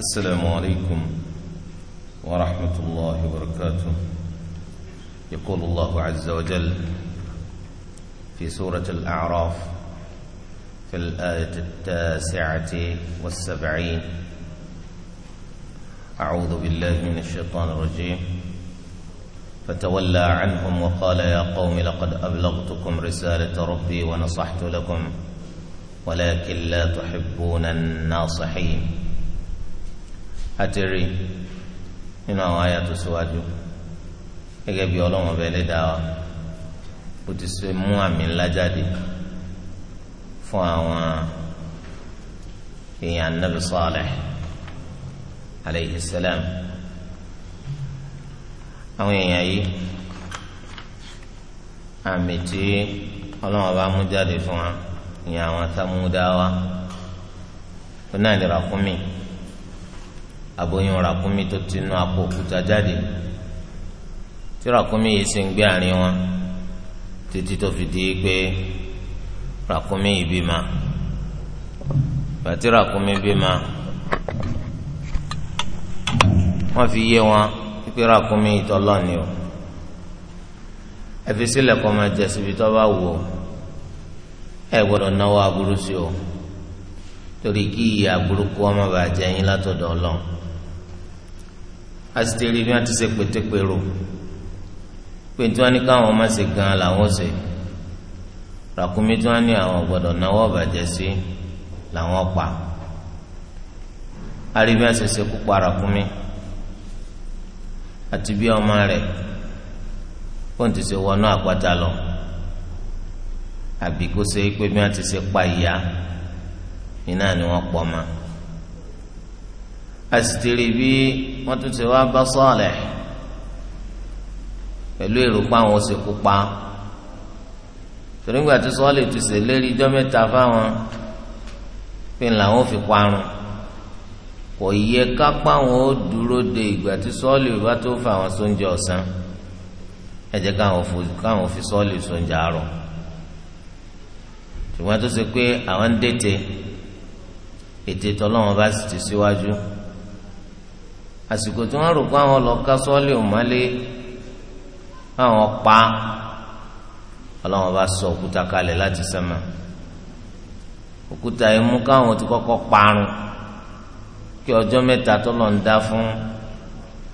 السلام عليكم ورحمة الله وبركاته يقول الله عز وجل في سورة الأعراف في الآية التاسعة والسبعين أعوذ بالله من الشيطان الرجيم فتولى عنهم وقال يا قوم لقد أبلغتكم رسالة ربي ونصحت لكم ولكن لا تحبون الناصحين àti rí nínú àwọn àyà tó síwájú gẹ́gẹ́ bí ọlọ́wọ́n bẹ́ẹ̀ lè dá wa ó ti ṣe mú àmì ńlá jáde fún àwọn èèyàn Nabi Saleh alayhi àwọn èèyàn yìí àmì tí ọlọ́wọ́n bá mú jáde fún wa ìyẹn àwọn tá mú dá wa ó náà lè rà fún mi aboyún rakumi tó ti nu apò òkúta jáde tí ràkúnmí yìí sì ń gbé àárín wọn títí tó fi di pé ràkúnmí yìí bímọ bàtí ràkúnmí bímọ wọn fi yé wọn pípé ràkúnmí yìí tọ́lọ́ ni o ẹ fi sílẹ̀ kọ́ máa jẹ síbi tó bá wù ọ́ ẹ gbọ́dọ̀ náwó aburú sí o torí kí ìyá burúkú ọmọ bàjẹ́ yín látọ̀dọ̀ ọlọ́run asiteri bí wọn ti ṣe pétépérò pé tí wọn ní káwọn má ṣe gan làwọn ṣe ràkúnmí tí wọn ní àwọn gbọ́dọ̀ náwó ọbàjẹ sí làwọn pa aríbi àṣẹṣe kópa ràkúnmí àti bí ọmọ rẹ̀ fóun ti ṣe wọnú àpáta lọ àbí kó ṣe pé bí wọn ti ṣe pa ìyá iná ni wọn pọ̀ máa asitiri bí wọ́n tún ti wá bá Salih pẹ̀lú èrò pa àwọn oṣù pupa torí ńgbà tí Salih ti ṣe lérí ijọ́ mẹ́ta fáwọn pé làwọn fi parun kò yẹ ká páwọn ó dúró de ìgbà tí Salih tó fa àwọn sóúnjẹ ọ̀sán ẹ jẹ́ káwọn fi Salih sóúnjẹ àárọ̀ ṣùgbọ́n tó ṣe pé àwọn ń dètè ètè tọ́lọ́wọ́n sì ti síwájú. Si àsìkò tí wọ́n rò pé àwọn lọ ká sọ́ọ́lì òmálé àwọn pa ọlọ́wọ́n bá sọ òkúta kalẹ̀ láti sẹ́mà òkúta yìí mú káwọn ti kọ́kọ́ parun kí ọjọ́ mẹ́ta tó lọ ń dá fún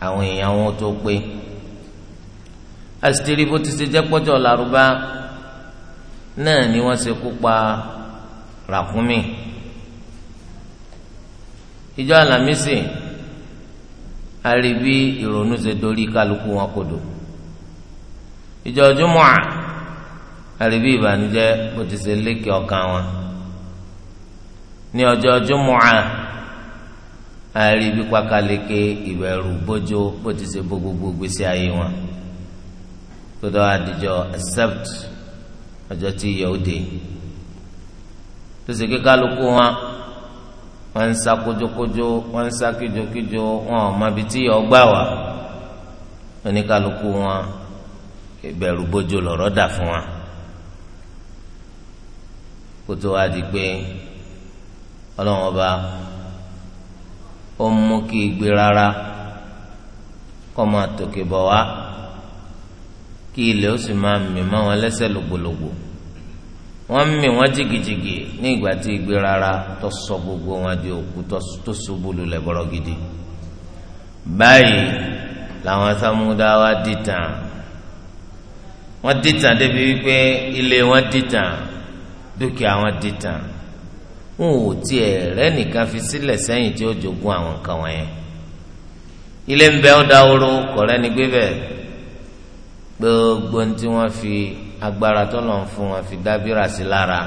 àwọn èèyàn wọn tó pé asitiri bó ti ṣe jẹ́ pọ́jọ́ làrúbá náà ni wọ́n ṣe kú pa ràkúnmí ìjọ àlàmísì a rí bí ìrònú ṣe dorí kálukú wọn kodò ìjọ júmọ́ à a rí bí ìbànújẹ́ bó ti ṣe lékè ọkàn wọn ní ọjọ́ júmọ́ à a rí bí pákáleke bó ti ṣe bó gbèsè ayé wọn tó àdìjọ accept ọjọ́ tí ìyẹ́ ó dé tó ṣe kí kálukú wọn wọn ń sá kójókójó wọn ń sá kíjokíjo wọn ò mọ ibi tí yọ gbà wá oníkálukú wọn ìbẹ̀rù bójú lọ̀rọ̀ dà fún wa kótó wa di pé ọlọ́run ọba ó mú kí igbe rárá kọ́ máa tòkè bọ̀ wá kí ilẹ̀ ó sì máa mì mọ́ wọn lẹ́sẹ̀ lògbòlògbò wọ́n mì wọ́n jìgìjìgì ní ìgbà tí ìgbé rárá tó sọ gbogbo wọn di òkú tó ṣubú lulẹ̀ bọ́rọ̀ gidi báyìí làwọn sámúdáwá dìtàn wọ́n dìtàn débi wípé ilé wọn dìtàn dúkìá wọn dìtàn wọn ò tiẹ̀ rẹ́ nìkan fi sílẹ̀ sẹ́yìn tí ó jogún àwọn nǹkan wọn yẹn ilé ń bẹ ó dáwóró kọ̀rẹ́ ni gbé bẹ́ẹ̀ gbogbo ní tí wọ́n fi agbára tọ́lọ̀ ń fún wọn fi dábìrà sí lára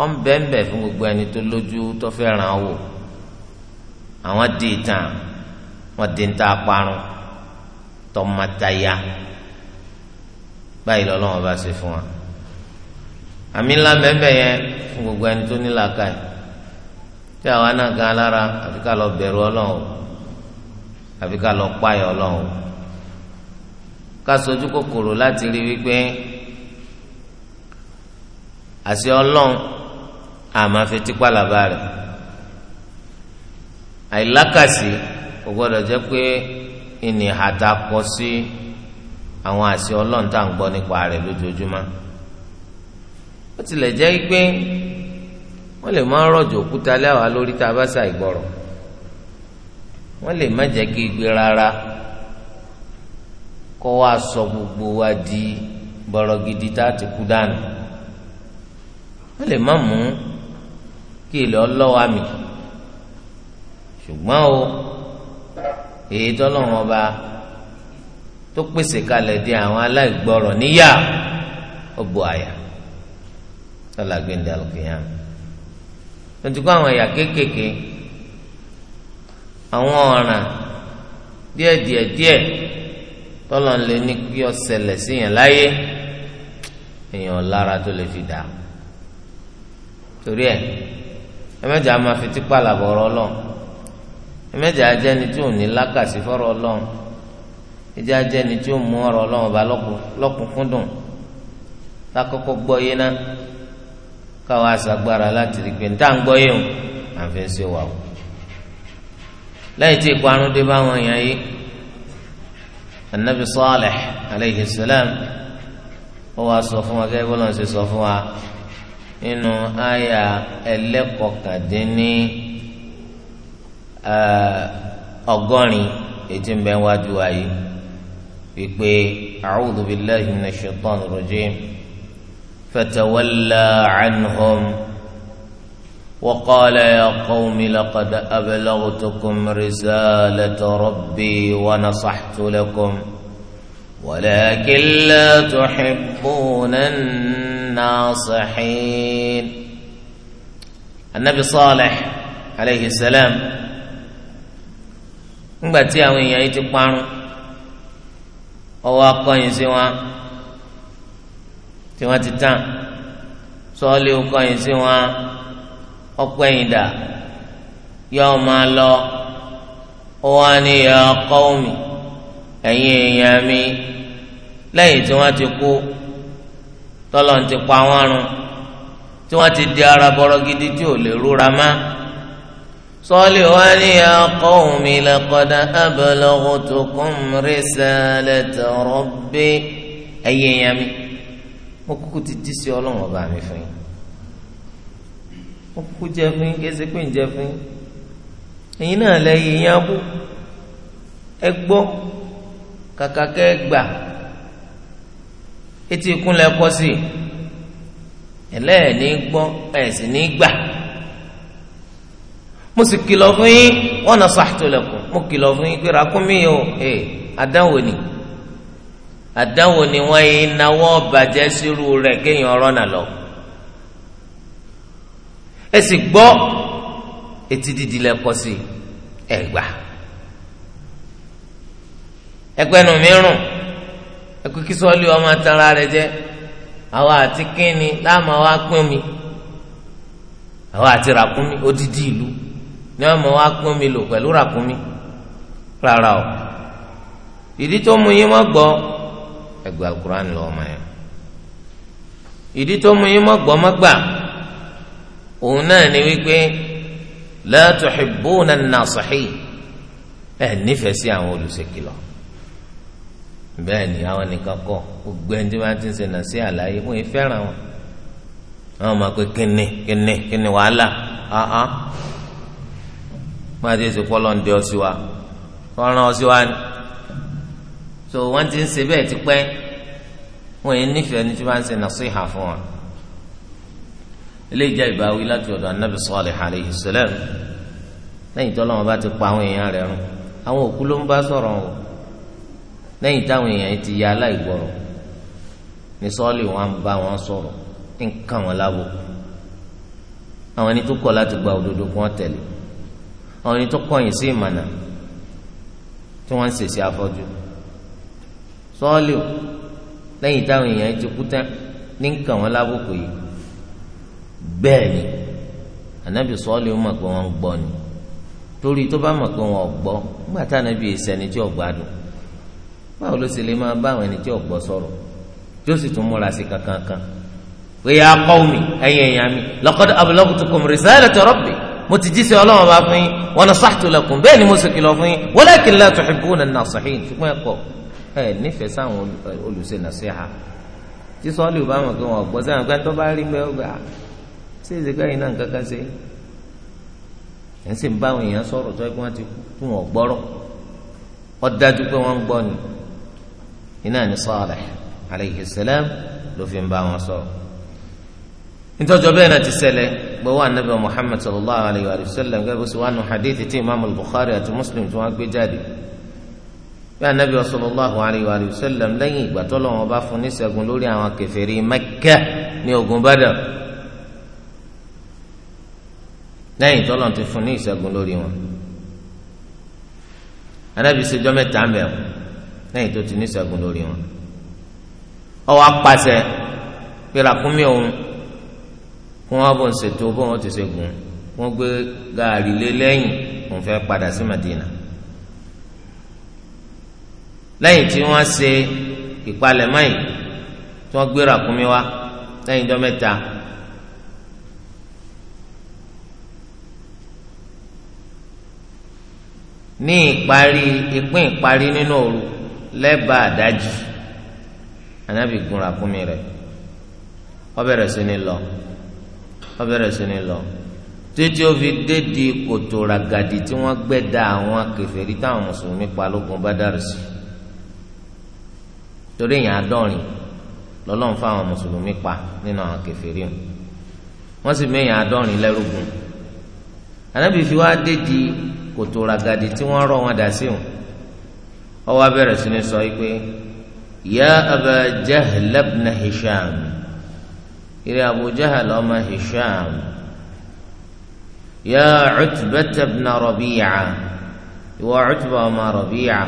ó ń bẹ́ẹ̀nbẹ́ẹ̀ fún gbogbo ẹni tó lójú tó fẹ́ ràn wò àwọn di ìtàn wọn di ń ta parun tọmọtaya báyìí lọ́lọ́wọ́n bá ṣe fún wa àmì ńlá bẹ́ẹ̀ yẹn fún gbogbo ẹni tó ní làákàyè tí àwa náà gan alára àfi ká lọ bẹ̀rù ọlọ́run àfi ká lọ páyọ̀ ọlọ́run ká sojú kòkòrò láti rí wípé àti ọlọ́run àmọ́ fetí pàlàbà rẹ̀ àìlákàsí kò gbọ́dọ̀ jẹ́ pé ìní àtà kọ sí àwọn àṣẹ ọlọ́run tá à ń gbọ́ nípa rẹ̀ lójoojúmọ́ ó tilẹ̀ jẹ́ pé wọ́n lè máa rọ̀jò òkúta lẹ́wàá lórí tá a bá ṣà ìgbọ̀rọ̀ wọ́n lè má jẹ́ kí igbe rárá kọ́ wa sọ gbogbo wa di bọ̀rọ̀ gidi tá a ti kú dànù wọ́n lè má mú kí ilẹ̀ ọlọ́wà mi ṣùgbọ́n o èyí tọ́lọ́run ọba tó pèsè kalẹ̀ di àwọn aláìgbọ́rọ̀ níyà ọgbọ àyà lọ́la gbẹ̀ndẹ̀ àlùkìyàn tuntun kọ́ àwọn ẹ̀yà kéékèèké àwọn ọ̀ràn díẹ̀ díẹ̀ díẹ̀ tọ́lọ̀ ń lé ní kí ó ṣẹlẹ̀ síyàn láyé èèyàn lára tó lè fi dà á torí ẹ ẹmẹjà máa fi tipa làbọ̀ ọ̀rọ̀ ọlọ́run ẹmẹjà ajẹni tí ò ní lákàsí fọ́rọ̀ ọlọ́run ẹjẹ ajẹni tí ò mú ọ̀rọ̀ ọlọ́run ọba lọ́kùnkúndùn lákọ́kọ́ gbọ́ yé ná káwọn aṣàgbára láti rí pé níta ń gbọ́ yé o à ń fi ṣe wà o lẹ́yìn tí ìparun dé báwọn èèyàn yìí anabi Salih alayhi salam ó wàá fún wa gẹ́gẹ́ bọ́lá ń ṣe sọ fún wa nínú àyà ẹlẹ́kọ̀kàndínní ọgọ́rin ètí ń bẹ wájú ayé wípé a'udhu billahi minash shaitani rajim fatawalla anhum وقال يا قوم لقد أبلغتكم رسالة ربي ونصحت لكم ولكن لا تحبون الناصحين النبي صالح عليه السلام ti ti wọn máa lọ ya qaumi mi lẹ́yìn tí ti kú. tọ́lọ̀ ń ti pa wọ́n run tí wọ́n ti di ara bọ́rọ̀ gidi tí ò lè rúra má. sọ́ọ́lì wa ni ya qawmi laqad ablaghtukum risalata rabbi ẹ̀yẹ ẹ̀yà mi mo kúkú ti dí sí ọlọ́run ọba mi fún yín mo kúkú jẹ fún yín kése pé ń jẹ fún yín ẹ̀yin náà lẹ́yìn yín á kú ẹ gbọ́ kàkà kẹ́ gbà etí ikún lẹ kọ́ sí ẹlẹ́ẹ̀ní gbọ́ ẹ̀sìn ní gbà mo sì kìlọ̀ fún yín wọn nà sàtò lẹ́kùn mo kìlọ̀ fún yín pé ràkúnmí o ẹ̀ eh, àdánwò ni àdánwò ni wọ́n yìí náwó bàjẹ́ sírú rẹ̀ kéèyàn ọ̀rọ̀ nà lọ ẹ gbọ́ etí dídì lẹ kọ́ sí ẹ̀ gbà ẹgbẹ́ nu mi ẹkú kí sọ́ọ́lì ọmọ atanra rẹ jẹ́ àwa àti kínni láàmú àwa pín mi àwa àti ràkúnmí odidi ìlú ni wọn mọ àwa pín mi lò pẹ̀lú ràkúnmí rárá o ìdí tó mú yín mọ́ gbọ́ ẹgbẹ́ alukur'an lọ ọmọ yẹn ìdí tó mú yín mọ́ gbọ́ mọ́ òun náà ni wípé la tuhibbuna an ẹ̀ nífẹ̀ẹ́ sí àwọn olùṣèkìlọ̀ bẹ́ẹ̀ ni àwọn nìkan kọ gbogbo ẹni tí wọ́n ti ń ṣe nà sí àlàyé wọ́n yìí fẹ́ràn wọn àwọn máa pé kíni kíni kíni wàhálà ah ah ti ṣe kọ́lọ́ ń dé ọ sí wa kọ́ran ọ sí wa ni so wọ́n ti ń ṣe bẹ́ẹ̀ tipẹ́ wọ́n yìí nífẹ̀ẹ́ ni tí wọ́n ti ń ṣe nà sí ìhà fún wa eléyìí jẹ́ ìbáwí láti ọ̀dọ̀ anábì sọ́ọ̀lì alayhi salam lẹ́yìn tó lọ́wọ́ bá ti pa àwọn lẹ́yìn táwọn èèyàn ti ya aláìgbọ́rọ̀ ní sọ́ọ́lì wọn ń bá wọn sọ̀rọ̀ ń wọn lábò àwọn ẹni tó kọ̀ láti gba òdodo kí wọ́n tẹ̀lé àwọn ẹni tó kọ̀yìn sí tí wọ́n ń afọ́jú sọ́ọ́lì lẹ́yìn táwọn èèyàn ti kú tán ní wọn lábòkù yìí bẹ́ẹ̀ ni ànábì sọ́ọ́lì mọ̀ pé wọ́n ń gbọ́ ni torí tó bá mọ̀ pé ò gbọ́ nígbà báwo ló sì lè máa bá àwọn ẹni tí ò gbọ́ sọ̀rọ̀ tí ó sì tún múra sí kankan kan pé ya qawmi ẹ̀yin ẹ̀yà mi laqad ablaghtukum risalata rabbi mo ti jí sí ọlọ́wọ́n bá fún yín wa nasahtu lakum bẹ́ẹ̀ ni mo sì kìlọ̀ fún yín walakin la tuhibbuna an-nasihin ṣùgbọ́n ẹ kọ̀ ẹ nífẹ̀ẹ́ sáwọn olùṣe nàṣẹ́hà tí sọ́ọ́lì ò bá wọ́n ti iná ní Salih alayhi salam ló fi ń bá wọn sọ. nítọ́jọ́ bẹ́ẹ̀ náà ti ṣẹlẹ̀ gbọ́wọ́ anabi muhammad sallallahu alayhi wa sallam gẹ́gẹ́ bó ṣe wà nù hadith tí imaamu bukhari àti muslim tí wọ́n gbé jáde bí anabi sallallahu alayhi wa sallam lẹ́yìn ìgbà tó lọ́wọ́ bá fún níṣẹ́gun lórí àwọn kèfèrí mẹ́kẹ́ ní ogun badr lẹ́yìn tó lọ́wọ́ ti fún ní ìṣẹ́gun lórí wọn anabi ṣe jọ́ mẹ́ta mẹ́rin. lẹ́yìn tó ti ní ṣẹ́gun lórí wọn ọwọ́ apàṣẹ pẹ̀lẹ́kúnmí òun kí wọ́n bọ̀ ń ṣètò bó wọn ti ṣẹ́gun wọ́n gbé gaari lé lẹ́yìn òun fẹ́ padà sí Madina lẹ́yìn tí wọ́n ṣe ìpalẹ̀mọ́ yìí tí wọ́n gbé wá lẹ́yìn mẹ́ta. ní ìparí ìpín lẹ́bàá àdájì anabi gun ràkúnmí rẹ̀ ó sini sí ní lọ ó bẹ̀rẹ̀ sí ní lọ títí ó fi dédi kòtò ràgàdì tí wọ́n gbẹ́ da àwọn kèfèrí táwọn mùsùlùmí pa lógun Bádàrì sí torí yẹn àádọ́rin lọ́lọ́run fáwọn mùsùlùmí pa nínú àwọn kèfèrí wọn sì mẹ́yìn àádọ́rin lẹ́rùgùn anabi fi wá dédi kòtò ràgàdì tí wọ́n rọ̀ wọn dà sí wọn ó wá bẹ̀rẹ̀ sí ní sọ yìí pé ya aba jahal ibn hisham ìrẹ abu jahal ọmọ hisham ya utbata ibn rabi'a ìwọ utba ọmọ rabi'a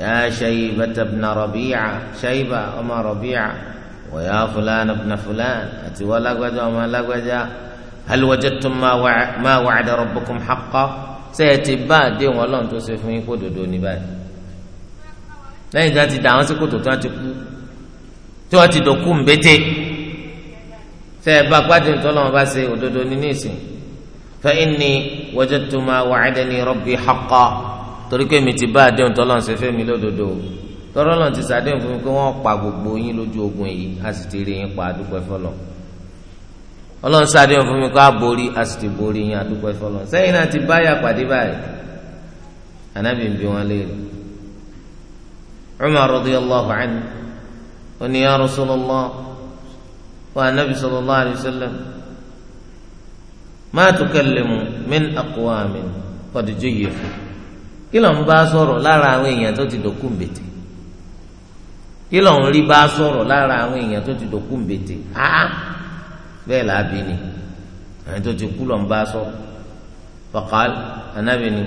ya shaybata ibn rabi'a shayba ọmọ rabi'a wa ya fulan ibn fulan àti wọ́n lágbájá ọmọ lágbájá hal wajadtum ma wa'ada rabbukum haqqan sẹ́yìn ti bá àdéhùn ọlọ́run tó ṣe fún yín kó dodo ní báyìí. lẹ́yìn tí wọ́n ti da àwọn sí tí wọ́n ti kú tí wọ́n ti dòkú mbété tẹ ẹ bá pàdé ntọ́lọ́wọ́n bá ṣe òdodo ni nísìn fa inni wajadtu ma wa'adani rabbi torí pé mi ti bá àdéhùn tọ́lọ́wọ́n ṣe fẹ́ mi lódodo tọ́lọ́wọ́n ti fún mi pé wọ́n pa gbogbo yín lójú ogun yìí a sì ti rí yín pa àdúgbò ọlọ́run mi a borí a sì ti borí yín àdúgbò sẹ́yìn náà ti báyà pàdé Umar radiyallahu anhu oní ya Rasulullah wa anabi sallallahu alayhi wa sallam ma tukallimu min aqwamin qad jayyafu kí ló ń bá sọ̀rọ̀ lára àwọn èèyàn tó ti dòkú mbètè kí ló ń rí bá sọ̀rọ̀ lára àwọn èèyàn tó ti dòkú mbètè áá bẹ́ẹ̀ làbí ni àwọn tó ti kú ló ń bá sọ̀rọ̀ faqal anabi ni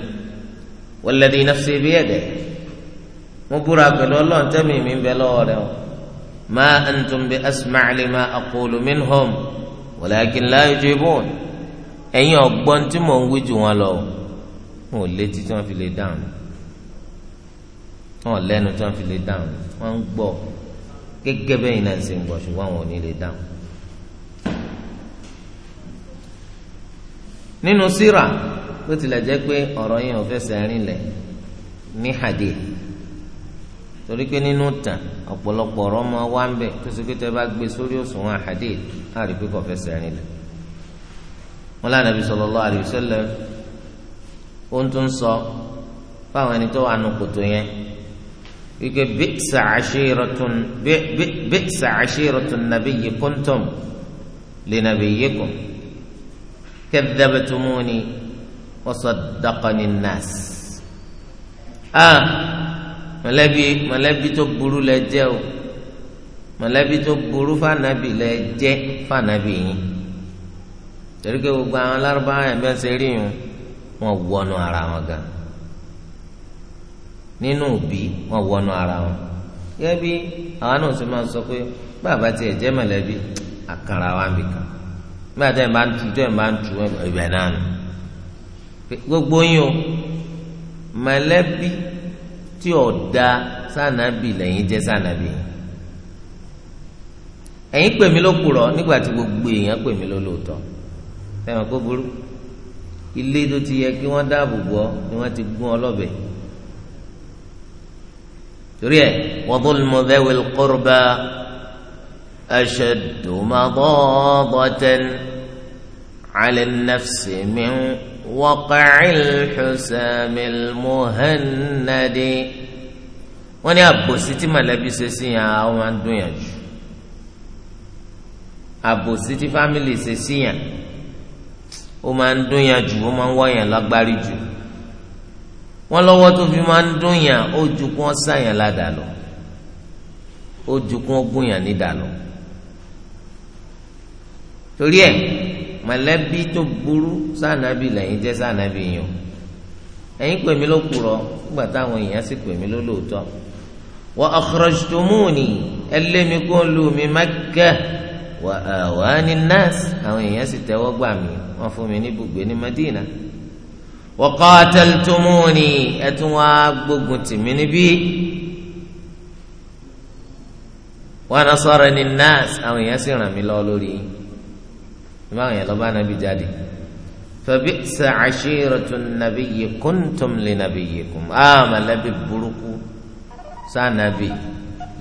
walladhi nafsi biyadihi mo búra pẹ̀lú ọlọ́run tẹ́mi mi ń bẹ lọ́wọ́ rẹ o ma antum bi asma' lima aqulu minhum walakin la yujibun ẹ̀yin ọ̀gbọ́n tí mò ń wí jù wọn lọ wọn ò létí tí wọ́n fi lè dáhùn wọn ò lẹ́nu tí wọ́n fi lè dáhùn wọ́n ń gbọ́ gẹ́gẹ́ bẹ́yìn náà ṣe ń gbọ́ ṣùgbọ́n wọn ò ní lè dáhùn. nínú síra bó tilẹ̀ jẹ́ pé ọ̀rọ̀ yẹn ò fẹsẹ̀ rinlẹ̀ ní hadith torí pé nínú tàn ọ̀pọ̀lọpọ̀ ọ̀rọ̀ máa wá ń bẹ̀ tó sì pé tẹ́ bá gbé sórí òṣùwọ̀n àhàdé láàrin pé kò fẹsẹ̀ rìn lẹ̀. wọn lánàá bí sallallahu alaihi wasallam ó ń sọ fáwọn ẹni tó wà nù kòtò yẹn wípé bi'sa ashiratun bi'sa ashiratun nabiyyi kuntum li nabiyyikum kadhabtumuni wa saddaqani an-nas. Ah, mọ̀lẹ́bí mọ̀lẹ́bí tó burú lẹ jẹ́ o mọ̀lẹ́bí tó burú fanabi lẹ jẹ́ fànàbì yín torí pé gbogbo àwọn alárúbáwá yẹn bẹ́ẹ̀ ṣe rí yun wọ́n wọnú ara wọn gan nínú òbí wọ́n wọnú ara wọn gẹ́gẹ́ bí àwọn náà sì máa sọ pé bàbá tiẹ̀ jẹ́ mọ̀lẹ́bí àkàrà wa nìkan nígbà tẹ́ ẹ̀ máa ń tu tẹ́ ẹ̀ ń tu ibẹ̀ náà nù gbogbo yín o mọ̀lẹ́bí tí ò da sànàbì lẹ́yìn jẹ́ sànàbì ẹ̀yin pè mí ló kúrọ̀ nígbà tí gbogbo èèyàn pè mí ló lóòótọ́ ẹ̀wọ̀n kó burú ilé tó ti yẹ kí wọ́n dáàbò bọ́ ni wọ́n ti gún ọlọ́bẹ̀ torí ẹ̀ wadhulmu dhawil qurba ashaddu madadatan ala an-nafsi min. وقع الحسام المهند wọ́n ní àbòsí tí mọ̀lẹ́bí ṣe sí yàn àwọn máa ń dùn yàn jù àbòsí tí fámìlì ṣe sí yàn ó máa ń dùn yàn jù ó máa ń wọ́ yàn lágbárí jù wọ́n lọ́wọ́ tó fi máa ń dùn yàn ó ju kí wọ́n sá ládàá lọ ó ju kí wọ́n gún yàn nídàá lọ torí ẹ̀ mọ̀lẹ́bí tó burú sànàbí lẹ́yìn jẹ́ sànàbí yìí o ẹ̀yin pèmí ló kúrọ nígbà táwọn èèyàn sì pèmí ló lóòótọ́ wa akhrajtumuni ẹlẹ́mi kó ń lu mi Makkah wa awani nas àwọn èèyàn sì tẹ́wọ́ gbà mí wọ́n fún mi ní ibùgbé ní Madina wa qataltumuni ẹ̀tún wá gbógun tìmí níbí wa nasarani nas àwọn èèyàn sì ràn mí lọ lórí yìí ìmọ̀ àwọn yẹn lọ́ bá nàbí jáde fẹ̀bí sàcàṣírọ̀tù nàbí yìí kúntùm lè nàbí yìí kùm àmàlẹ́bí burúkú sànàbí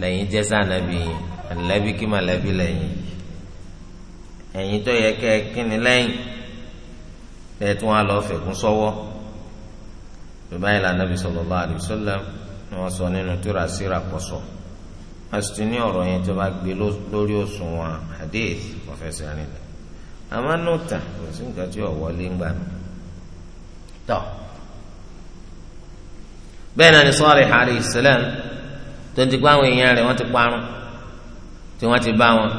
lẹ́yìn jẹ́ sànàbí yìí àlẹ́bí kí màlẹ́bí lẹ́yìn ẹ̀yìn tó yẹ kẹ́ kíni lẹ́yìn lẹ́tún wa lọ fẹ̀kún sọ́wọ́ bàbá yìí lànà bí sallallahu alaihi wasallam ni wọ́n sọ nínú tíra síra pọ̀sọ̀ wọ́n ní ọ̀rọ̀ yẹn tó bá gbé lórí òṣùwọ̀n hadith kò fẹsẹ̀ àmọ́ nùtà kò sí nǹkan tí ọ̀wọ́ lé ń gbà mí tọ́ bẹ́ẹ̀ náà ni Salih alayhi salam tó ti gbọ́ àwọn èèyàn rẹ̀ wọ́n ti parun tí wọ́n ti bá wọn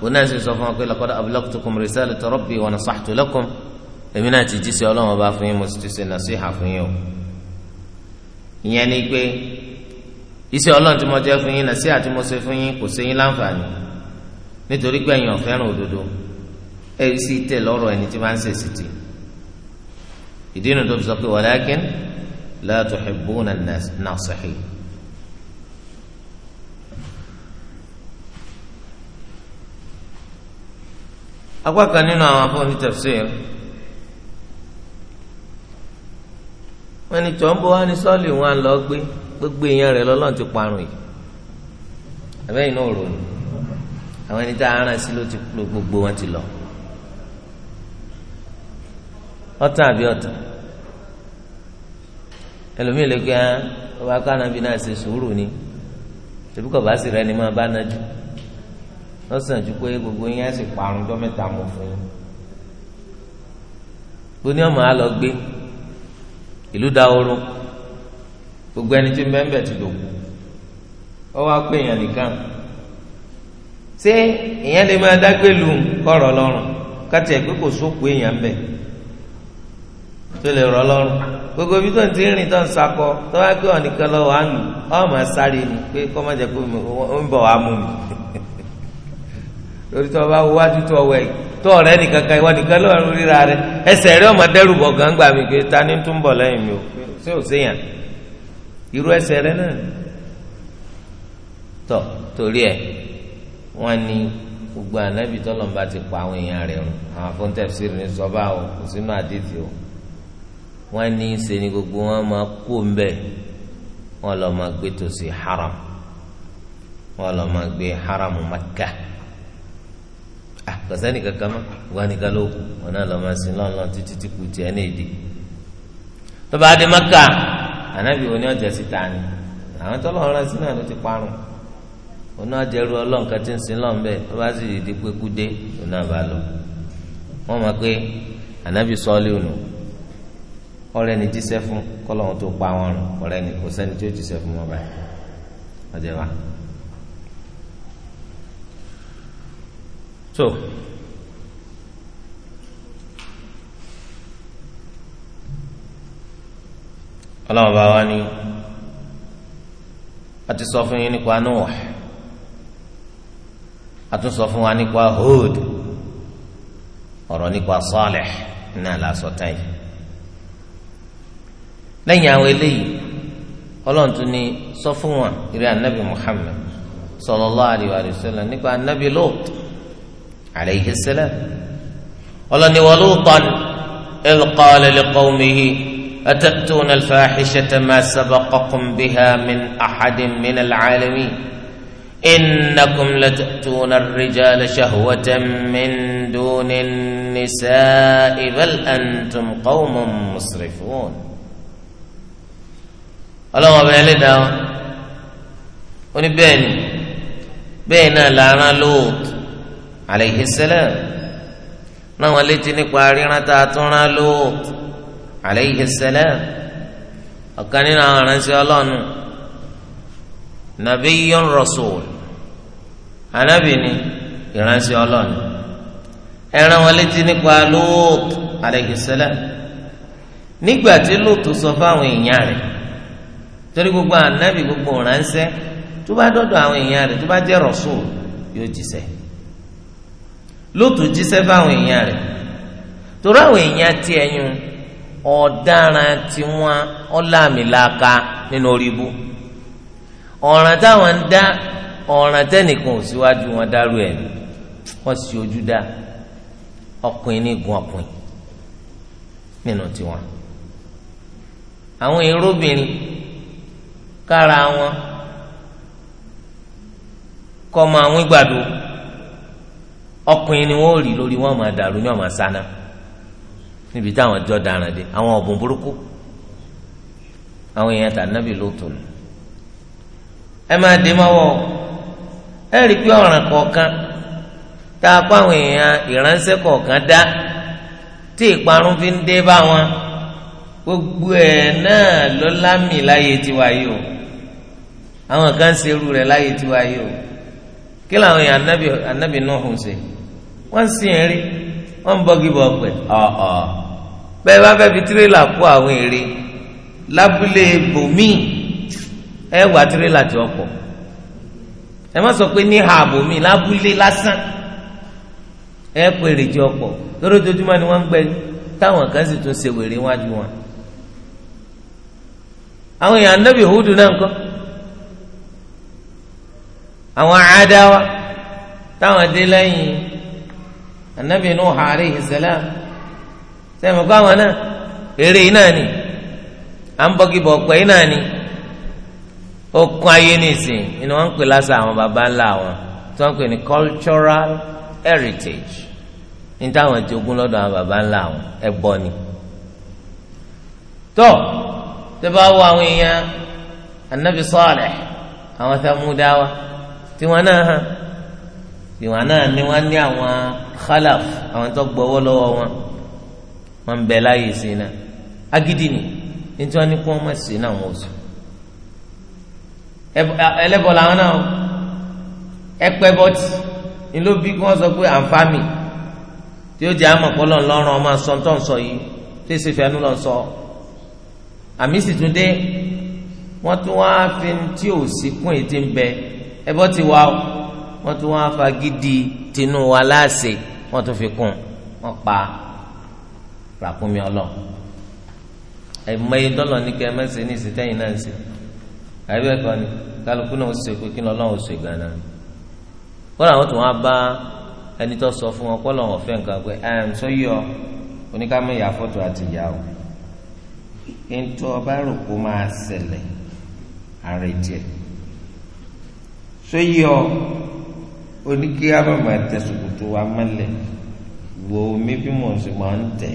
òun náà sì sọ fún wọn pé laqad ablaghtukum risalata rabbi wa nasahtu lakum èmi náà ti jíṣẹ́ ọlọ́run ọba fún yín mo sì ti ṣe nàṣíhà fún yín o ìyẹn ni pé iṣẹ́ ọlọ́run tí mo jẹ́ fún yín nàṣíhà tí mo ṣe fún yín kò ṣe yín láǹfààní nítorí pé ẹ̀yin ò òdodo ẹ̀rí sí tẹ̀ lọ́rọ̀ ẹni tí máa ń ṣèṣì tì ìdí inú tó fi sọ pé walakin la tuhibbuna an-nasihin. apá kan nínú àwọn afọ́nì tafsir wọ́n ní tọ́ǹbù wa ní sọ́ọ̀lì wọn lọ gbé gbogbo èèyàn rẹ̀ lọ́lọ́run ti parun yìí àbẹ́yìn náà rò ní àwọn ẹni tá a rán sí ló ti gbogbo wọn ti lọ. ọtàn àbí ọtàn ẹlòmíì lè gbé ẹ ọba kánábì náà ṣe sùúrù ni tẹbí kọba sì ni máa bá náà jù lọ́sàn-án ju pé gbogbo yín á sì parun jọ́ mẹ́ta mọ̀ fún yín gbóni ọmọ á lọ gbé ìlú dahoro gbogbo ẹni tí ti dòkú ọ wá pé èèyàn nìkan ṣé èèyàn lè máa kọrọ pé kò sóko tó lè rọ gbogbo ibi tó ń ti tó ń sakọ tó bá pé ọ̀nìkan lọ wàá lù ọ́ mà sáré ni pé kọ́ má jẹ́ ń bọ̀ bá wájú tó tó ọ̀rẹ́ nìkan kan ìwọ nìkan rẹ ẹsẹ̀ rẹ ọmọ mi pé ta ni tó ń bọ̀ lẹ́yìn mi ò ṣé ò séyàn irú wọ́n ní í ṣe ni gbogbo wọn máa kú mbẹ wọ́n lọ máa gbé tòsí haram lọ máa gbé haram kankan wọn ló kù wọn náà lọ máa sin lọ́n lọ́n títí tí kù ní ọjà ni àwọn tọ́lọ́ ọ̀rọ̀ sí náà ló ti parun òní ọjà ru ọlọ́run kan ti ń sin lọ́n bẹ́ẹ̀ tọ́ba sì di pé kú dé òní àbá lọ wọ́n mọ̀ pé ọ̀rẹ́ ni jíṣẹ́ fún kọlọrun tó pa wọn rùn ọ̀rẹ́ ni kò sẹ́ni tó jíṣẹ́ fún wọn báyìí ọjọ wa. so ọlọ́run bá wá ní a ti sọ fún yín nípa a tún sọ fún wa nípa Hud ọ̀rọ̀ nípa Salih náà lẹ́yìn àwọn eléyìí ọlọ́run tún ní sọ fún wọn ìrẹ́ anabi muhammed sọlọ sallallahu alaihi sẹlẹ nípa anabi lọt Lut alayhi salam ọlọ́ni wa Lutan idh qala liqawmihi atatuna alfahishata ma sabaqakum biha min ahadin min alalamin innakum latatuna arrijala shahwatan min duni an-nisa'i bal antum qawmun musrifun. ọlọ́wọ́ ọba ẹlẹ́dàá wọn ó ní bẹ́ẹ̀ ni bẹ́ẹ̀ náà làárán lóòt alayhi náà wọn létí nípa ríran tá a tún rán lóòt alayhi ọ̀kan nínú àwọn aránṣẹ́ ọlọ́run nabiyyun rasul anabi ni ìránṣẹ́ ẹran wọn létí nípa lóòt alayhi nígbà tí sọ fáwọn èèyàn rẹ̀. torí gbogbo ànábì gbogbo ránṣẹ́ tó bá dọ́dọ̀ àwọn èèyàn rẹ̀ tó bá jẹ́ rọ̀ṣùl yóò jíṣẹ́ lóòótọ́ jíṣẹ́ fáwọn èèyàn rẹ̀ torí àwọn èèyàn tí ẹyún ọ̀daràn tiwọn ọ̀làmìlàka nínú orí ibú ọ̀ràn táwọn ń dá ọ̀ràn tẹ́nìkan ò síwájú wọn dárú ẹ̀ wọ́n sì ojú dá ọkùnrin ní gun ọkùnrin nínú tiwọn àwọn èrò kára wọn kọ́ máa wín gbàdo ọkùnrin ni wọ́n rí lórí wọn máa dàrú ní ọmọ sáná níbi táwọn jọ dáràn dé àwọn ọ̀bùn burúkú àwọn èèyàn tà nábì lóòótọ́ nù ẹ máa dé mọ́wọ́ ẹ rí i pé ọ̀ràn kọ̀ọ̀kan tá a kó àwọn èèyàn ìránṣẹ́ fi ń wọn gbogbo ẹ̀ náà ló lámì láyé tiwa yìí àwọn kan ṣe irú rẹ̀ láyé tí wàá yìí o kí làwọn èèyàn anabi anabi Nuhu ṣe wọ́n ń sìn eré wọ́n ń bọ́gí bọ́ pẹ̀ ọ̀ọ́ bẹ́ẹ̀ bá fẹ́ fi tirẹ́là kó àwọn èrè lábúlé bòmíì ẹ wà tirẹ́là tí ọkọ̀ ẹ má sọ pé ní ha bòmíì lábúlé lásán ẹ pèrè jẹ ọkọ̀ lórí ojoojúmọ́ ni wọ́n ń gbẹ táwọn kan sì tún ṣe wèrè wájú wọn àwọn èèyàn anabi Hudu náà ń kọ́ àwọn àádáwa táwọn dé lẹ́yìn anabi Nuh alayhi sẹ́mi kọ́ àwọn náà eré iná ni à ń bọ́gìbọ̀ pẹ́ iná ni okun ayé nìsín ni wọ́n ń pè àwọn baba ńlá wọn tí ń pè ní cultural heritage ní táwọn jogún lọ́dọ̀ àwọn baba ńlá wọn ẹbọ ni tó tó bá wọ àwọn èèyàn anabi àwọn tiwọn náà hàn tiwọn náà ni wọn ní àwọn khalaf àwọn tó gbọ́wọ́ lọ́wọ́ wọn wọn ń bẹ láàyè sí náà agídí ni nítorí wọn ní kí wọn má sí náà wọn ò sùn ẹlẹ́bọ làwọn náà ẹpẹ bọtì ni ló bí kí wọn sọ pé àǹfààní tí ó jẹ àmọ́ pọlọ ńlọrọ ọmọ sọńtọ ńsọ yìí tí èsì fẹnu lọ sọ àmì sì tún dé wọn tún wá fi tí ò sí kún ètí ń bẹ ẹbọ ti wá o wọ́n tún wọ́n afagídí tinú wa láàṣẹ wọ́n tún fi kún wọ́n pa ràkúnmí ọlọ́run ẹ̀mọ́yé dọ́lọ̀ ní kẹ́ mẹ́sẹ̀ ní ìsìtẹ́yìn náà ń sè àbẹ́ kan ní kálukú náà ó sè pé kí lọ́lọ́run ó sè gánà kọ́lá àwọn tó wọ́n bá ẹni tó sọ fún wọn kọ́lá wọn fẹ́ nǹkan pé ẹ̀ ń sọ yọ oníkàmú ìyá fọ́tò àti ìyá o kí n tó ọba rò kó máa ṣẹlẹ̀ àrètí ẹ̀ sóyí ọ oníkí abàmà tẹsùkùtù wa mọlẹ wo mi bí mo sì máa ń tẹ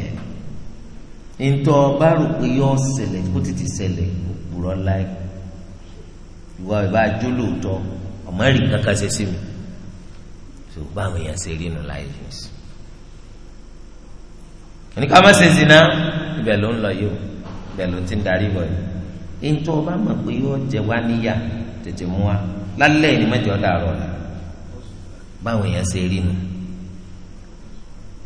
ntọ́ bá rò pé yọ ṣẹlẹ̀ kó tètè ṣẹlẹ̀ òpùrọ̀ láì ìwà ìbá jólóòtọ́ ọmọ rí kankan ṣe sí mi tó báwọn èèyàn ṣe rí nu láì fi sí oníkà má ṣe sí náà ló ń lọ yìí o ibẹ̀ ló ti ń darí bọ̀ yìí ntọ́ bá mọ̀ pé yọ jẹ wá níyà tètè mú wa lálẹ́ ní mẹ́jọ dàrọ̀ la báwọn èèyàn ṣe rí nu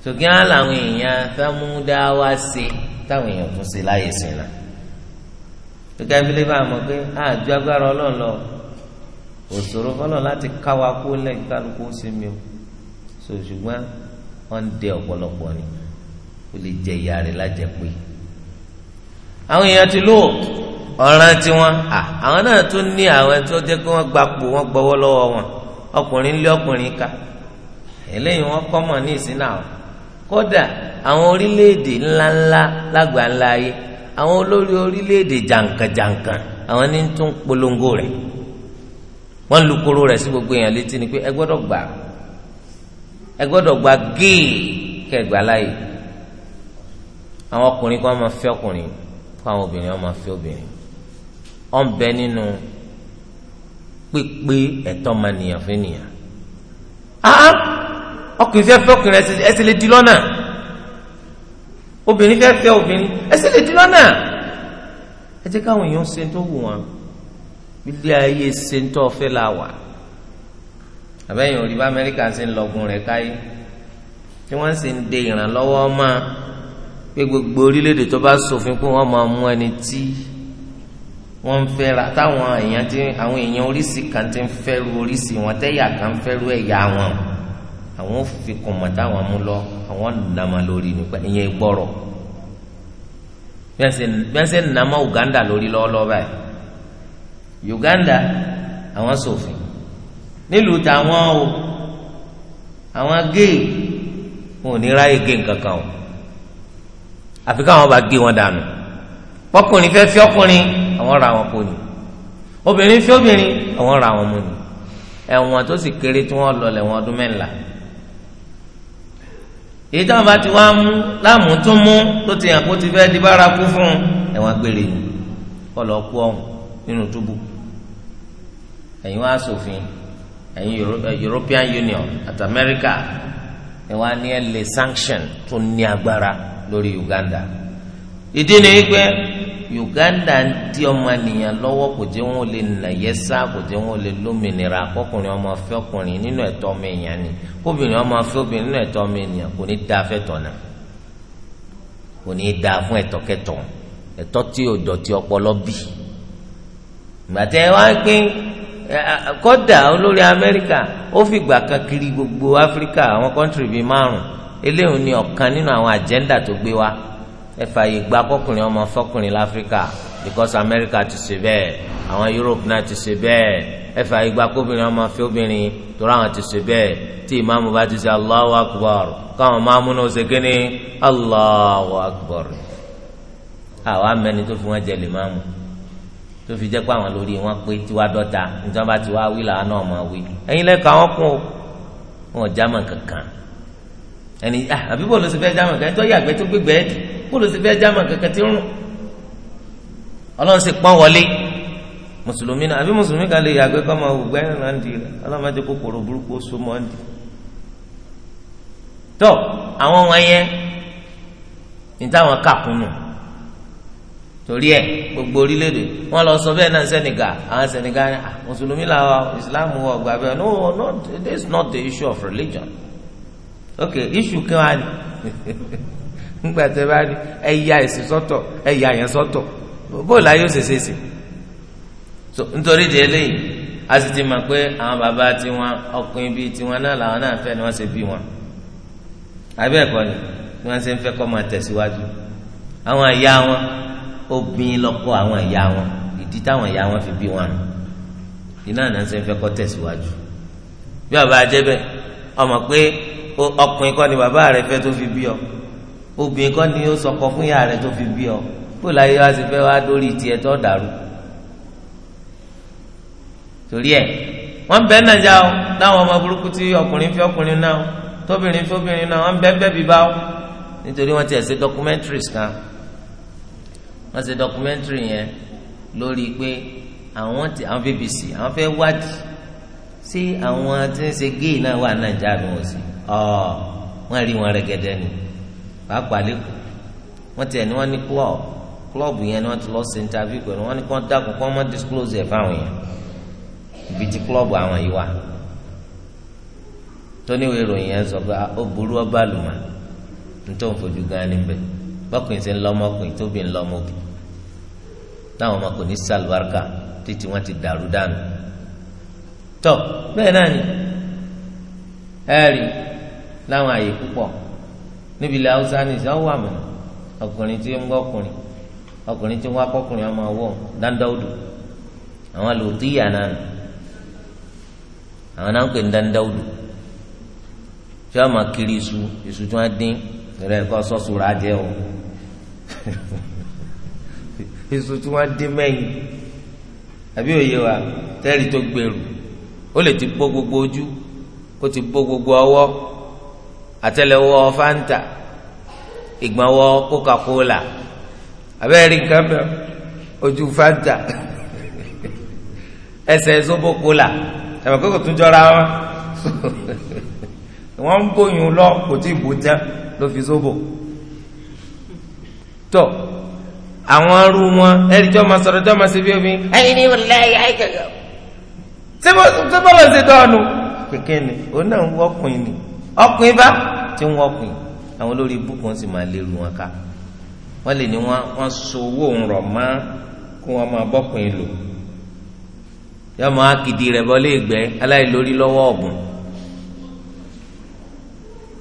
ṣùgbọ́n làwọn èèyàn fẹ́múdá wá ṣe táwọn èèyàn tún ṣe láyè sí la gbẹgbẹ abilé bá mọ̀ pé àjọ agbára Ọlọ́run lọ òṣòro fọlọ láti káwa kó lẹ́yìn kálukú ó mi o so ṣùgbọ́n wọ́n ń dẹ ọ̀pọ̀lọpọ̀ ni ó lè jẹ ìyá rẹ̀ lájẹpé àwọn èèyàn ti lóòótọ́ ọ̀ràn tiwọn àwọn náà tún ní àwọn tó jẹ́ pé wọ́n gbapò wọ́n gbọ́wọ́ lọ́wọ́ wọn ọkùnrin lé ọkùnrin ká eléyìí wọ́n kọ́ mọ̀ ní ìsìn náà kódà àwọn orílẹ̀-èdè ńláńlá lágbàńlá ayé àwọn olórí orílẹ̀-èdè jàǹkànjàǹkàn àwọn ní tún polongo rẹ̀ wọ́n lu koro rẹ̀ sí gbogbo èèyàn létí ni pé ẹ gbọ́dọ̀ gbà ẹ gbọ́dọ̀ gbà géè kẹgbà láàyè àwọn ọkùnrin kan máa fẹ́ ọkùnrin fún àwọn obìnrin wọn máa fẹ́ obìnrin ọ̀nbẹ nínú pípé ẹ̀tọ́ ọmọnìyàn fún ènìyàn ah ọkùnrin fẹ́ fẹ́ ọkùnrin ẹsẹ̀ lè di lọ́nà obìnrin fẹ́ fẹ́ obìnrin ẹsẹ̀ lè di lọ́nà ẹ jẹ́ káwọn èèyàn ṣe tó wù wọn ilé ayé ṣe tó ọ̀fẹ́ la wà àbẹ́yìn òrìbá amẹ́ríkà ṣe ń lọ́gùn rẹ̀ káyé tí wọ́n sì ń de ìrànlọ́wọ́ máa pé gbogbo orílẹ̀-èdè tó bá ṣòfin pé wọ́n máa mú ẹni tí wọ́n ń fẹ́ra táwọn èèyàn ti àwọn èèyàn oríṣi kan ti ń fẹ́ru oríṣi wọn tẹ́yà kan fẹ́ru ẹ̀yà wọn àwọn fi kùn mọ̀ táwọn mú lọ àwọn nàmà lórí nípa ìyẹn gbọ́rọ̀ bí nàmà Uganda lórí lọ́wọ́lọ́wọ́ báyìí Uganda àwọn ṣòfin nílùú tàwọn o àwọn géè wọn ò ní ráyè géè kankan o àfi káwọn bá géè wọn dànù ọkùnrin fẹ́ fi ọkùnrin àwọn ra wọn kò ní obìnrin fi obìnrin àwọn ra wọn mu ní ẹ̀wọ̀n tó sì kéré tí wọ́n lọ lẹ́wọ̀n ọdún mẹ́ńlá èyí táwọn bá ti wá mú láàmú tó mú ti yàn kó ti fẹ́ di bárakú fún ẹ̀wọ̀n gbére ni kọlọ̀ kú ọ̀hún nínú túbú ẹ̀yin wá sófin ẹ̀yin European Union àti America ẹ wá ẹ lè sanction tó ní agbára lórí Uganda ìdí ni wípé Uganda ń di ọmọ nìyàn lọ́wọ́ kò jẹ́ wọn lè nàyẹ́sà kò jẹ́ wọn lè lómìnira kọkùnrin ọmọ fẹ́ ọkùnrin nínú ẹ̀tọ́ ọmọ èèyàn ni kóbìnrin ọmọ fẹ́ obìnrin nínú ẹ̀tọ́ ọmọ ènìyàn kò ní dáa fẹ́tọ̀ náà kò ní dáa fún ẹ̀tọ́ kẹtọ̀ ẹ̀tọ́ tí ò dọ̀tí ọpọlọ bì gbàtẹ́ wá pé kọ́dà olórí Amẹ́ríkà ó fìgbà kan kiri gbogbo Áfíríkà àwọn kọ́ńtìrì bíi márùn eléyìí ni ọ̀kan nínú àwọn àjẹ́ńdà tó gbé wa ẹ fààyè gba kọkùnrin ọmọ fọkùnrin láfíríkà because America ti ṣe bẹ́ẹ̀ àwọn Europe náà ti ṣe bẹ́ẹ̀ ẹ fààyè gba kọkùnrin ọmọ fi obìnrin torí àwọn ti ṣe bẹ́ẹ̀ tí ìmáàmù bá ti ṣe Allahu Akbar káwọn máàmù náà ṣe kíni Allahu Akbar àwọn amẹni tó fi wọn jẹ lè máàmù tó fi jẹ́ pé àwọn lórí wọn pé tiwa dọ́ta nítorí wọn wí làwọn náà máa wí ẹ̀yin lẹ́ka wọn kún wọn ò kankan ẹni ah, àbí bó ló ṣe fẹ́ jámà kankan tó yàgbẹ́ tó gbégbé ẹ̀ bó ló ṣe fẹ́ jámà kankan tí ń rùn ọlọ́run ṣe pọ́n wọlé mùsùlùmí náà àbí mùsùlùmí kan lè yàgbẹ́ kọ́ máa wùgbẹ́ náà ń di rẹ̀ ọlọ́run máa jẹ́ kòkòrò burúkú ó so mọ́ ń di. tó àwọn wọn yẹn ní táwọn kàkúnnù torí ẹ gbogbo orílẹ̀-èdè wọn lọ sọ bẹ́ẹ̀ náà Senegal àwọn Senegal ah, mùsùlùmí làwọn Islam wọ̀ gbà no no this is not the issue of religion. ok iṣu kí wọn á nígbà tí ẹ bá rí ẹyà ẹsìn sọ́tọ̀ ẹyà yẹn sọ́tọ̀ bóòlù ayé so nítorí di eléyìí a sì ti pé àwọn bàbá tiwọn ọkùnrin bíi tiwọn náà làwọn náà ni wọ́n ṣe bí wọn abẹ́ ẹ̀kọ́ ni bí wọ́n ṣe ń fẹ́ kọ́ máa tẹ̀síwájú àwọn ìyá wọn obìnrin lọ́kọ àwọn wọn ìdí táwọn wọn fi bí wọn iná náà ṣe ń bí ọmọ pé ọkùnrin kan ni bàbá rẹ fẹ́ tó fi bí ọ obìnrin kan ni ó sọkọ fún ìyá rẹ tó fi bí ọ bó láyé wá sí fẹ́ wá dórí tiẹ̀ tó dàrú torí ẹ wọn bẹ nàjà o láwọn ọmọ burúkú tí ọkùnrin fi ọkùnrin náà tóbìnrin fi náà wọn bẹ bẹ bíbá o nítorí wọn tiẹ̀ ṣe documentaries kan wọn ṣe documentary yẹn lórí pé àwọn ti àwọn BBC àwọn fẹ́ wádìí sí àwọn tí ń ṣe géè náà wà nàìjíríà ni wọn sí ọ wọn rí wọn rẹgẹdẹ ni pàápàá lẹkọọ wọn tiẹ̀ ni wọn ní club club yẹn ni wọn ti lọ ṣe interview pẹ̀lú wọn ní kí wọn dákun kí wọn má disclose ẹ fáwọn yẹn ibi tí club àwọn yìí wà tóníwèé ròyìn yẹn sọ pé ah, ó burú ọba lùmà nítorí fojú gan níbẹ̀ bọkùnrin ṣe ń lọ ọmọkùnrin tóbi ń lọ ọmọkùnrin táwọn ọmọ kò ní sàlùbáríkà títí wọn ti dàrú dànù tọ bẹ́ẹ̀ náà ni ẹ rí i láwọn àyè púpọ̀ níbi ilẹ̀ haúsá ní ìṣá wà mí ọkùnrin tí ń gbọ́ ọkùnrin ọkùnrin tí ń wá kọkùnrin ọmọ ọwọ́ dáńdáwòdù àwọn lòtíyà náà nù àwọn náà ń pè ní dáńdáwòdù tí wọ́n máa kiri iṣu iṣu tí wọ́n dín rẹ̀ kọ́ sọ́ọ̀sù rà jẹ́ o iṣu tí wọ́n dín mẹ́yìn àbí òye wa tẹ́rì tó gbèrú ó lè ti bó gbogbo ojú ó ti bó gbogbo ọwọ́ àtẹ́lẹwọ́ fanta ìgbọ̀nwọ́ coca-cola abẹ́rẹ́ nǹkan bẹ́ẹ̀ ojú fanta ẹsẹ̀ zobo cola tàbí kókò tún jọra wọn wọ́n ń bóyún lọ kò tí ì bó tán ló fi zobo tó àwọn arú wọn ẹni tí wọ́n máa sọ̀rọ̀ tí wọ́n máa ṣe bí omi ẹyin ni wọn lé ayé kẹkẹ tí bọ́lá ṣe dọ́ọ̀nù kékeré ni òun náà ń wọ́kùnrin ni ọkùnrin bá tí ń wọkùn àwọn olórí ibú kan sì máa lérò wọn ká wọn lè ní wọn wọn so owó òun rọ mọ kó wọn máa bọkùnrin lò yọọ máa kìdí rẹ bọlé ìgbẹ aláìlórí lọ́wọ́ ọgùn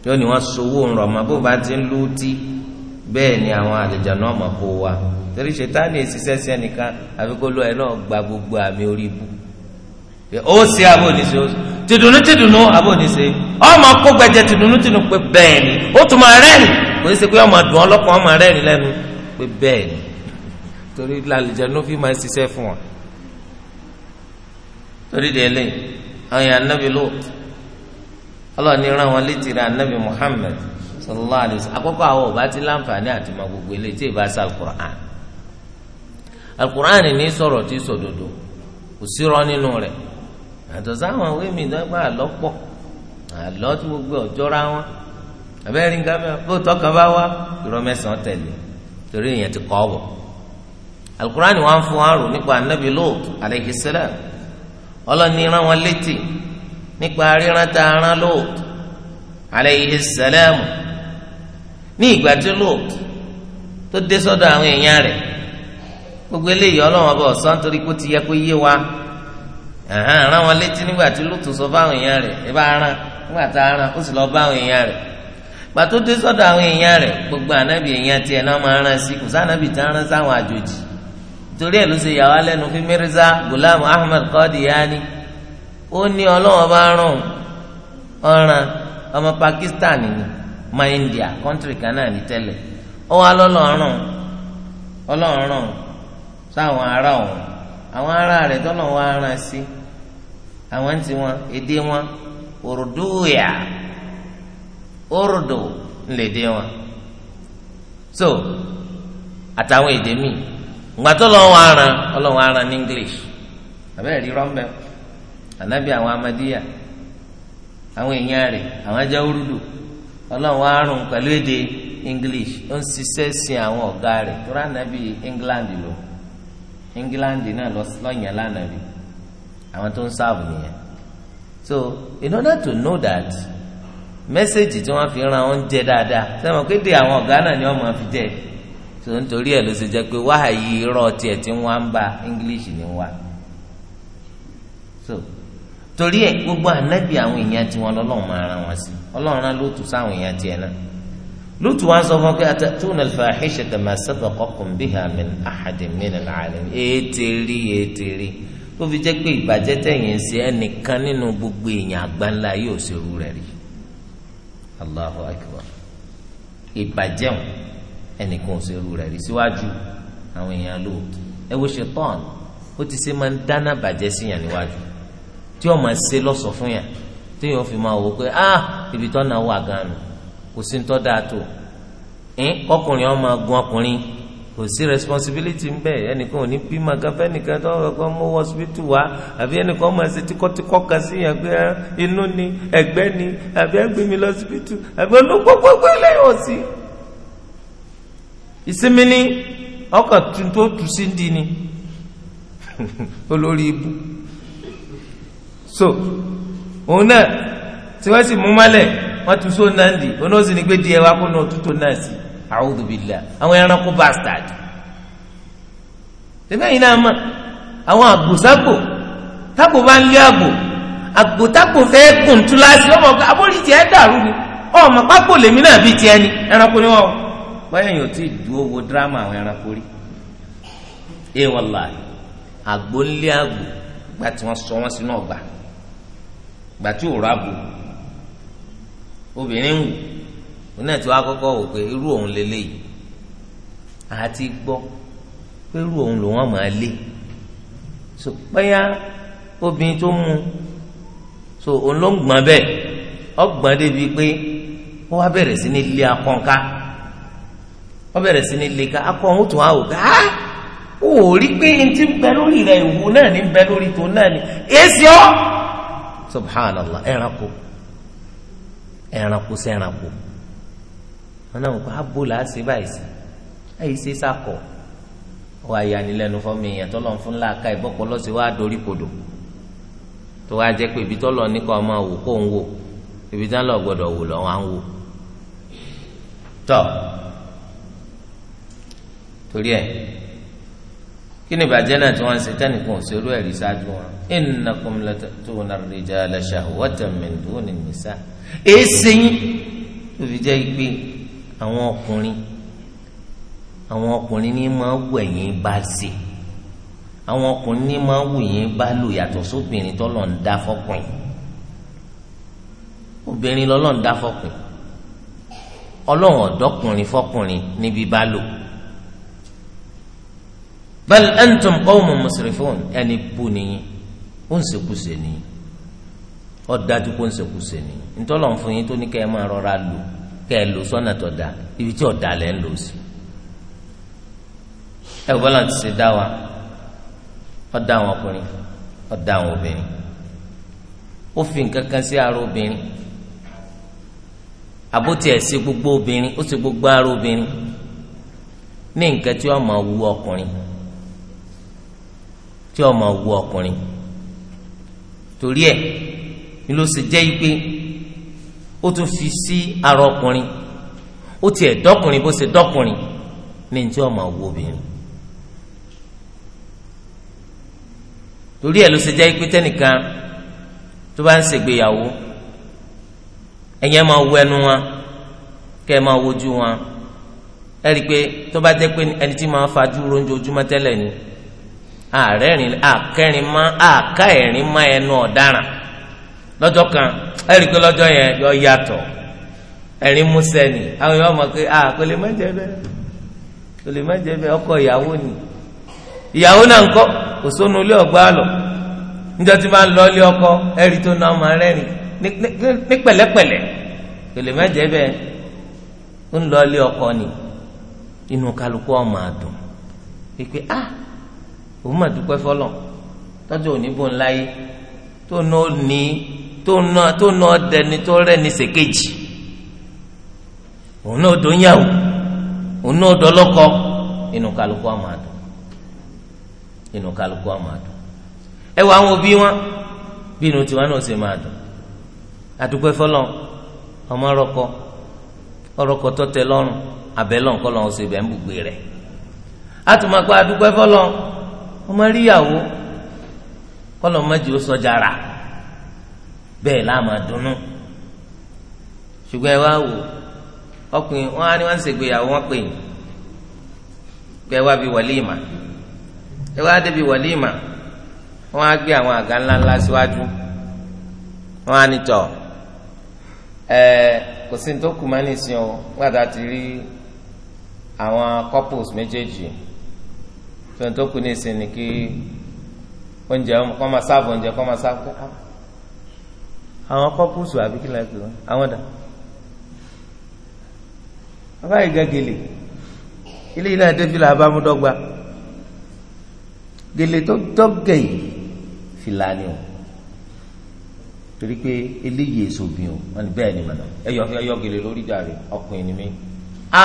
yóò ní wọn so owó òun rọ mọ bó bá ti ń lú tí bẹ́ẹ̀ ni àwọn àlejò náà mọ̀ kó wa torí ṣètánì ìṣiṣẹ́ sí ẹnìkan àfikún olú ẹ náà gba gbogbo àmì orí ibú ó ṣe àbò níṣẹ́ tìdùnnú tìdùnnú àbò ní ṣe ọmọ kó gbẹjẹ tìdùnnú tìdùnnú pé bẹ́ẹ̀ ni ó tún máa rẹ́rìn kò ní ṣe pé ọmọ dùn ọlọ́kùn ọmọ rẹ́rìn lẹ́nu pé bẹ́ẹ̀ ni torí làlùjẹ̀nu fi máa ṣiṣẹ́ fún wọn. torí di ẹlẹ́yìn àwọn èèyàn anábì Lut ọlọ́ọ̀ni rán wọn létí rẹ anábì Muhammad sallallahu alayhi wa sallam àkọ́kọ́ àwọn ọba ti láǹfààní àti ma gbogbo ilé tí ìbá sa alukur'an alukur'an ní sọ̀rọ̀ tí sòdodo kò sírọ́ nínú rẹ̀ àtọ̀ sáwọn òwe mi náà gbà lọ́pọ̀ àlọ́ tí gbogbo ọ̀jọ́ra wọn abẹ́rẹ́ nǹkan mẹ́rin bó tọ́ka bá wá irọ́ mẹ́sàn-án tẹ̀lé torí ti kọ́ ọ̀bọ̀ alukurani wa ń fún wa rò nípa anabi lot alayhi ọlọ́ni wọn létí nípa ríran tá a rán lot ní ìgbà tó dé sọ́dọ̀ àwọn èèyàn gbogbo eléyìí ọlọ́wọ́n bọ̀ kó ti yẹ rán wọn létí nígbà tí lùtù sọ fáwọn èèyàn rẹ̀ ẹ ara, nígbà tá a rán ó sì lọ bá àwọn èèyàn rẹ̀ dé sọ́dọ̀ rẹ̀ gbogbo ànábì èèyàn tiẹ̀ náà máa rán sí kò sànábì tí wọn rán sáwọn àjòjì torí ẹ̀ ló ṣe lẹ́nu Ahmed ó ní ọlọ́wọ́n bá ọ̀ràn Pakistan ni India kọ́ńtìrì kan náà ní àwọn ará rẹ̀ tọ́nà wọn ara sí àwọn ń tiwọn èdè wọn òrùdúùyà òrùdù dé wọn so àtàwọn èdè mi ìgbà tó lọ́wọ́ ara ọlọ́wọ́ ara ní English rí rọ́mbẹ́ àwọn amadíyà àwọn èèyàn rẹ̀ àwọn ajá pẹ̀lú èdè English ó ń ṣiṣẹ́ sin àwọn ọ̀gá England lò. England náà lọ́yìn lánàá àwọn tó ń sáàbù nìyẹn so in order to know that mẹ́sẹ̀gì tí wọ́n fi ran oúnjẹ dáadáa sẹ́wọ̀n kéde àwọn ọ̀gá náà ni wọ́n máa fi jẹ́ so nítorí ẹ̀ ló pé tiẹ̀ tí wọ́n á ni wá so torí ẹ̀ gbogbo ànábì àwọn èèyàn tiwọn lọ́lọ́run máa ran wọn sí ọlọ́run ló lótú wa ń sọ fún pé atatuna al-fahishata ma sabaqakum biha min ahadin min al-alamin ètèrí ètèrí tó fi jẹ́ pé ìbàjẹ́ tẹ̀yìn ṣe ẹnìkan nínú gbogbo èèyàn àgbáńlá yóò ṣerú rẹ̀ rí Allahu akbar ìbàjẹ́ wọn ẹnìkan ò ṣerú rẹ̀ rí síwájú àwọn èèyàn lò ẹ wo ṣetán ó ti ṣe máa ń dáná bàjẹ́ síyàn níwájú tí ó máa ṣe lọ́sọ̀ fún yàn tí yóò fi máa wò pé ah ibi tó náà wà gan-an kò sí ntọ́ dáa tó ọkùnrin ọmọ gun ọkùnrin kò sí responsibility ń bẹ ẹnìkan ò ní bí màgàfẹ́ nìkan tó ọkọ̀ kan hospital wá àbí ẹnìkan ọmọ ẹsẹ̀ tíkọ́tíkọ́ kan sí inú ni ẹgbẹ́ ni àbí ẹgbẹ́ mi lọ hospital àbí olùgbogbogbò ìsinmi ni ọkàn tó tù sí di ni olórí ibu so òun náà tí wọ́n sì mú wọ́n tu sóun náà dì oní òsì ní gbé díẹ̀ wá kó náà tútó náà sí a'udhu billah àwọn ẹranko bastard tẹ́fẹ́ yìí náà mọ̀ àwọn àgbòságbò tágbò bá ń lé àgbò ọmọ ọgbà abórí dàrú ni ọmọ lèmi náà bíi ni ẹranko ni wọn yóò dírámà àwọn ẹranko rí ẹ wàláhì àgbò ń lé àgbò gbà obìnrin ń wù òun náà ti wá kọ́kọ́ wò pé irú òun lélẹ́yìí àti gbọ́ pé irú òun lòun àmọ́ lé so pẹ́yà obìnrin tó mú so òun ló ń gbọ́n bẹ́ẹ̀ ọgbọ́n débi pé ó wá bẹ̀rẹ̀ sí ní lé akọ́nká ó bẹ̀rẹ̀ sí ní lé ká akọ́ òun tún á wò ká ó rí pé n ti bẹ lórí rẹ̀ ìwù náà ní bẹ lórí tó náà ní èsì ọ́ subhanallah ẹranko. E ẹranko sẹranko wọn náà wọn kọ abo là á ṣe báyìí sí àyè ṣe sàkọ ó wá yà ní lẹ́nu fọmi èèyàn tọ́lọ̀ ń fún làákà ìbọ́pọ̀ lọ́sẹ̀ wá dorí kodò tó wá jẹ́ pé ibi tọ́lọ̀ ní kọ́ ọmọ wò kó ń wò ibi tán lọ gbọ́dọ̀ wò lọ́wọ́ à ń wò tọ́ torí ẹ̀ kí ni ìbàjẹ́ náà tí wọ́n ń ṣe tẹ́nìkan ò ṣerú ẹ̀rí ṣáájú wọn innakum lata'tuna ar-rijala shahwatan min duni an-nisa' èsè yín ló fi jẹ́ pé àwọn ọkùnrin àwọn ọkùnrin ní máa wù ẹ̀yìn bá ṣe àwọn ọkùnrin ní máa wù yín bá lò yàtọ̀ sóbìnrin tọ́lọ̀ ń dá fọkùn obìnrin lọ́lọ́ ń dá fọkùn ọlọ́run ọ̀dọ́kùnrin fọkùnrin níbi bá lò bal antum qawmun musrifun ẹni bú nìyí ó ń ṣekúṣe nìyí ọ̀dájú kó ń ṣèkúṣe ni ntọ́lọ̀ fún yín tó ní kẹ́ ẹ máa rọra lò kẹ́ ẹ lò ibi tí ọ̀dà lẹ́ ń lò sí. ẹ ti ṣe dá wa Ọ da àwọn ọkùnrin Ọ da àwọn obìnrin ó fi nǹkan kan sí ara obìnrin àbótí gbogbo obìnrin ó ṣe gbogbo ara obìnrin ní nǹkan tí ó máa wù ọkùnrin tí máa ọkùnrin torí ni ló ṣe jẹ́ ipe ó tún fi sí ara ọkùnrin ó tiẹ̀ dọ́kùnrin bó ṣe dọ́kùnrin ní ní tí wọ́n máa wo obìnrin. torí ẹ̀ ló ṣe jẹ́ ipe tẹ́nìkan tó bá ń ṣègbéyàwó ẹ̀yẹ́ máa wo ẹnu wọn kẹ́ ẹ máa wojú wọn ẹ rí i pé tó bá jẹ́ pé ẹni tí máa fajú ronjojúmọ́ tẹ́lẹ̀ ni àárẹ̀rin àkẹrin má àká ẹ̀rin má ẹnu ọ̀daràn lọ́jọ́ kan ẹ̀rí pé lọ́jọ́ yẹn yọ yàtọ̀ ẹ̀rí músẹ́ ni àwọn yóò a kò lè má jẹ bẹ́ẹ̀ kò lè má jẹ bẹ́ẹ̀ ọkọ ìyàwó ni ìyàwó náà ń kọ́ kò sónú ilé lọ níjọ́ tí ń lọ ilé ọkọ ẹ̀rí tó náà máa ni ní pẹ̀lẹ́pẹ̀lẹ́ kò lè má ọkọ ni inú kálukú ọmọ àdùn pípé a òun mà dúpẹ́ fọlọ́ tọ́jú òní bò tó ní tó nà tó nà ọdẹni tó rẹni ṣèkejì òun náà dó ń yàwó òun náà dọlọkọ inú kálukú àmọ́ bi inú kálukú àmọ́ àdùn ẹ wọ àwọn òbí wọn bí inú tiwọn náà sì dùn àdúgbò kọlọ bẹ́ẹ̀ láàmú àdúnú ṣùgbọ́n ẹ wá wò ọkùnrin wọn á ní wọn ṣègbéyàwó wọn pè yín pé ẹ wá bí wàlíìmà ẹ wá débi wàlíìmà wọn á gbé àwọn àga ńlá ńlá síwájú wọn á ní tọ ẹ kò sí ní tó kù má nìsín o gbàdá rí àwọn couples méjèèjì àwọn kọ́pùsù àbí kí láti wọn àwọn dà bàbá yìí gàgèlè ilé yìí náà dé fìlà abámúdọ́gba gèlè tó dọ́gẹ̀ yìí fìlà ni o torí pé eléyìí èso bìn o wọn ni bẹ́ẹ̀ ni mọ̀nà ẹyọ ẹyọ gèlè lórí jàre ọkùnrin ni mí a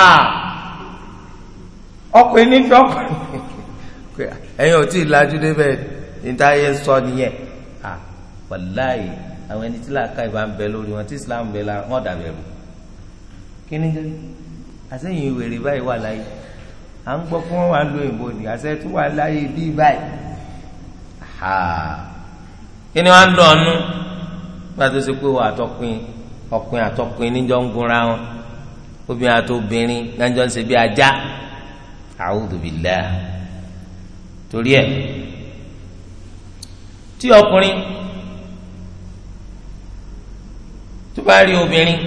ọkùnrin ní fi ọkùnrin ẹ̀yin ò tí ì lajú débẹ̀ ní táyé sọ nìyẹn a wàláyé àwọn ẹni tí làákà ìbá ń bẹ lórí wọn tí islam bẹ la wọn dàbẹ rù kí ni jẹ àsẹyìn wèrè báyìí wà láyé à ń gbọ́ pé wọn wà ń lo òyìnbó ni àṣẹ tó wà láyé bíi báyìí ha kí ni wọn dùn ọnu nígbà tó ṣe pé wọn àtọkùn ọkùn àtọkùn níjọ ń gunra wọn obìnrin àtobìnrin níjọ ń ṣe bí ajá a'udhu billah torí ẹ tí ọkùnrin tó bá rí obìnrin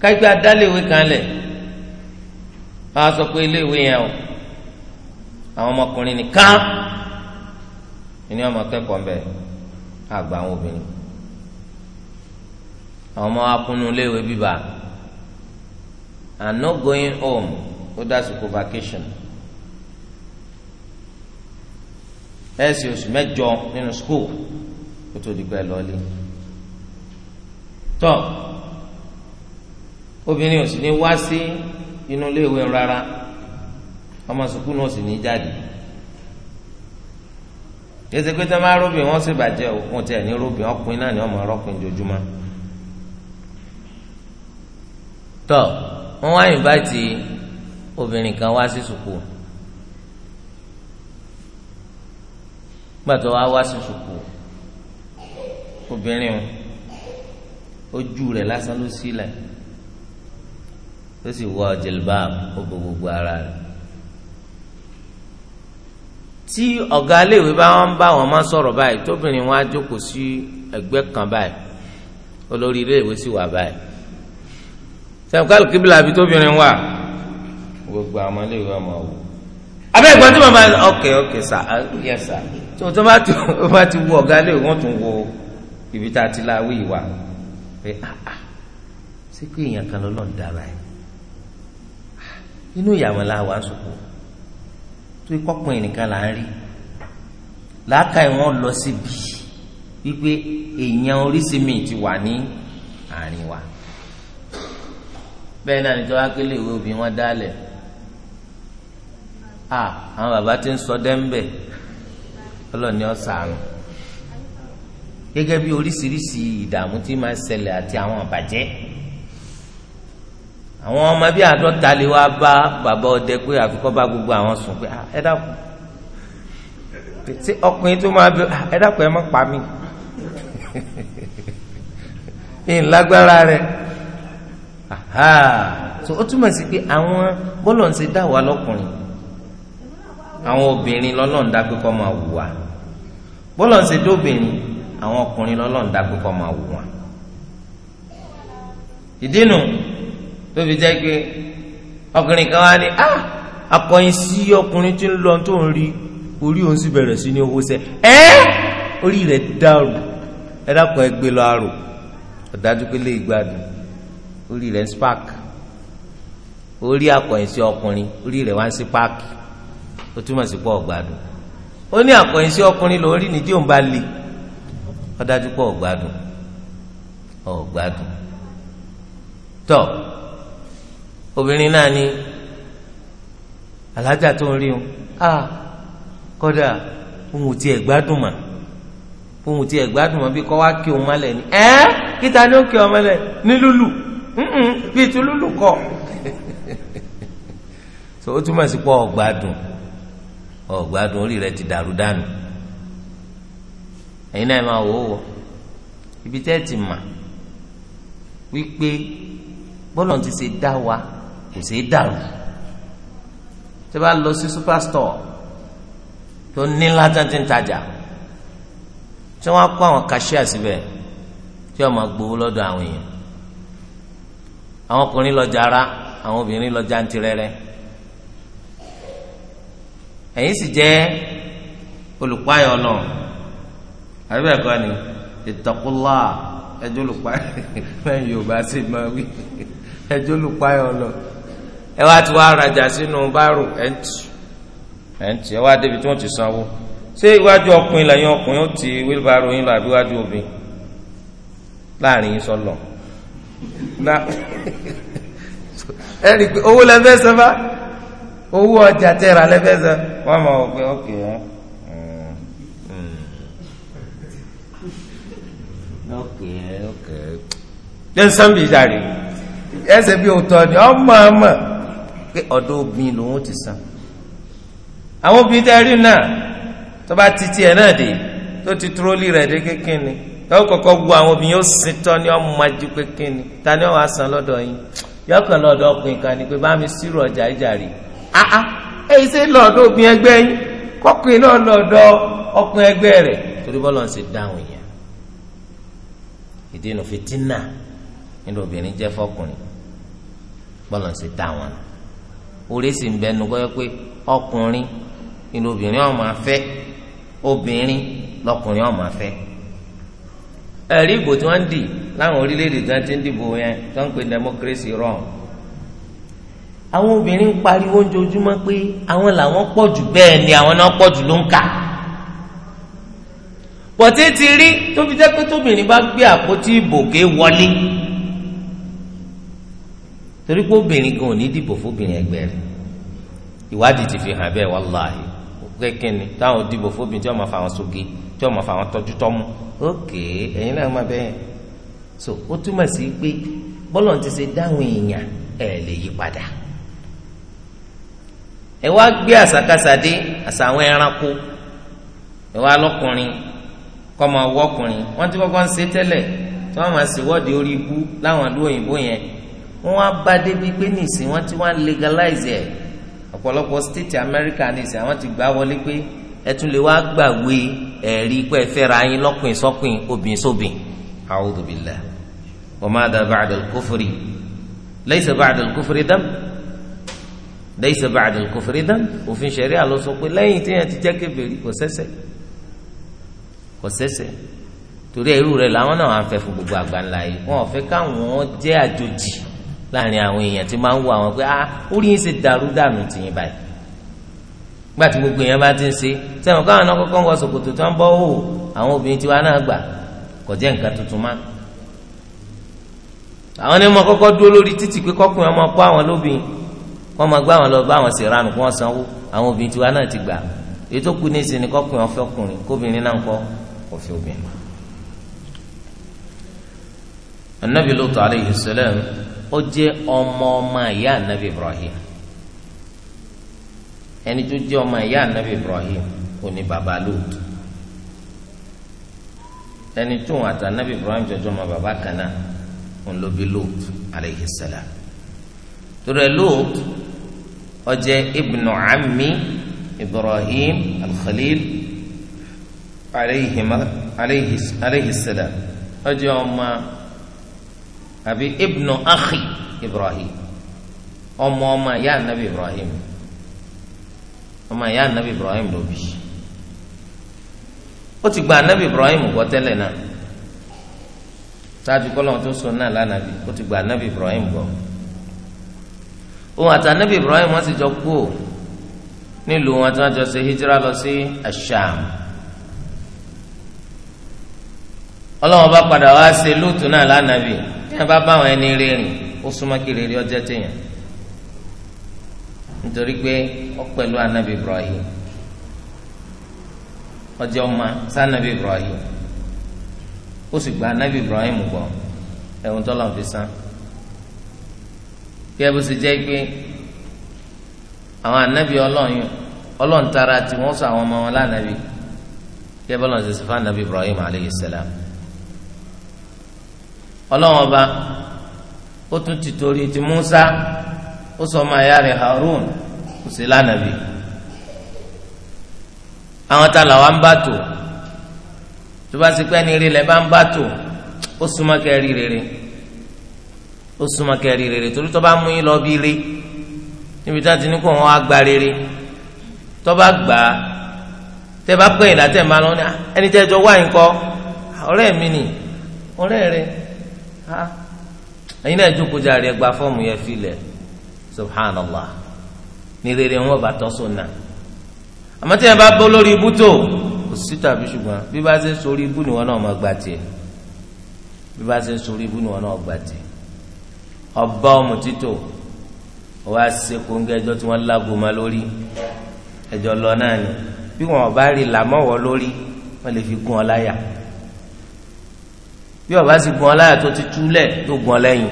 kájú adáléwé kan lẹ̀ wọ́n á sọ pé iléèwé yẹn o àwọn ọmọkùnrin nìkan ìní ọmọ kẹ́kọ̀ọ́ mbẹ́ àgbà àwọn obìnrin àwọn ọmọ akúnnú iléèwé bíbá and no going home ó dásìkò vacation. ẹsẹ oṣù mẹ́jọ nínú skul kó tó di pẹ lọlé tọ́ obìnrin ò sì ní wá sí inú iléèwé rárá ọmọ sùkúù náà sì ní jáde yẹsẹ pé tẹ́lẹ̀ máa rọ́bìn wọ́n sì bàjẹ́ òkun tẹ̀ ní rọ́bìn ọkùnrin náà ni ọmọ ọlọ́kùnrin jojúmọ́ tọ́ wọ́n wá ìnváìtì obìnrin kan wá sí gbàtọ́ wá ojú rẹ̀ lásán ló sílẹ̀ ó sì wọ jilbab ó bo gbogbo ara rẹ̀ tí ọ̀gá aléèwé bá wọn bá wọn máa sọ̀rọ̀ báyìí tóbìnrin wọn á jókòó sí ẹgbẹ́ kan báyìí olórí iléèwé sì wà báyìí sẹ́wọ́nkálù kíbílà àbí tóbìnrin wà gbogbo àwọn iléèwé ọmọ wò abẹ́ ìgbọ́n tí màmá ọkẹ́ ọkẹ́ sà yẹ sà tó tó bá ti wú ọ̀gá aléèwé wọ́n tún wo ibi tá a ti la wí ìwà pé àà sí pé èèyàn kan lọ́lọ́ ń dára ah, ẹ̀ inú ìyàwó la wà sùkú tó kọ́pọ̀ ẹnìkan là ń rí làákà ìwọ̀n lọ síbi wípé èèyàn oríṣi mi ti wà ní àárín wa bẹ́ẹ̀ náà nítorí akéle ìwé òbí wọn dálẹ̀ à ah, àwọn bàbá ti ń sọ dẹ́ńbẹ̀ ọlọ́ọ̀ni ọ̀sàrùn gẹ́gẹ́ bí oríṣiríṣi ìdààmú tí máa ń ṣẹlẹ̀ àti àwọn àbàjẹ́ àwọn ọmọ bíi àádọ́ta lè wá bá bàbá ọdẹ pé àfikọ́ bá gbogbo àwọn sùn pé ah, ẹ dákun tí ọkùnrin tó máa bẹ ah, ẹ dákun ẹ má pa mí ìlágbára rẹ so ó túmọ̀ sí pé àwọn bọ́lọ̀ ń ṣe dá wa lọ́kùnrin àwọn obìnrin lọ́lọ́ ń dá pé kọ́ máa wù wá bọ́lọ̀ ń ṣe dóbìnrin àwọn ọkùnrin lọ́lọ́run dá púpọ̀ máa wù wọn. ìdínú tó fi jẹ́ pé ọkùnrin kan wá ní ah, akọyin sí ọkùnrin tí ń lọ tó ń rí orí òun sì bẹ̀rẹ̀ sí ní owó sẹ́ ẹ́ orí rẹ̀ dàrú ẹ ẹ gbé lọ àrò ọ̀dájú pé lè gbádùn orí rẹ̀ ń spark orí akọyin sí ọkùnrin orí rẹ̀ wá ń sí páàkì ó túmọ̀ sí pọ̀ ọ̀gbádùn ó ní àkọyìn sí ọkùnrin lórí nídìí òun bá le ó dájú pé ọ̀gbádùn ọ̀gbádùn tọ́ obìnrin náà ni alájà tó ń rí un a kọ́dà ohun tiẹ̀ gbádùn mà ohun tiẹ̀ gbádùn mà bí kọ́ wá kí òun mọ́lẹ̀ ni ẹ́ kíta ni ó kí ọmọ lẹ̀ ní lúlù bíi ti lúlù kọ́ so ó túmọ̀ sí pé ọ̀gbádùn ọ̀gbádùn orí rẹ ti dàrú dànù ẹ̀yin náà máa wò ó wọ ibi tẹ́ ẹ ti mà wípé bọ́lọ̀ ti ṣe dá wa kò ṣe é dàrú tẹ́ bá lọ sí superstore tó ní látàn tí ń tajà tí wọ́n á kó àwọn cashier síbẹ̀ tí wọ́n máa gbowó lọ́dọ̀ àwọn èèyàn àwọn ọkùnrin lọ́jà ara àwọn obìnrin lọ́jà ń tirẹ́rẹ́ ẹ̀yin sì jẹ́ olùpáyọ̀ ọlọ́run àbẹ ẹkọ ni ìtọkùlá ẹjọ olùpa lẹ́yìn yorùbá sì máa wí ẹjọ olùpa yọ lọ ẹ wá ti wá rajà sínú bárò ẹǹtì ẹǹtì ẹ wá débi tí wọ́n ti sanwó ṣé iwájú ọkùnrin lẹ́yìn ọkùnrin ó ti wheelbarrow yín lọ àbí iwájú obìnrin láàrin yín sọlọ owó lẹfẹ sẹfà owó ọjà tẹ ra lẹfẹ wọ́n mọ̀ ọ pé ọkẹ ẹ. ẹ ń sàn bí jàre ẹsẹ̀ ni ọmọ ọmọ pé ọ̀dọ̀ obìnrin lòun ti sàn àwọn obìnrin tẹ́ rí náà tó bá ti tiẹ̀ náà dé tó ti tróólì rẹ̀ dé kékeré yọ kọ́kọ́ àwọn obìnrin yóò sin ọmọ ajú kékeré ta ni yín yọ kàn ọkùnrin kan ni pé bá ìdínú fìtínà nínú obìnrin jẹ́ fọkùnrin bọ́lọ̀ ń ṣe wọn orí sì ń bẹnu kọ́ pé ọkùnrin nínú obìnrin ọmọ afẹ́ obìnrin lọkùnrin ọmọ fe. ẹ̀rí ìbò tí wọ́n ń dì láwọn orílẹ̀-èdè tí wọ́n ti ń dìbò yẹn tó ń pè democracy wrong àwọn obìnrin ń pariwo ojoojúmọ́ pé àwọn làwọn pọ̀ jù bẹ́ẹ̀ ni àwọn náà pọ̀ jù ló ń kà pọ̀tí ti rí tó jẹ́ pé tóbìnrin bá gbé àpótí ìbò ké wọlé torí pé obìnrin kan ò ní dìbò fóbìnrin ẹgbẹ́ rẹ̀ ìwádìí ti fi hàn bẹ́ẹ̀ wàláhì kékeré ni táwọn dìbò fóbìnrin tí wọ́n máa fa àwọn sóge tí wọ́n máa fa àwọn tọ́jú tọ́mú ókè ẹ̀yin náà máa bẹ́ẹ̀ so ó túmọ̀ sí pé bọ́lọ̀ ti ṣe dáhùn èèyàn ẹ̀ lè yí padà ẹ wá gbé àṣàkáṣà dé àṣà àwọn ẹranko ẹ wá lọ́kùnrin kọ́ máa wọ́ ọkùnrin wọ́n ti kọ́kọ́ ń ṣe tẹ́lẹ̀ tí wọ́n máa ṣe wọ́ọ̀dì orí ibú láwọn ìlú òyìnbó yẹn wọ́n wá bá débi pé nìsín wọ́n ti wá legalize ẹ̀ ọ̀pọ̀lọpọ̀ state America nìsín àwọn ti gbà wọlé pé ẹ tún lè wá gbàgbé ẹ̀rí pé ẹ fẹ́ ra yín lọ́kùnrin sọ́kùnrin obìnrin sóbìn a'udhu billah wa madha ba'da al-kufri laysa ba'da al-kufri dam laysa ba'da al-kufri òfin ṣẹ̀ríà ló sọ pé lẹ́yìn tí yẹn ti jẹ́ kébèrè kò sẹ́sẹ̀ kò sẹ́sẹ̀ torí irú rẹ̀ làwọn náà wà ń fẹ́ fún gbogbo àgbáńlá yìí wọn ò fẹ́ káwọn jẹ́ àjòjì láàrin àwọn èèyàn tí máa ń wo àwọn pé ah orí yín ṣe dàrú dànù tìyín báyìí gbà tí gbogbo èèyàn bá ti ń ṣe sẹ́wọ̀n káwọn náà kọ́kọ́ ń wọ ṣòkòtò tó ń bọ́ hò àwọn obìnrin tiwa náà gbà kò jẹ́ nǹkan tuntun má. àwọn ni wọn kọ́kọ́ dúró lórí títì pé kọ́kùnrin ọmọ kó àwọn lóbìn kọ́ máa gbá àwọn lọ bá àwọn ṣèrànù kó wọ́n sanwó àwọn obìnrin tiwa náà ti gbà ètò kù ní ìsìn ni kọ́kùnrin ọkùnrin kóbìnrin náà ń kọ́ kò fi obìnrin. anabi lutu alayhi salam ó jẹ́ ọmọ ọmọ ìyá anabi ibrahim ẹni tó jẹ́ ọmọ ìyá anabi ibrahim ó ní baba lutu ẹni tó ń àtà anabi ibrahim jọjọ ọmọ baba kan náà ó ń lo bí lutu alayhi salam torí ẹ ó jẹ́ ibnu ammi ibrahim al aleyhi salam ọjọ́ ọmọ àbí ibnu akhi ibrahim ọmọ ọmọ ìyá anabi ibrahim ọmọ ìyá anabi ibrahim ló bí ó ti gba anabi ibrahim gbọ́ tẹ́lẹ̀ náà sáájú kọ́lọ́n tó so náà lánàbí ó ti gba anabi ibrahim gbọ́ òun àti anabi ibrahim wọ́n sì jọ kú nílùú wọn tí wọ́n jọ ṣe hijira lọ sí asham. ọlọ́wọ́n bá padà wá ṣe lóòtú náà lánàbì yẹn bá bá ẹni rírìn ó súnmọ́ kí rere ọjọ́ tèèyàn nítorí pé ó pẹ̀lú anabi Ibrahim ọjọ́ ọma sanabi Ibrahim ó sì gba anabi Ibrahim gbọ́ ẹ̀wọ̀n tó lọ́n fi san kí ẹ bó anabi tara tí wọ́n sọ àwọn ọmọ wọn lánàbì salam. ọlọ́wọ́n ọba ó tún ti torí ti Musa ó sọ ọmọ ẹ̀yà rẹ̀ Harun kò sí lánàbì àwọn tá làwọn ń bá tò tó bá ti pẹ́ ní rí lẹ́ bá ń bá tò ó súnmọ́ kẹ́rì rere ó súnmọ́ kẹ́rì rere torí tó bá mú yín lọ bí rí níbi tá a ti ní kó wọn á gba rere tó bá gbà á tẹ bá pẹ́ ìlà tẹ̀ ń lọ ní ẹni tẹ́ jọ wáyé ńkọ́ ọ̀rẹ́ mi nì ọ̀rẹ́ rẹ̀. Ah. ẹ̀yin náà jókòó jàre ẹgbà fọ́ọ̀mù yẹn filẹ̀ subhanallah ní rere wọn bá tọ́ sọ̀nà àmọ́ tí yẹn bá bọ́ lórí ibú tó kò sí tàbí ṣùgbọ́n bí bá ṣe sórí ibú ni wọn náà máa gbà tiẹ̀ bí bá ṣe sórí ibú ni wọn náà gbà tiẹ̀ ọba ọmọ títò wọ́n á ṣe kóńgẹ́ ẹjọ́ tí wọ́n lágbo ma lórí ẹjọ́ lọ náà ni bí wọn bá rí làmọ́wọ́ lórí wọ́n lè fi gún ọ láyà bí ọba sì gun ọláyà tó ti túlẹ̀ tó gun ọlẹ́yìn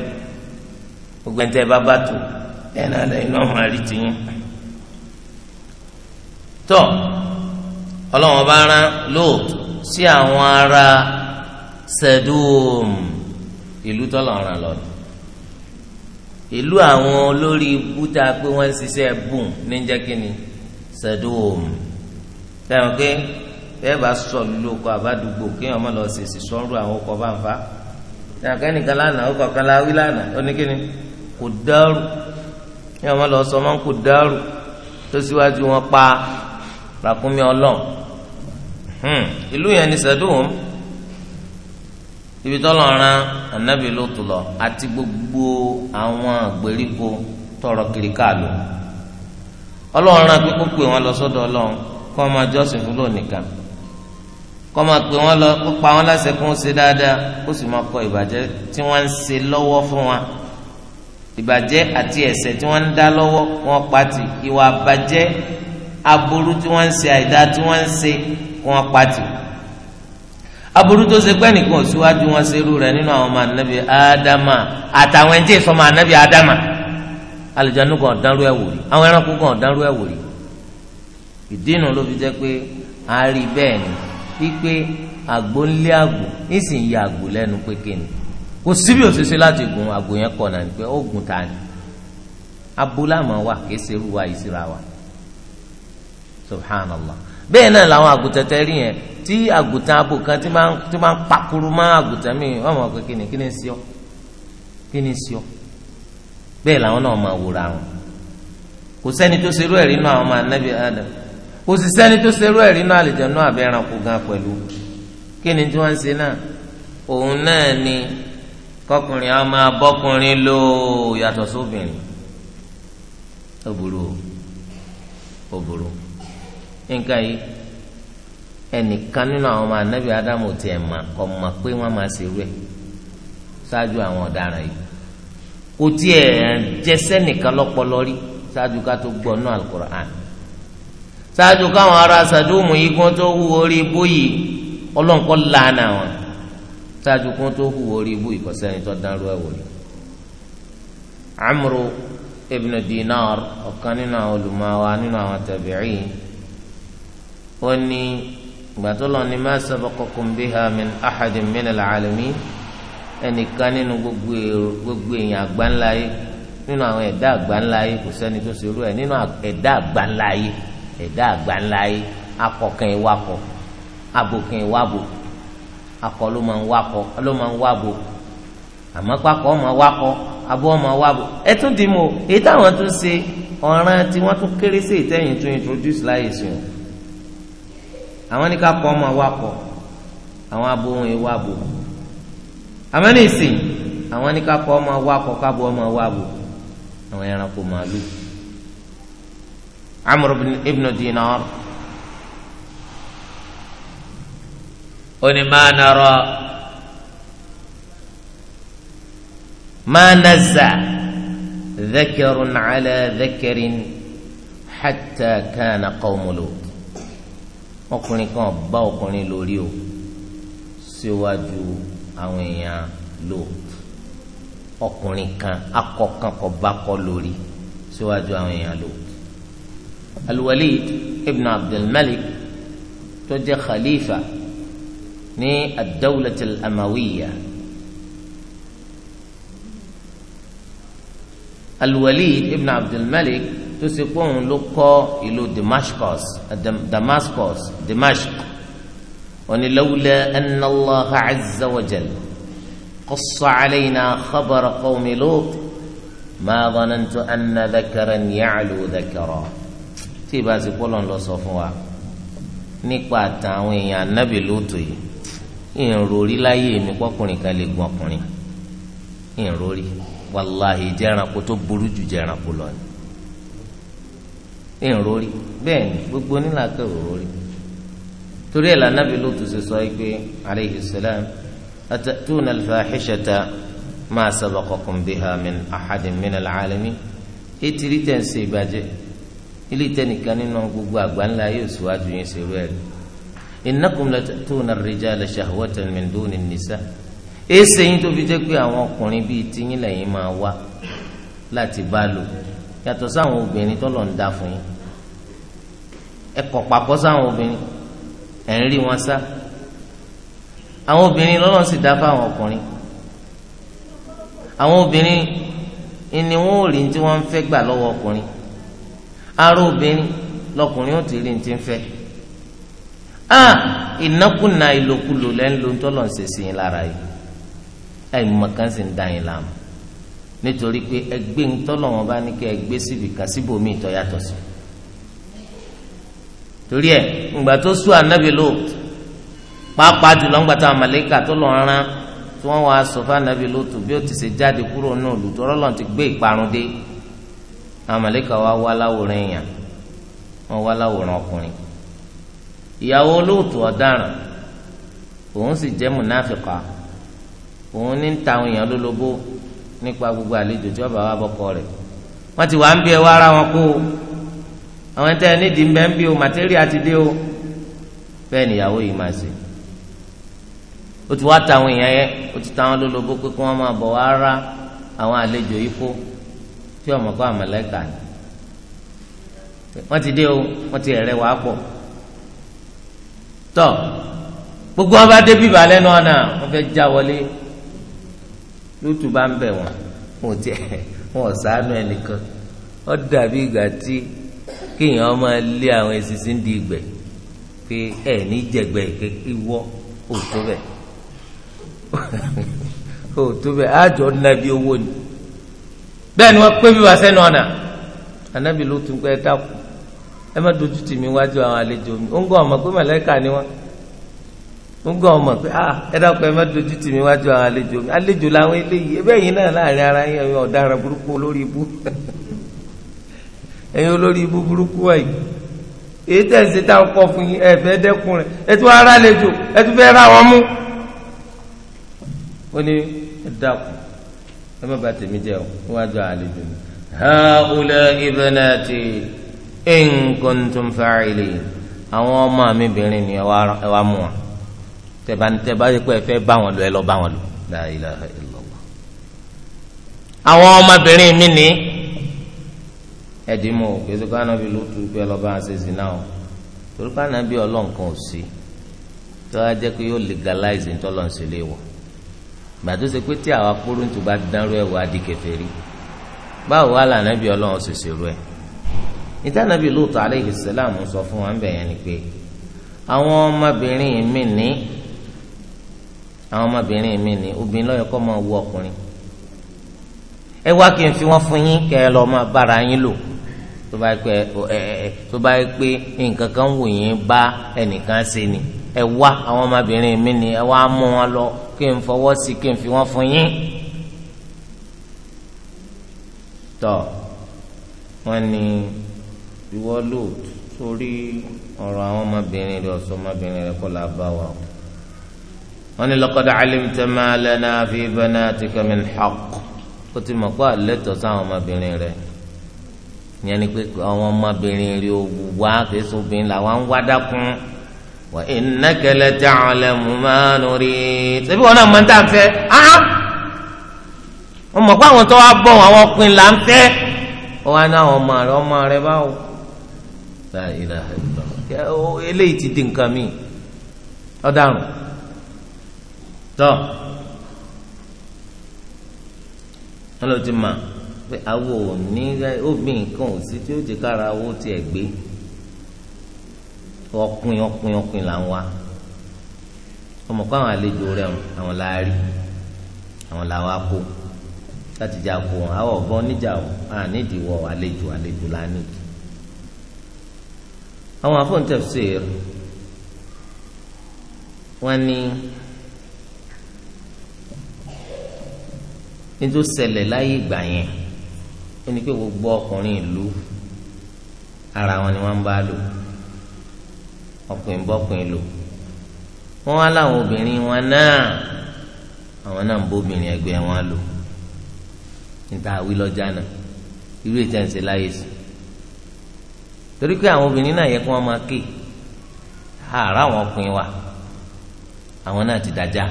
gbogbo ẹ̀ńtẹ́ bá bá tó ẹ̀nà lẹ́yìn náà máa rí tiyín. tọ́ ọlọ́wọ́n bá rán Lóòtù sí àwọn ará Sẹ̀dúùm ìlú tọ́lọ̀ ràn lọ ìlú àwọn olórí búta pé wọ́n ń ṣiṣẹ́ bùn ní jẹ́kínni Sẹ̀dúùm bẹ́ẹ̀ bá sọ lóko àbádùgbò kéèyàn má lọ sèṣì sọ́nrú àwọn ọkọ̀ bá ń fa ẹnìkan lánàá ọkọ̀ kan láwí lánàá oníkíni kò dárú kéèyàn má lọ sọ máa ń kò dárú tó síwájú wọn pa ràkúnmí ọlọ́ọ̀ hmm, ìlú yẹn ni sẹ́dùn ibi tọ́lọ̀ ran anabi lótú lọ àti gbogbo àwọn àgbèríko tọrọ kiri káàlù ọlọ́run ran pé kó pè wọ́n lọ sọ́dọ̀ ọlọ́run kó wọ́n máa jọ́sìn fún lónìkan kọ́ máa pè wọ́n lọ kó pa wọ́n láṣẹ kó ń ṣe dáadáa kó sì máa kọ ìbàjẹ́ tí wọ́n ń ṣe lọ́wọ́ fún wa ìbàjẹ́ àti ẹ̀ṣẹ̀ tí wọ́n ń dá lọ́wọ́ wọn pati ìwà àbàjẹ́ aburú tí wọ́n ń ṣe àìdá tí wọ́n ń ṣe wọn pati aburú tó ṣe pẹ́ nìkan síwájú wọn ṣerú rẹ̀ nínú àwọn ọmọ anabi ádámà àtàwọn ẹni tí anabi ádámà alìjánu kan ọ̀dánrú ẹ̀ wòrí àwọn ẹranko kan ọ̀dánrú ẹ̀ wòrí ìdí inú ló fi jẹ́ pé a rí bẹ́ẹ̀ ni wípé àgbo ńlé àgbò nísìn yà àgbò lẹ́nu pé kéne kò síbi òṣèṣe láti gun àgbò yẹn kọ̀ náà pé ó gun ta ni abúláàmà wà kése ruwa ìsira wa subhanallah bẹ́ẹ̀ náà làwọn àgùntàn tẹ́rí yẹn tí àgùntàn abo kan tí máa ń pakuru mọ́ àgùntàn mi wọ́n mọ̀ pé kíni kíni sí ọ kíni sí ọ bẹ́ẹ̀ làwọn náà máa wòra wọn kò sẹ́ni tó ṣerú ẹ̀rí náà àwọn ọmọ anábì adam kò sì sẹ́ni tó ṣerú ẹ̀rí náà àlìjẹ̀nú àbí ẹranko gan pẹ̀lú kí ni tí wọ́n ń ṣe náà òun náà ni kọkùnrin á máa bọ́kùnrin lò yàtọ̀ sóbìnrin ó burú ó burú nǹkan yìí ẹnìkan nínú àwọn ọmọ anábì ádámù tiẹ̀ mà kọ́ mà pé wọ́n máa ṣerú ẹ̀ ṣáájú àwọn ọ̀daràn yìí kò tiẹ̀ jẹsẹ́ nìkan lọ́pọlọ rí ṣáájú ká tó gbọ́ náà alukur'an ṣáájú káwọn ará sàdúùmù yìí kó tó hu orí ibú yìí ọlọ́nkọ́ lànà wọn ṣáájú kó tó hu orí ibú yìí kò sẹ́ni tó dánrú ẹ̀ wò ni. amru ibn dinar ọ̀kan nínú àwọn olùmọ̀wá nínú àwọn tabi'in ó ní gbàtọ́lọ́ ni ma sabaqakum biha min ahadin min al-alamin ẹnìkan nínú gbogbo èèyàn àgbáńláyé nínú àwọn ẹ̀dá àgbáńláyé kò sẹ́ni tó ṣerú ẹ̀ nínú ẹ̀dá àgbáńláyé ẹ̀dá àgbáńlá yìí akọkàn ìwakọ abòkàn ìwabò akọ ló máa ń wakọ ló máa ń wabò àmọ́ pákọ ọmọ wakọ abọ ọmọ wabò ẹ tún dì mọ èyí táwọn tún ṣe ọ̀ràn tí wọ́n tún kéré sí ìtẹ̀yìn tún introduce láyé sí wọn àwọn ní ká kọ ọmọ wakọ àwọn abo ohun ìwabò àmọ́ ní ìsìn àwọn ní ká kọ ọmọ wakọ kábọ ọmọ wabò àwọn ẹranko màálù amúrò ibnu dinar onímọ̀nàrọ̀ mọ̀nàzà dẹ́kẹ̀rún alẹ́ dẹ́kẹ̀rín hàtà kánà kọ́mùlò ọkùnrin kan bá ọkùnrin lórí o síwájú àwọn èèyàn lò ọkùnrin kan akọkàn kọ bá kọ lórí síwájú àwọn èèyàn lò. الوليد ابن عبد الملك توجه خليفة ني الدولة الأموية الوليد ابن عبد الملك تسيقون لقو إلو دمشقوس دمشقس دمشق لولا أن الله عز وجل قص علينا خبر قوم لوط ما ظننت أن ذكرا يعلو ذكرا tí ìbá ti pọ́ lọ́n lọ sọ fún wa nípa àtàn àwọn èèyàn anábì lóòótọ́ yìí ìròrí láyé mi pọ́kùnrin kan lè gun ọkùnrin ìròrí wàláhì jẹranko tó burú ju jẹranko lọ ni ìròrí bẹ́ẹ̀ ni gbogbo onílàkẹ́ ìròrí torí ẹ̀ lànàbì lóòótọ́ ṣe sọ yìí pé aleyhi salam atatuna alfahishata ma sabaqakum biha min ahadin min alalamin etiri tẹ̀ ń ṣe ìbàjẹ́ ilé ìtẹnìkan nínú gbogbo àgbáńlá yóò síwájú yín ṣerú ẹ rí innakum latuna ar-rijala shahwatan min duni an-nisa èsè yín tó fi jẹ́ pé àwọn ọkùnrin bíi tiyín lẹ́yìn máa wá láti bá lò yàtọ̀ sáwọn obìnrin tó lọ ń dá fún yín ẹ kọ̀ papọ̀ sáwọn obìnrin ẹ̀ ń rí wọn sá àwọn obìnrin lọ́lọ́ sì dá fáwọn ọkùnrin àwọn obìnrin ni wọ́n ò rí tí wọ́n ń fẹ́ gbà lọ́wọ́ ọkùnrin ara obìnrin lọkùnrin ó ti rí ní ti ń fẹ́ a ìnákùná ìlòkulò lẹ́ ń lo ń tọ́lọ̀ ń ṣe sí yín lára yìí àìmọ̀ kan sì ń dá yín láàmú nítorí pé ẹgbẹ́ ń tọ́lọ̀ wọn bá ní kí ẹgbẹ́ síbi kan síbòmí ìtọ́ yàtọ̀ sí torí ẹ ǹgbà tó sùn ànábì lóòótọ́ pàápàá jùlọ ńgbà táwọn màlẹ́kà tó lọ rán tí wọ́n wá sọ fún ànábì lóòótọ́ bí ó ti ṣe jáde kúrò náà lùtọ́ ọlọ́run ti gbé ìparun dé amalika wa wá láwòrán èèyàn wọ́n wá láwòrán ọkùnrin ìyàwó olóòtú ọ̀daràn òun sì jẹ́ múnáfìkà òun ní ń ta àwọn èèyàn lólobó nípa gbogbo àlejò tí wọ́n bá wá wọ́n ti ń bí ara wọn kó àwọn ẹni nídìí ń o màtẹ́rì ti wá ta àwọn èèyàn yẹn ta àwọn lólobó pé kí wọ́n máa bọ̀ wá tí ọmọ kọ́ àmọ̀lẹ́kà ni wọ́n ti dé o wọ́n ti rẹ̀ wá pọ̀ tọ́ gbogbo wọn dé bíbà lẹ́nu ọ̀nà wọ́n fẹ́ já wọlé lótú bá ń bẹ̀ wọ́n wọn ò tiẹ̀ wọn ẹnìkan ó dàbí ìgbà tí kéèyàn máa lé àwọn èsìsì ń di ìgbẹ́ pé ẹ ní jẹgbẹ́ kékeré wọ́ òtó bẹ̀ òtó bẹ̀ àjọ nàbí owó ni. bẹẹni ni wọ́n pé bí wàá sẹ́nu ọ̀nà anabi ló tún pẹ́ dákú ẹ má dojú tì mí wájú àwọn àlejò mi ó ń ọmọ pé ni wọ́n ó ń gàn ọmọ pé ah ẹ ẹ má dojú tì mí wájú àwọn àlejò mi àlejò làwọn eléyìí ebe yìí náà láàrin ara yẹn ẹ̀yin ọ̀daràn burúkú olórí ibú ẹ̀yin olórí ibú burúkú wáyé èyí tẹ̀sí tá a kọ fún yín ẹ fẹ́ dẹ́kun ẹ tún ara àlejò ẹ tún fẹ́ ra ẹ má bà tèmi jẹ́ o wọ́n á jọ àlejò mi. haulai banati in kuntum fa'ilin àwọn ọmọ mi bìnrin ni ẹ wá mú wọn tẹ̀bánitẹ̀bá yẹ pé ẹ fẹ́ bá wọn lò ẹ lọ bá wọn lò la ilaha àwọn ọmọbìnrin mi ni ẹ̀dín mọ̀ gbèsè kó ànábì ló pé ọlọ́ba àṣẹṣe náà o torí pé ànábì ọlọ́nkan ò sí tó a jẹ́ pé yóò legalize ntọ́lọ́nsẹ̀ lé wọ̀ gbàtó ṣe pé tí àwa kúrúntù bá dánrú ẹ̀ wá di kèfèrí báwo wá là nàbí ọlọ́run ṣèṣe rú ẹ̀ ìtànàbí lóòótọ́ aleyhi sàlám sọ fún wa ń bẹ̀yẹn ni pé àwọn ọmọbìnrin mi ní àwọn ọmọbìnrin mi ní obìnrin lọ́yọ̀ kọ́ máa wú ọkùnrin ẹ wá kí n fi wọ́n fún yín kẹ́ ẹ lọ́ọ́ máa bára yín lò tó bá pé tó bá pé nǹkan kan wù yín bá ẹnìkan ṣe ni ẹ wá àwọn ọmọbìnrin mi ní ẹ wá mú wọn lọ kí n fọwọ́ sí kí n fi wọ́n fún yín tọ́ wọ́n ní ìwọ lóòótọ́ sórí ọ̀rọ̀ àwọn ọmọbìnrin rẹ̀ ọ̀sọ́ ọmọbìnrin rẹ̀ kọ́ la bá wa o wọ́n ní laqad alimta ma lana fi banatika min haqq ó ti mọ̀ pé àlẹ́tọ̀ sáwọn ọmọbìnrin rẹ̀ ìyẹn ni pé àwọn ọmọbìnrin rẹ̀ ò wá kí èso obìnrin làwọn ń wá dákun. wa innaka la ta'lamu ma nurid wọn náà mọ níta ah wọn mọ̀ pé àwọn tó wá bọ̀ àwọn ọkùnrin là ń wọn wá náà rẹ rẹ báwo la eléyìí ti di nǹkan mi wọn lọ ti pé ní obìnrin kan ò sí tí ó ti kára ọkùnrin ọkùnrin ọkùnrin là ń wá ọmọ kó àwọn àlejò rẹ àwọn là á rí àwọn là wá kó láti jà kó wọn àwọn ọ̀bọ níjà o à nídìí wọ àlejò àlejò là nídìí àwọn afọ́ntẹ́fṣẹ́ wọn ní. nítorí ṣẹlẹ̀ láyé ìgbà yẹn ó ní pé gbogbo ọkùnrin ìlú ara wọn ni wọ́n ń bá lò ọkùnrin bọ́kùnrin lò wọ́n wá láwọn obìnrin wọn náà àwọn náà ń bóbìnrin ẹgbẹ́ wọn lò níta àwí lọ́jà náà irú ètò ẹ̀sìn láyé sí torí pé àwọn obìnrin náà yẹ kí wọ́n máa ké àárá àwọn ọkùnrin wa àwọn náà ti dájà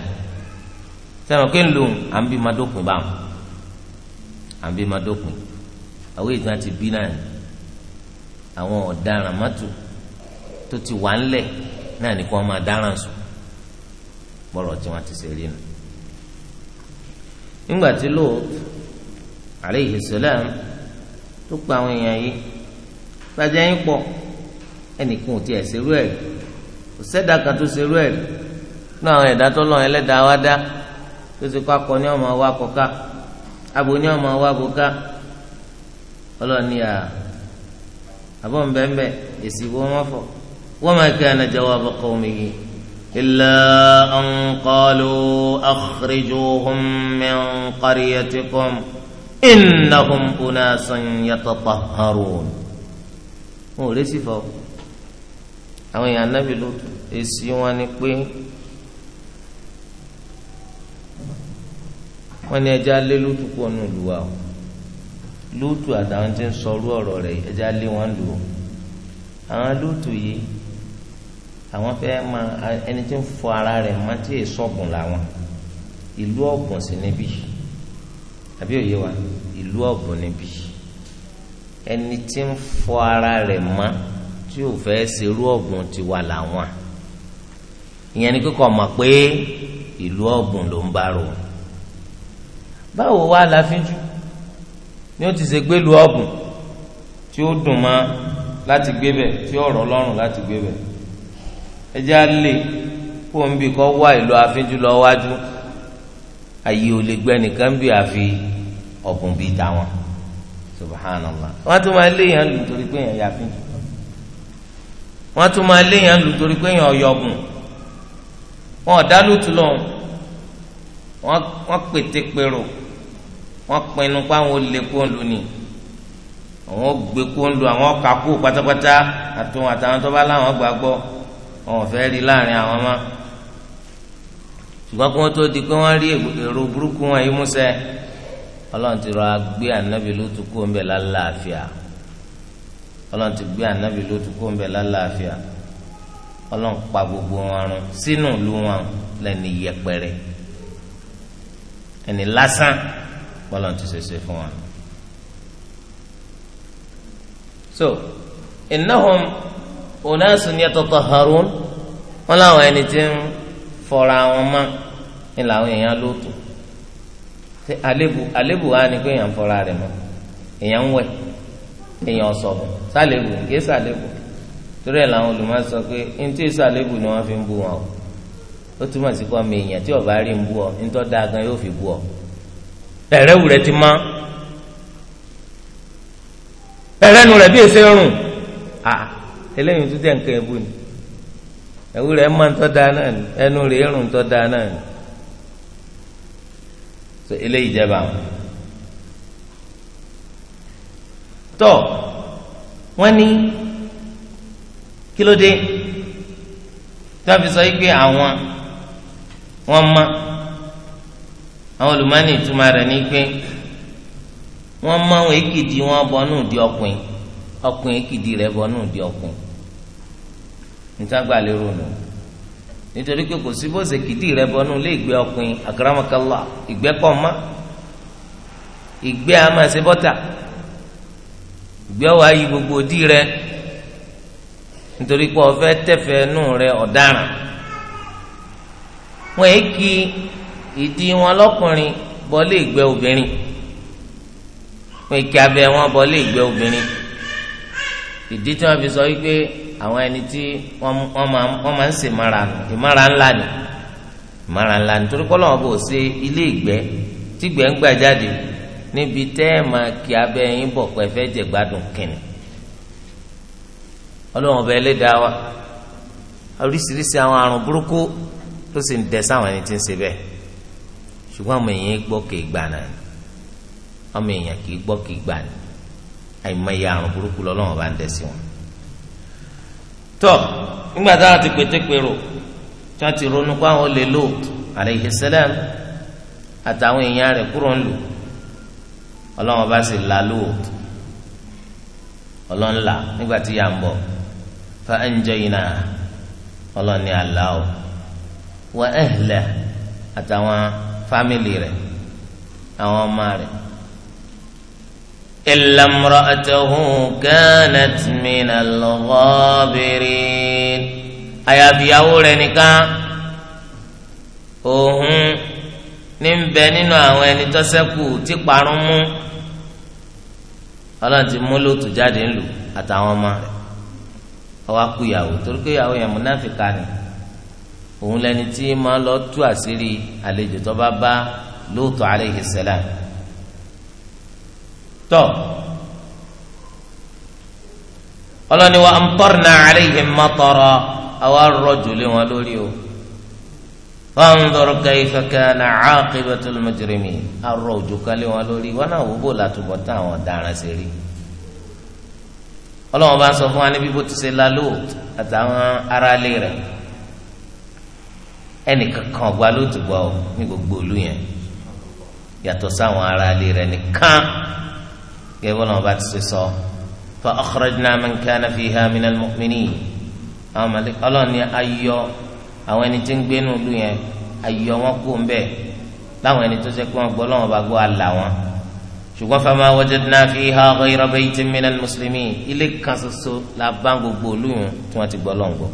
sẹ́wọ̀n kí n lò à ń bí ma dópin báwọn à ń bí ma àwọn ètò àti bí náà àwọn ọ̀daràn mọ́tò tó ti wà ńlẹ̀ náà nìkan máa dáràn sùn bọ́rọ̀ tí wọ́n ti ṣe rí nù. nígbà tí Lóòt alayhi salam tó pa àwọn èèyàn yìí gbàjẹ́ yín pọ̀ ẹnìkan ò tiẹ̀ ṣerú ẹ̀ kò sẹ́dá kan tó ṣerú ẹ̀ àwọn ẹ̀dá tó ẹlẹ́dàá wá dá tó ti kọ́ akọ ní وما كان جواب قومه إلا أن قالوا أخرجوهم من قريتكم إنهم أناس يتطهرون wọn ò lè sì fọ àwọn èèyàn anábì ló èsì wọn ni pé wọn ní ẹja lé lótú pọ̀ nù lù wá o lótú àtàwọn tí ń sọ orú ọ̀rọ̀ rẹ̀ ẹja lé wọn lù o àwọn lótú yìí àwọn fẹ́ máa ẹni tí ń fọ ara rẹ̀ má tí ì sọ̀gùn làwọn ìlú ọ̀gùn sí níbí àbí òye wa ìlú ọ̀gùn níbí ẹni tí ń fọ ara rẹ̀ má tí ò fẹ́ ṣerú ọ̀gùn ti wà làwọn ìyẹn ni kíkọ́ mọ̀ pé ìlú ọ̀gùn ló ń bá rò báwo wá láfíjú ni ó ti ṣe gbélu ọ̀gùn tí ó dùn mọ́ láti gbé bẹ̀ tí ọ̀rọ̀ lọ́rùn láti gbé bẹ̀ ẹjẹ́ á lè kó ń bì kọ́ wá ìlú àfínjú lọ wájú ayé ò lè gbẹ́ nìkan bí àfi ọ̀bùn bíi tàwọn subhanallah wọ́n tún máa léèyàn lù torí pé èèyàn yàfínjú wọ́n tún máa léèyàn lù torí pé èèyàn ọ̀yọ̀gùn wọn ọ̀dá lùtù lọ́hùn wọ́n pètè pèrò wọ́n pinnu pé àwọn olè kó ń lù ní àwọn gbé kó ń lù àwọn kà pátápátá àtúwọn àtàwọn tó bá láwọn gbàgbọ́ wọn ò fẹ́ rí láàrin àwọn ọmọ ṣùgbọ́n kí wọ́n tó di pé wọ́n rí èrò burúkú wọn yìí músẹ́ ọlọ́run ti rọra gbé ànábì lótú kó ń bẹ̀ lálàáfíà ọlọ́run ti gbé ànábì lótú kó ń bẹ̀ lálàáfíà ọlọ́run pa gbogbo wọn run sínú ìlú wọn lẹ́ni yẹpẹrẹ ẹni lásán bọ́lọ́run ti ṣèṣe fún wọn. so innahum. unasun yatatahharun wọn làwọn ẹni tí ń fọra wọn mọ́ ni làwọn èèyàn lóòótọ́ àlébù alebu wa ni pé èèyàn fọra rẹ̀ mọ́ èèyàn ń wẹ̀ èèyàn sọ̀bù sálébù kìí sálébù torí ẹ̀ làwọn sọ pé ntí ni wọ́n fi ń bu wọn o ó túmọ̀ sí kọ́ mi èèyàn tí ọ̀bá rí ń ọ ntọ́ dáa gan yóò fi bu ọ ẹ̀rẹ́wù rẹ ti mọ́ rẹ bí èsè rùn eléyìí tó jẹ́ nǹkan ẹ̀bù ni ewu máa ń tọ́ da náà ni ẹnu rẹ̀ ń da náà so eléyìí jẹba wọn. ní kí ló dé fi sọ pé àwọn wọ́n mọ àwọn olùmọ́ni ìtumọ̀ rẹ̀ ní pé wọ́n mọ àwọn èkìdí wọn di ọkùnrin ọkùnrin rẹ̀ di ọkùnrin. níta gbà lérò nù nítorí pé kò sí bóse kìdí rẹ bọnú lé ìgbẹ́ ọkùnrin àkàràmọ́kálá ìgbẹ́ pọ̀ mọ́ ìgbẹ́ àmọ́ bọta bọ́tà ìgbẹ́ gbogbo di rẹ nítorí pé rẹ ọ̀daràn wọ́n yé kí ìdí wọn lọ́kùnrin bọ́lé ìgbẹ́ obìnrin kí wọn bọ́lé ìgbẹ́ obìnrin ìdí tí àwọn ẹni tí wọn máa ń se mara nù ìmara ńlá ni ìmara ńlá ni torí kọ́lọ́wọ́n bò ṣe ilé ìgbẹ́ tí gbẹ́ ń gbà jáde níbi tẹ́ ẹ̀ máa kí abẹ́ yín bọ̀ pé fẹ́ jẹ gbádùn kìnnì ọlọ́wọ́n bẹ ẹlẹ́dàá wa oríṣiríṣi àwọn àrùn burúkú sì ń dẹ sáwọn ẹni tí ń ṣe bẹ́ẹ̀ ṣùgbọ́n àwọn èèyàn gbọ́ kì í gbà náà èèyàn kì í gbọ́ kì tọ́ nígbà táwọn ti pètèpèrò tí a ti ronú pé àwọn lè lò àtàwọn èèyàn kúrò ń lò ọlọ́wọ́n bá la lò ọlọ́wọ́n là nígbà tí yà ń bọ̀ fa anjayna ọlọ́wọ́n ni àlá o wa àtàwọn fámìlì rẹ̀ àwọn ọmọ rẹ̀. إلا امرأته كانت من الغابرين àyàfi ìyàwó rẹ̀ nìkan òun ní bẹ nínú àwọn ẹni tó ṣẹ́kù tí parun mú Ọlọ́run ti mú Lóòtù jáde ńlù àtàwọn ọmọ rẹ̀ ọwọ́ akú ìyàwó torí pé ìyàwó yẹn múnáfìkà ni òun lẹni tí máa lọ tú àṣírí àlejò tó bá bá Lóòtù alayhi salam tọ́ ọlọ́ni wa amtarna alayhim matara àwa rọ̀jò lé wọn lórí o fanzur kayfa kana aqibatul mujrimin arọ òjò kan lé wọn lórí wọn náà wò bó látúbọ̀ tán àwọn ọ̀daràn ṣe rí ọlọ́wọ́n bá sọ fún wa níbi bó ti ṣe la lóòt àtàwọn aráalé rẹ̀ ẹnìkan kan ọgbà lóòtù gbọ́ ní gbogbo ìlú yẹn yàtọ̀ sáwọn aráalé rẹ̀ nìkan gẹ́gẹ́ bọ́lá wọn bá ti ṣe sọ fa akhrajna man kana fiha minal mu'minin àwọn malik ọlọ́run ni ayọ àwọn ẹni tí ń gbé nùlù yẹn ayọ wọn kú ń bẹ̀ láwọn ẹni tó ṣe pé wọn gbọ́ lọ́wọ́n bá gbọ́ àlà wọn ṣùgbọ́n fama wajadna fiha ghayra baytin minal muslimin ilé kan ṣoṣo la bá gbogbo olóyún tí wọ́n ti gbọ́ lọ́wọ́n gbọ́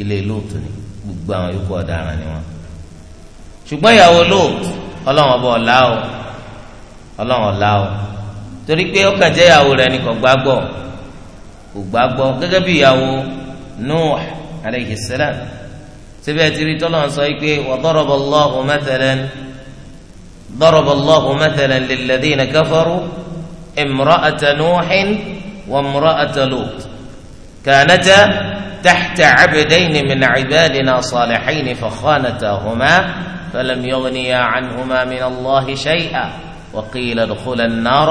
ilé lóòtù ọ̀la o ọlọ́wọ́n ọ̀la o. torí pé ó kàn jẹ́ ìyàwó rẹ̀ ni kò gbá gbọ́ kò gbá gbọ́ gẹ́gẹ́ bí ìyàwó Nuh alayhi salam síbẹ̀ tí rí tọ́lọ̀ sọ pé wa daraba Allahu mathalan daraba Allahu mathalan lilladhina ìmúra imra'ata Nuhin wa imra'ata Lut kanata tahta abdayni min ibadina salihayni fakhanatahuma hùmá yughniya anhuma min Allahi shay'a. وقيل ادخل النار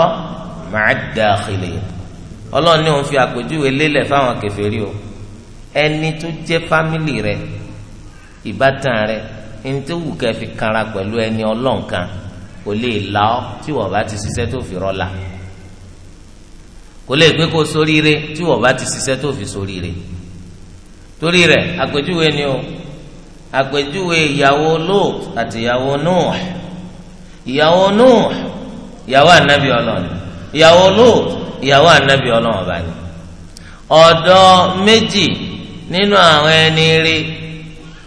màá da àkìlẹ Ọlọ́run ní òun fi àpèjúwe lélẹ̀ fáwọn kèfèrí o ẹni tó jẹ́ fámìlì rẹ ìbátan rẹ ẹni tó wù kẹ́ fi kanra pẹ̀lú ẹni Ọlọ́run kan kò lè la ọ tí wọ́n bá ti ṣiṣẹ́ tó fi rọlà kò lè pé kó soríire tí wọ́n bá ti ṣiṣẹ́ tó fi soríire torí rẹ̀ àpèjúwe ni o àpèjúwe ìyàwó Lóòtù àti ìyàwó Nóòhù ìyàwó Nóòhù ìyàwó ànábì Ọlọ́run ìyàwó Lóòt ìyàwó ànábì ọlọ́run ọba ni ọ̀dọ́ méjì nínú àwọn ẹni rí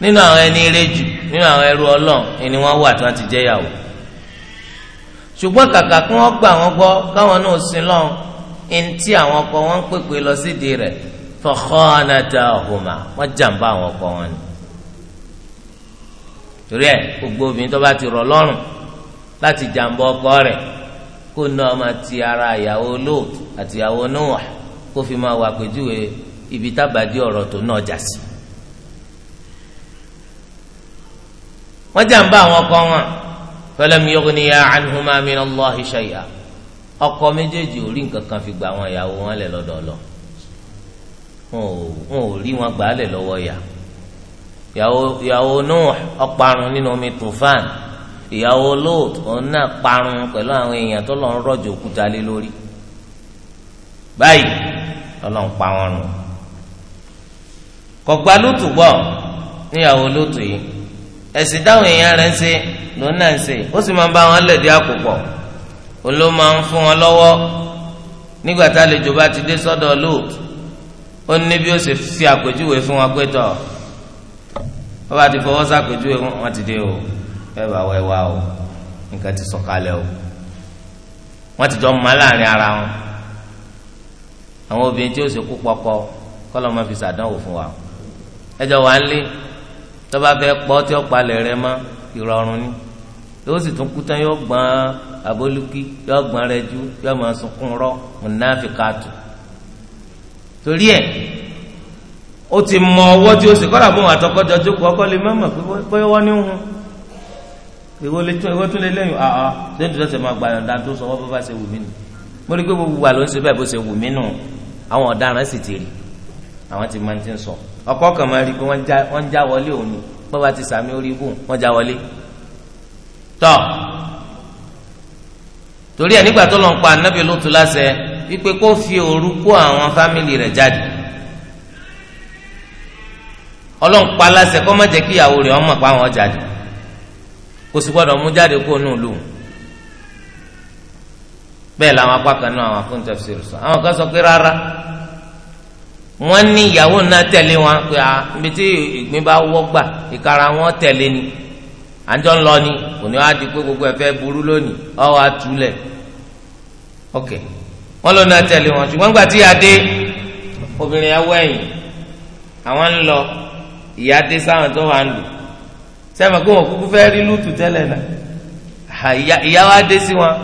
nínú àwọn ẹni rí jù nínú àwọn ẹrú ọlọ́run ẹni wọ́n wà tí wọ́n ti jẹ́ ìyàwó ṣùgbọ́n kàkà kí wọ́n gbà wọ́n gbọ́ káwọn náà sin lọ́hùn ẹni tí àwọn ọkọ wọn ń pèpè lọ sídìí rẹ̀ fakhanatahuma wọ́n jàǹbá àwọn ọkọ wọn ni torí ẹ gbogbo obìnrin tó bá ti rọ̀ lọ́rùn láti jàǹbá ọkọ rẹ̀ kó nu ọmọ ti ara ìyàwó Lóòt àti ìyàwó Nóà kó fi máa wà pèjúwe ibi tábàdí ọ̀rọ̀ tó náà jà sí. wọ́n jà ń bá àwọn ọkọ wọn falam yughniya anhuma min Allahi shay'a ọkọ méjèèjì ò rí nǹkan kan fi gba àwọn ìyàwó wọn lẹ̀ lọ́dọ̀ wọn ò rí wọn gbà á lẹ̀ lọ́wọ́ yà ìyàwó Nóà ó nínú omi Tufan ìyàwó Lóòt òun náà parun pẹ̀lú àwọn èèyàn tó lọ́n rọ̀jò òkúta lé lórí báyìí lọ́n pa wọn rùn kọ̀gbá Lóòtù gbọ́ níyàwó Lóòtù yìí ẹ̀sìn táwọn èèyàn rẹ̀ ń ṣe lòun náà ń ṣe ó sì máa ń bá wọn lẹ̀dí àkùkọ òun ló máa ń fún wọn lọ́wọ́ nígbà tá a lè jọba ti dé sọ́dọ̀ Lóòtù ó ní bí ó ṣe fi àpèjúwe fún wọn pé tọ̀ wọ́n bá ti fọwọ́ sàpèjúwe wọn ti dé o bẹ́ẹ̀ bá wẹ̀ wá o nǹkan ti sọ̀kalẹ̀ o wọ́n ti jọ mọ́ láàrin ara wọn àwọn obìnrin tí ó sì kú pọkọ kọ́lọ́ máa fi sàdánwò fún wa ẹjọ́ wa ń lé tọ́ba fẹ́ pọ́ tí ó palẹ̀ rẹ mọ́ ìrọ̀rùn ni yóò sì tún kú tán yóò gbọ́n abólúkí yóò gbọ́n rẹ yóò máa sunkún rọ́ mùnáfíkàtù torí ẹ̀ ó ti mọ ọwọ́ tí ó sì kọ́ra bóun àtọkọ́jọ́ jókòó ọkọ lè má mọ̀ pé wọ́n ní hun ìwọ lè tún ìwọ tún lè lẹ́yìn àá ṣéèdù sọsẹ máa gbàyàn dáa tó sọ wọn bó bá ṣe wù mí nù mo rí i pé gbogbo wa ló ń ṣe bẹ́ẹ̀ bó ṣe wù mí nù àwọn ọ̀daràn sì ti rí àwọn ti máa ti ń sọ ọkọ kan máa rí i pé wọ́n já wọlé òun ni wọ́n bá ti sàmì orí ibùn wọ́n já wọlé tọ́ torí ẹ̀ nígbà tó lọ ń pa anábì lótú láṣẹ wípé kó fi òru kó àwọn fámìlì rẹ̀ jáde ọlọ́run pa láṣẹ kó má jẹ́ kíyàwó rẹ̀ kò sì gbọ́dọ̀ mú jáde kó nù lù bẹ́ẹ̀ làwọn apá kan náà àwọn fún tafsir sọ àwọn kan sọ pé rárá wọ́n ní ìyàwó náà tẹ̀lé wọn pé à níbi tí ìgbín bá wọ́gbà ìkara wọn tẹ̀lé ni àjọ ń ni kò ní wá di pé gbogbo ẹ fẹ́ burú lónìí ọwọ́ àtúlẹ̀ ok wọ́n lọ náà tẹ̀lé wọn ṣùgbọ́n gbà tí adé obìnrin ẹwọ́ ẹ̀yìn àwọn ń lọ ìyá dé sáwọn tó wà ń lò sẹ́mi kó wọn kúkú fẹ́ rí lùtù tẹ́lẹ̀ náà ìyá wa dé sí wọn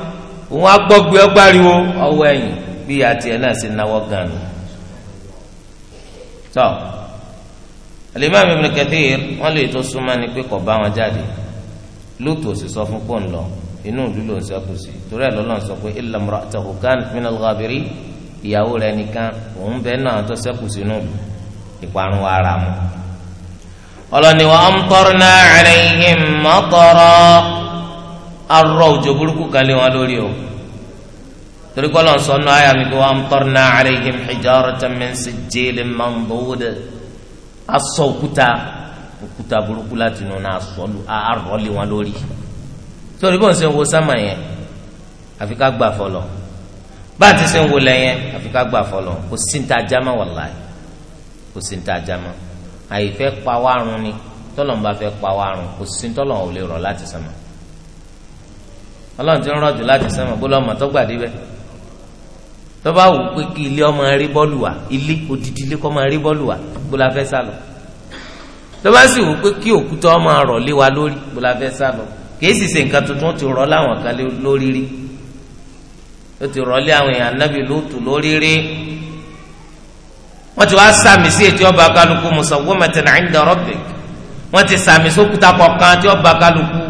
òun á gbọ́ gbé ọgbàriwo ọwọ́ ẹ̀yìn bí àti ẹ̀ náà ṣe náwó gan ni. tọ́ Al-Imam Ibn Kathir wọ́n lè tó súnmọ́ ni pé kò bá wọn jáde lùtù ò sì sọ fún pọ́ùn lọ inú ìlú ló ń sẹ́kù sí torí ẹ̀ lọ́lọ́ sọ pé illa imra'atahu kanat minal ghabirin ìyàwó rẹ̀ nìkan òun bẹ́ẹ̀ náà tó sẹ́kù sínú ìparun ara mu ọlọ́ni wa amtarna alayhim matara arọ òjò burúkú kan lé wọn lórí o torí kọ́ lọ́n sọ́nù ayà mi kí wa amtarna alayhim hijaratan min sijjilin mandud asọ òkúta òkúta burúkú láti nù náà sọ́lù arọ lé wọn lórí torí bọ́n ṣe ń wo sámà yẹn àfi ká gbà fọlọ bá a ti ṣe wo lẹ́yìn àfi ká gbà fọlọ kò sí ní ta kò sí ní àyífẹ́ pawárun ni tọ́lọ̀ ń bá fẹ́ pawárun kò sí tọ́lọ̀ ò lè rọ̀ láti sánmà ọlọ́run ti ń rọ̀jù láti sánmà bó lọ́mọ tó gbàdí bẹ́ẹ̀ tó bá wù pé kí ilé ọmọ rí bọ́ọ̀lù wà ilé odidi ilé kọ́ máa rí bọ́ọ̀lù wà bó la fẹ́ sá lọ tó bá sì wù pé kí òkúta ọmọ rọ̀ lé wa lórí bó la fẹ́ sá lọ kì sì ṣe nǹkan tuntun ti rọ̀ láwọn kan lórí rí ó ti rọ̀ lé àwọn èèyàn wọ́n ti wá sàmì sí ètò ọba kálukú musawwamatan 'inda rabbik wọ́n ti sàmì sókúta kọ̀ọ̀kan tí ọba kálukú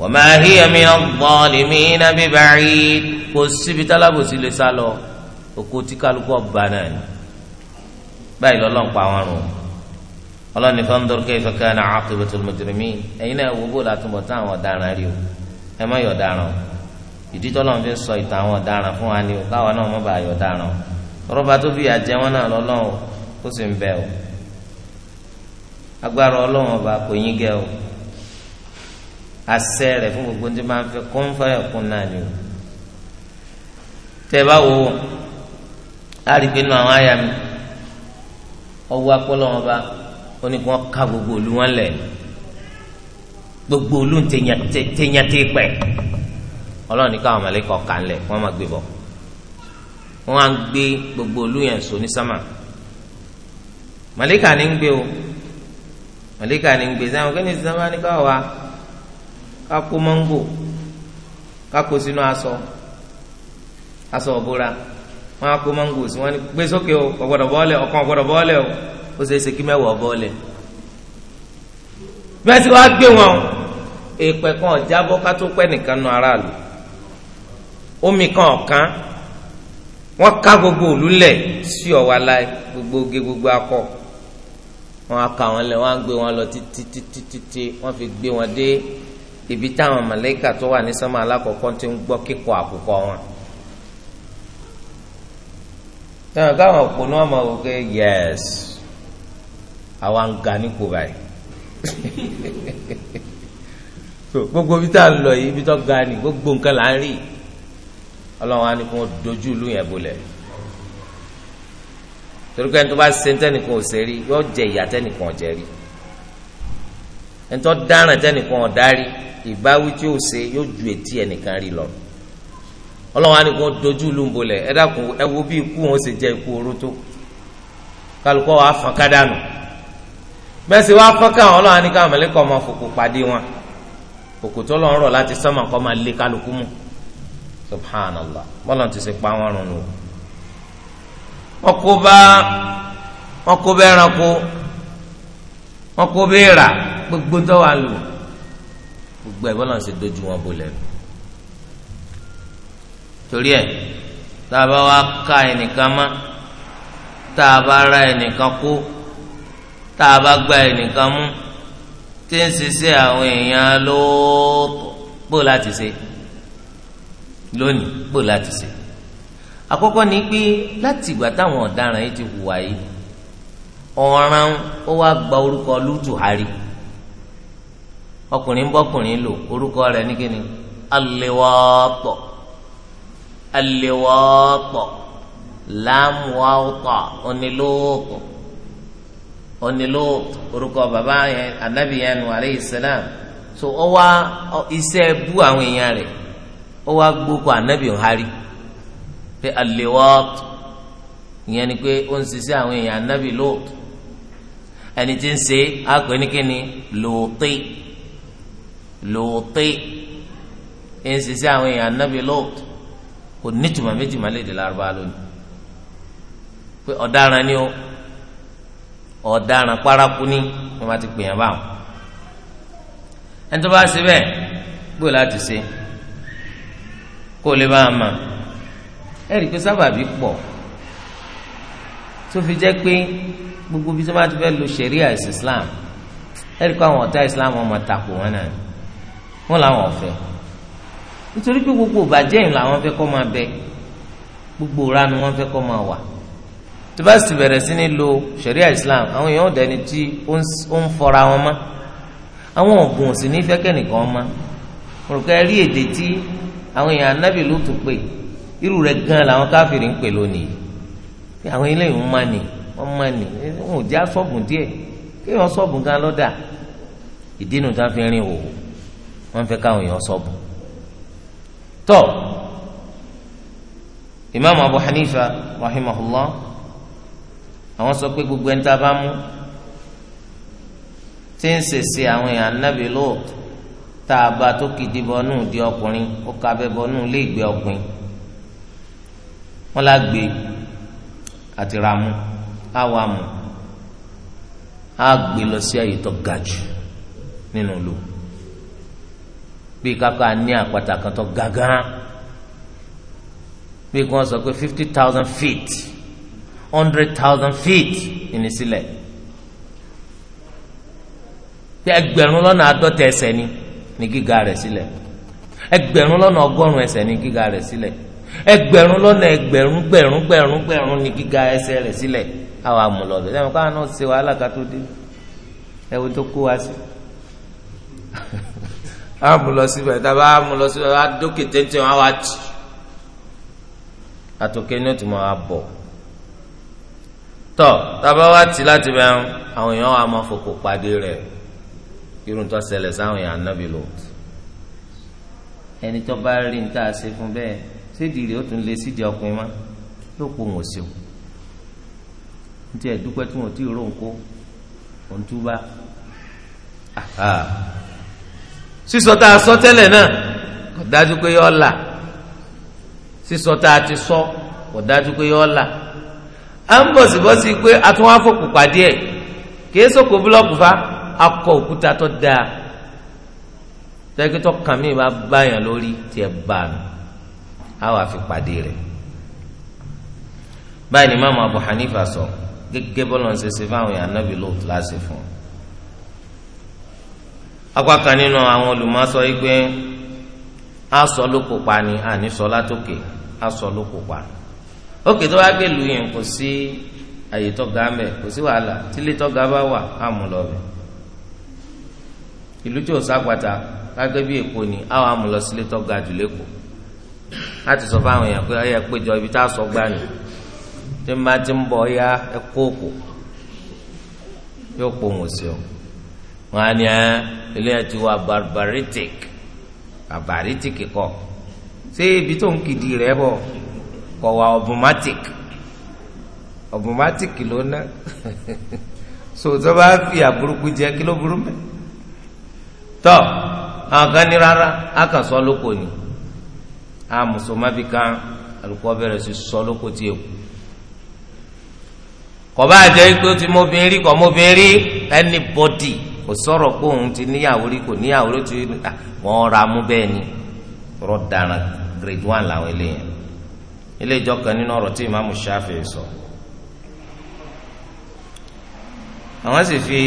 wa ma hiya min adh-dhalimina bi ba'id kò síbi tálábòsí lè sá lọ òkú tí kálukú ọba náà ni báyìí lọ́lọ́n pa àwọn rùn ọlọ́ni fanzur kayfa kana 'aqibatul mujrimin ẹ̀yin náà wọ́n bó la túnbọ̀ tán àwọn ọ̀daràn rí rọba tó fi àjẹ wọn náà lọ́lọ́run ó sì ń bẹ o agbára Ọlọ́run ọba kò yín gẹ o àṣẹ rẹ̀ fún gbogbo tí máa ń fẹ́ kó ń fẹ́ ẹkún náà ni o tẹ bá wo láti pinnu àwọn àyà mi ọwọ́ akpọlọ wọn bá ó ní kí wọn ká gbogbo olú wọn lẹ gbogbo olú ń tẹnyàtẹ pẹ Ọlọ́run ní káwọn mọlẹkọ kàn lẹ wọn máa gbé bọ. wọn á gbé gbogbo olú yẹn so ní sámà màlíkà ní ń gbé o màlíkà ń gbé kí ni sámà ní káwọn wa kákó mọ́ngò kákó sínú aṣọ aṣọ ọ̀bùra wọn á kó mọ́ngò sí wọn gbé sókè o bọ́ọ̀lẹ̀ o ó ṣe é ṣe kí mẹ́wàá bọ́ọ̀lẹ̀ wọ́n gbé wọn o wọ́n ká gbogbo òlú lẹ̀ sí ọ̀wá láì gbogbo oge gbogbo akọ wọ́n á ká wọn lẹ̀ wọ́n á gbé wọn lọ títí títí títí wọ́n fi gbé wọn dé ibi táwọn màláíkà tó wà ní sánmà alákọ̀ọ́kọ́ ti ń gbọ́ kíkọ àkùkọ wọn. táwọn káwọn òpó ni wọ́n mọ̀ wọ́n pé yẹ́s àwa ń ga nípò báyìí gbogbo ibi tá a lọ yìí ibi tó ga ni gbogbo nǹkan là ń rí yìí ọlọ́run á ní kó dojú ìlú yẹn bolẹ̀ torí pé ẹni tó bá ṣe tẹnìkan ò ṣe rí yóò jẹ ìyà tẹnìkan ọ̀jẹ̀ rí ẹni tó dáràn tẹnìkan ọ̀dárí ìbáwí tí ó ṣe yóò ju etí ẹnìkan rí lọ ọlọ́run á ní kó dojú ìlú bolẹ̀ ẹ dákun ẹ wo bí ikú wọn ṣe jẹ ikú oró tó kálukọ́ wa fọ́n ká dànù bẹ́ẹ̀ sì wá fọ́n ká àwọn ọlọ́run á ní ká àmọ́lẹ́kọ̀ọ́ máa fòkò pàdé wọn òkùtọ́ lọ́rọ̀ láti subhanallah bọ́lá ti ṣe pa wọn rùn nù. wọ́n kó bá wọ́n kó bá ẹranko wọ́n kó bá ìrà gbogbo tó wà lù gbogbo ẹ̀ bọ́lá ti dojú wọn bolẹ̀ nù. torí ẹ̀ tá a bá wá ká ẹnìkan mọ́ tá a bá ra ẹnìkan kó tá a bá gba ẹnìkan mú tí ń ṣiṣẹ́ àwọn èèyàn lóòótọ́ bó láti ṣe lónìí gbò láti ṣe àkọ́kọ́ ni pé láti ìgbà táwọn ọ̀daràn yìí ti hùwà yìí ọ̀ràn ó wá gba orúkọ lútù hari ọkùnrin bọ́kùnrin lò orúkọ rẹ̀ ní kíni alẹ́wọ́pọ̀ alẹ́wọ́pọ̀ lámùwáwùtọ̀ onílòókù onílòókù orúkọ bàbá yẹn anabi yẹn nù aleyhi salam so ó wá iṣẹ́ bú àwọn èèyàn rẹ̀ ó wá gbókò ànábì ń harí pé al-liwat ìyẹn ni pé ó ń ṣiṣẹ́ àwọn èèyàn ànábì Lut ẹni tí ń ṣe àgbẹ̀ ní kíni Luti Luti ń ṣiṣẹ́ àwọn èèyàn ànábì Lut kò nítumọ̀ méjì má léde lárúbá lónìí pé ọ̀daràn ni ó ọ̀daràn paraku ni wọ́n bá ti pè yàn báwọn ẹni tó bá ṣe bẹ́ẹ̀ gbọ́dọ̀ láti ṣe kó o lè bá a mà ẹ̀rí pé sábàbí pọ̀ tó fi jẹ́ pé gbogbo bí tó ti fẹ́ lo ṣẹ̀ríà ẹ̀sìn islam ẹ̀rí pé àwọn ọ̀tá islam ọmọ takò wọn náà wọn làwọn ọ̀fẹ́ nítorí pé gbogbo ìbàjẹ́ yìí làwọn fẹ́ kó máa bẹ gbogbo ìranu wọn fẹ́ kó máa wà tó bá sì bẹ̀rẹ̀ sí ní lo ṣẹ̀ríà islam àwọn èèyàn ọ̀dẹ́ni tí ó ń fọra wọn mọ́ àwọn ògùn òsì nífẹ̀ẹ́ kẹ́nìkan mọ́ mo rò èdè tí àwọn èèyàn anábì ló tún pè irú rẹ̀ gan làwọn káfíìrì ń pè lónìí àwọn eléyìí ń mani, wọ́n mani, wọn ò já sọ́ọ̀bù díẹ̀ kí wọ́n sọ́ọ̀bù gan lọ́dà ìdínú tá a fi rìn wò wọ́n fẹ́ káwọn èèyàn sọ́ọ̀bù tọ́ imaamu abu hanifa rahimahullah àwọn sọ pé gbogbo ẹni tá a bá mú tí ń sèse àwọn èèyàn anábì lóòótọ́ tá a bá tó kìdí bọnú di ọkùnrin ó ka bọnú lé ìgbé ọkùnrin wọn la gbé àti á gbé lọ sí àyè tó ga jù nínú ìlú bí káká ní àpáta kan tó ga gan bí kò sọ pé fifty thousand feet hundred thousand feet ìnísílẹ̀ ẹgbẹ̀rún lọ́nà àádọ́ta ẹsẹ̀ ni. ní gíga rẹ̀ sílẹ̀ ẹgbẹ̀rún lọ́nà ọgọ́rùn ẹsẹ̀ ní gíga rẹ̀ sílẹ̀ ẹgbẹ̀rún lọ́nà ẹgbẹ̀rún gbẹ̀rún gbẹ̀rún gbẹ̀rún ní gíga ẹsẹ̀ rẹ̀ sílẹ̀ àwọn àmúlọbẹ sẹmi káwọn náà ṣe wàhálà ká tó dé ẹwọ tó kó wa sí àmúlọ síbẹ̀ tàbá àmúlọ síbẹ̀ wà dókè téńté wọn wá tì àtòkè ní òtún wọn bọ tọ tàbá wá tì láti bẹ àwọn èèyàn wà máa fòkò pàdé rẹ̀ irun tó ṣẹlẹ̀ sáwọn èèyàn ànábì Lóòtù ẹni tó bá rí ní tá a ṣe fún bẹ́ẹ̀ sídìí rẹ̀ ó tún lé sídìí ọkùnrin má yóò pò wọ́n sí o nítorí ẹ̀dúpẹ́ tí wọ́n ti rò ń kó òun túbá sísọ tá a sọ tẹ́lẹ̀ náà kò dájú pé yọ là sísọ tá a ti sọ kò dájú pé yọ là à ń bọ̀ síbọ̀ sí pé a tún wá fòkùpà díẹ̀ kì í sòkò búlọ́ọ̀kù fa akọ òkúta tó dáa tẹ́kítọ́ kàn mí bá báyàn lórí tiẹ̀ bá mi á wàá fi pàdé rẹ̀ báyìí ni Imam Abu Hanifa sọ gẹ́gẹ́ bọ́lá ń ṣẹṣẹ fáwọn èèyàn anábì lóòót láṣẹ fún un. apá kan nínú àwọn olùmọ̀ọ́sọ yìí pé aṣọ ló kópa ni àní sọ látòkè aṣọ ló kópa òkè tó wá gbèlú yẹn kò sí àyè tọ́ga mẹ́ kò sí wàhálà tílé tọ́ga bá wà á mú lọ bẹ́ẹ̀. ìlú tí ò ságbàtà kágẹ́ bí èkó ni àwọn amúlọ tó ga jù lẹ́kọ̀ọ́ láti sọ fáwọn èèyàn pé ẹ ibi tá a sọ tí má ti ń bọ ya ẹ òkò yóò pò sí ọ wọn á ní ilé ẹ ti barbaritic barbaritic kọ ṣé ibi tó ń kìdí rẹ bọ̀ kọ̀ wà ọ̀bùnmátic ló ná so tó bá fi àbúrúkú jẹ kí tọ́ àwọn kan ní rárá a kàn sọ lóko ni a mùsùlùmá fi kan alùpùpù bẹ̀rẹ̀ sí sọ lóko tí èkó kọ̀bá àjẹ́ ikú ti mọ́bìnrin rí kọ́ mọ́bìnrin rí anybody kò sọ̀rọ̀ pé òun ti níyàwó rí kò níyàwó rí ti wọ́n ra mú bẹ́ẹ̀ ni rọ́ọ̀daràn grade one làwọn eléyàn ilé kan nínú ọ̀rọ̀ tí ìmáàmù Ṣáfi'í sọ. So. àwọn sì fi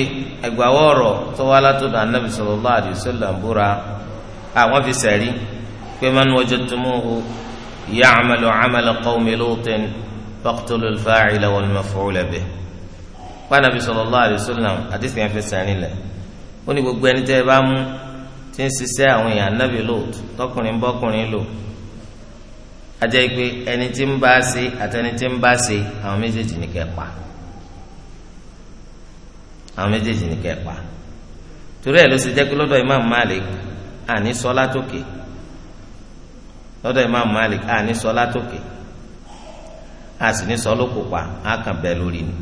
ẹgbàwọ ọ̀rọ̀ tó wá látọ̀dọ̀ anabi sallallahu alaihi wasallam búra àwọn fi sẹrí pé man wajadtumuhu ya'malu 'amala qawmi Lutin faqtulu al-fa'ila wal maf'ula bih pànàbí sallallahu alaihi wasallam àdìsí yẹn fi sẹrí lẹ ó ní gbogbo ẹni tẹ ẹ bá mú tí ń ṣiṣẹ́ àwọn èèyàn anabi Lut tọkùnrin bọkùnrin lò ajẹ́ pé ẹni tí ń bá ṣe àtẹni tí ń bá ṣe àwọn méjèèjì ní kẹ́ pa àwọn méjèèjì ní kẹpa torí ẹ ló ṣe jẹ pé lọ́dọ̀ imam malik àní sọlá tókè lọ́dọ̀ imam malik àní sọlá tókè a sì ní sọlá kópa a kàn bẹ lórí ni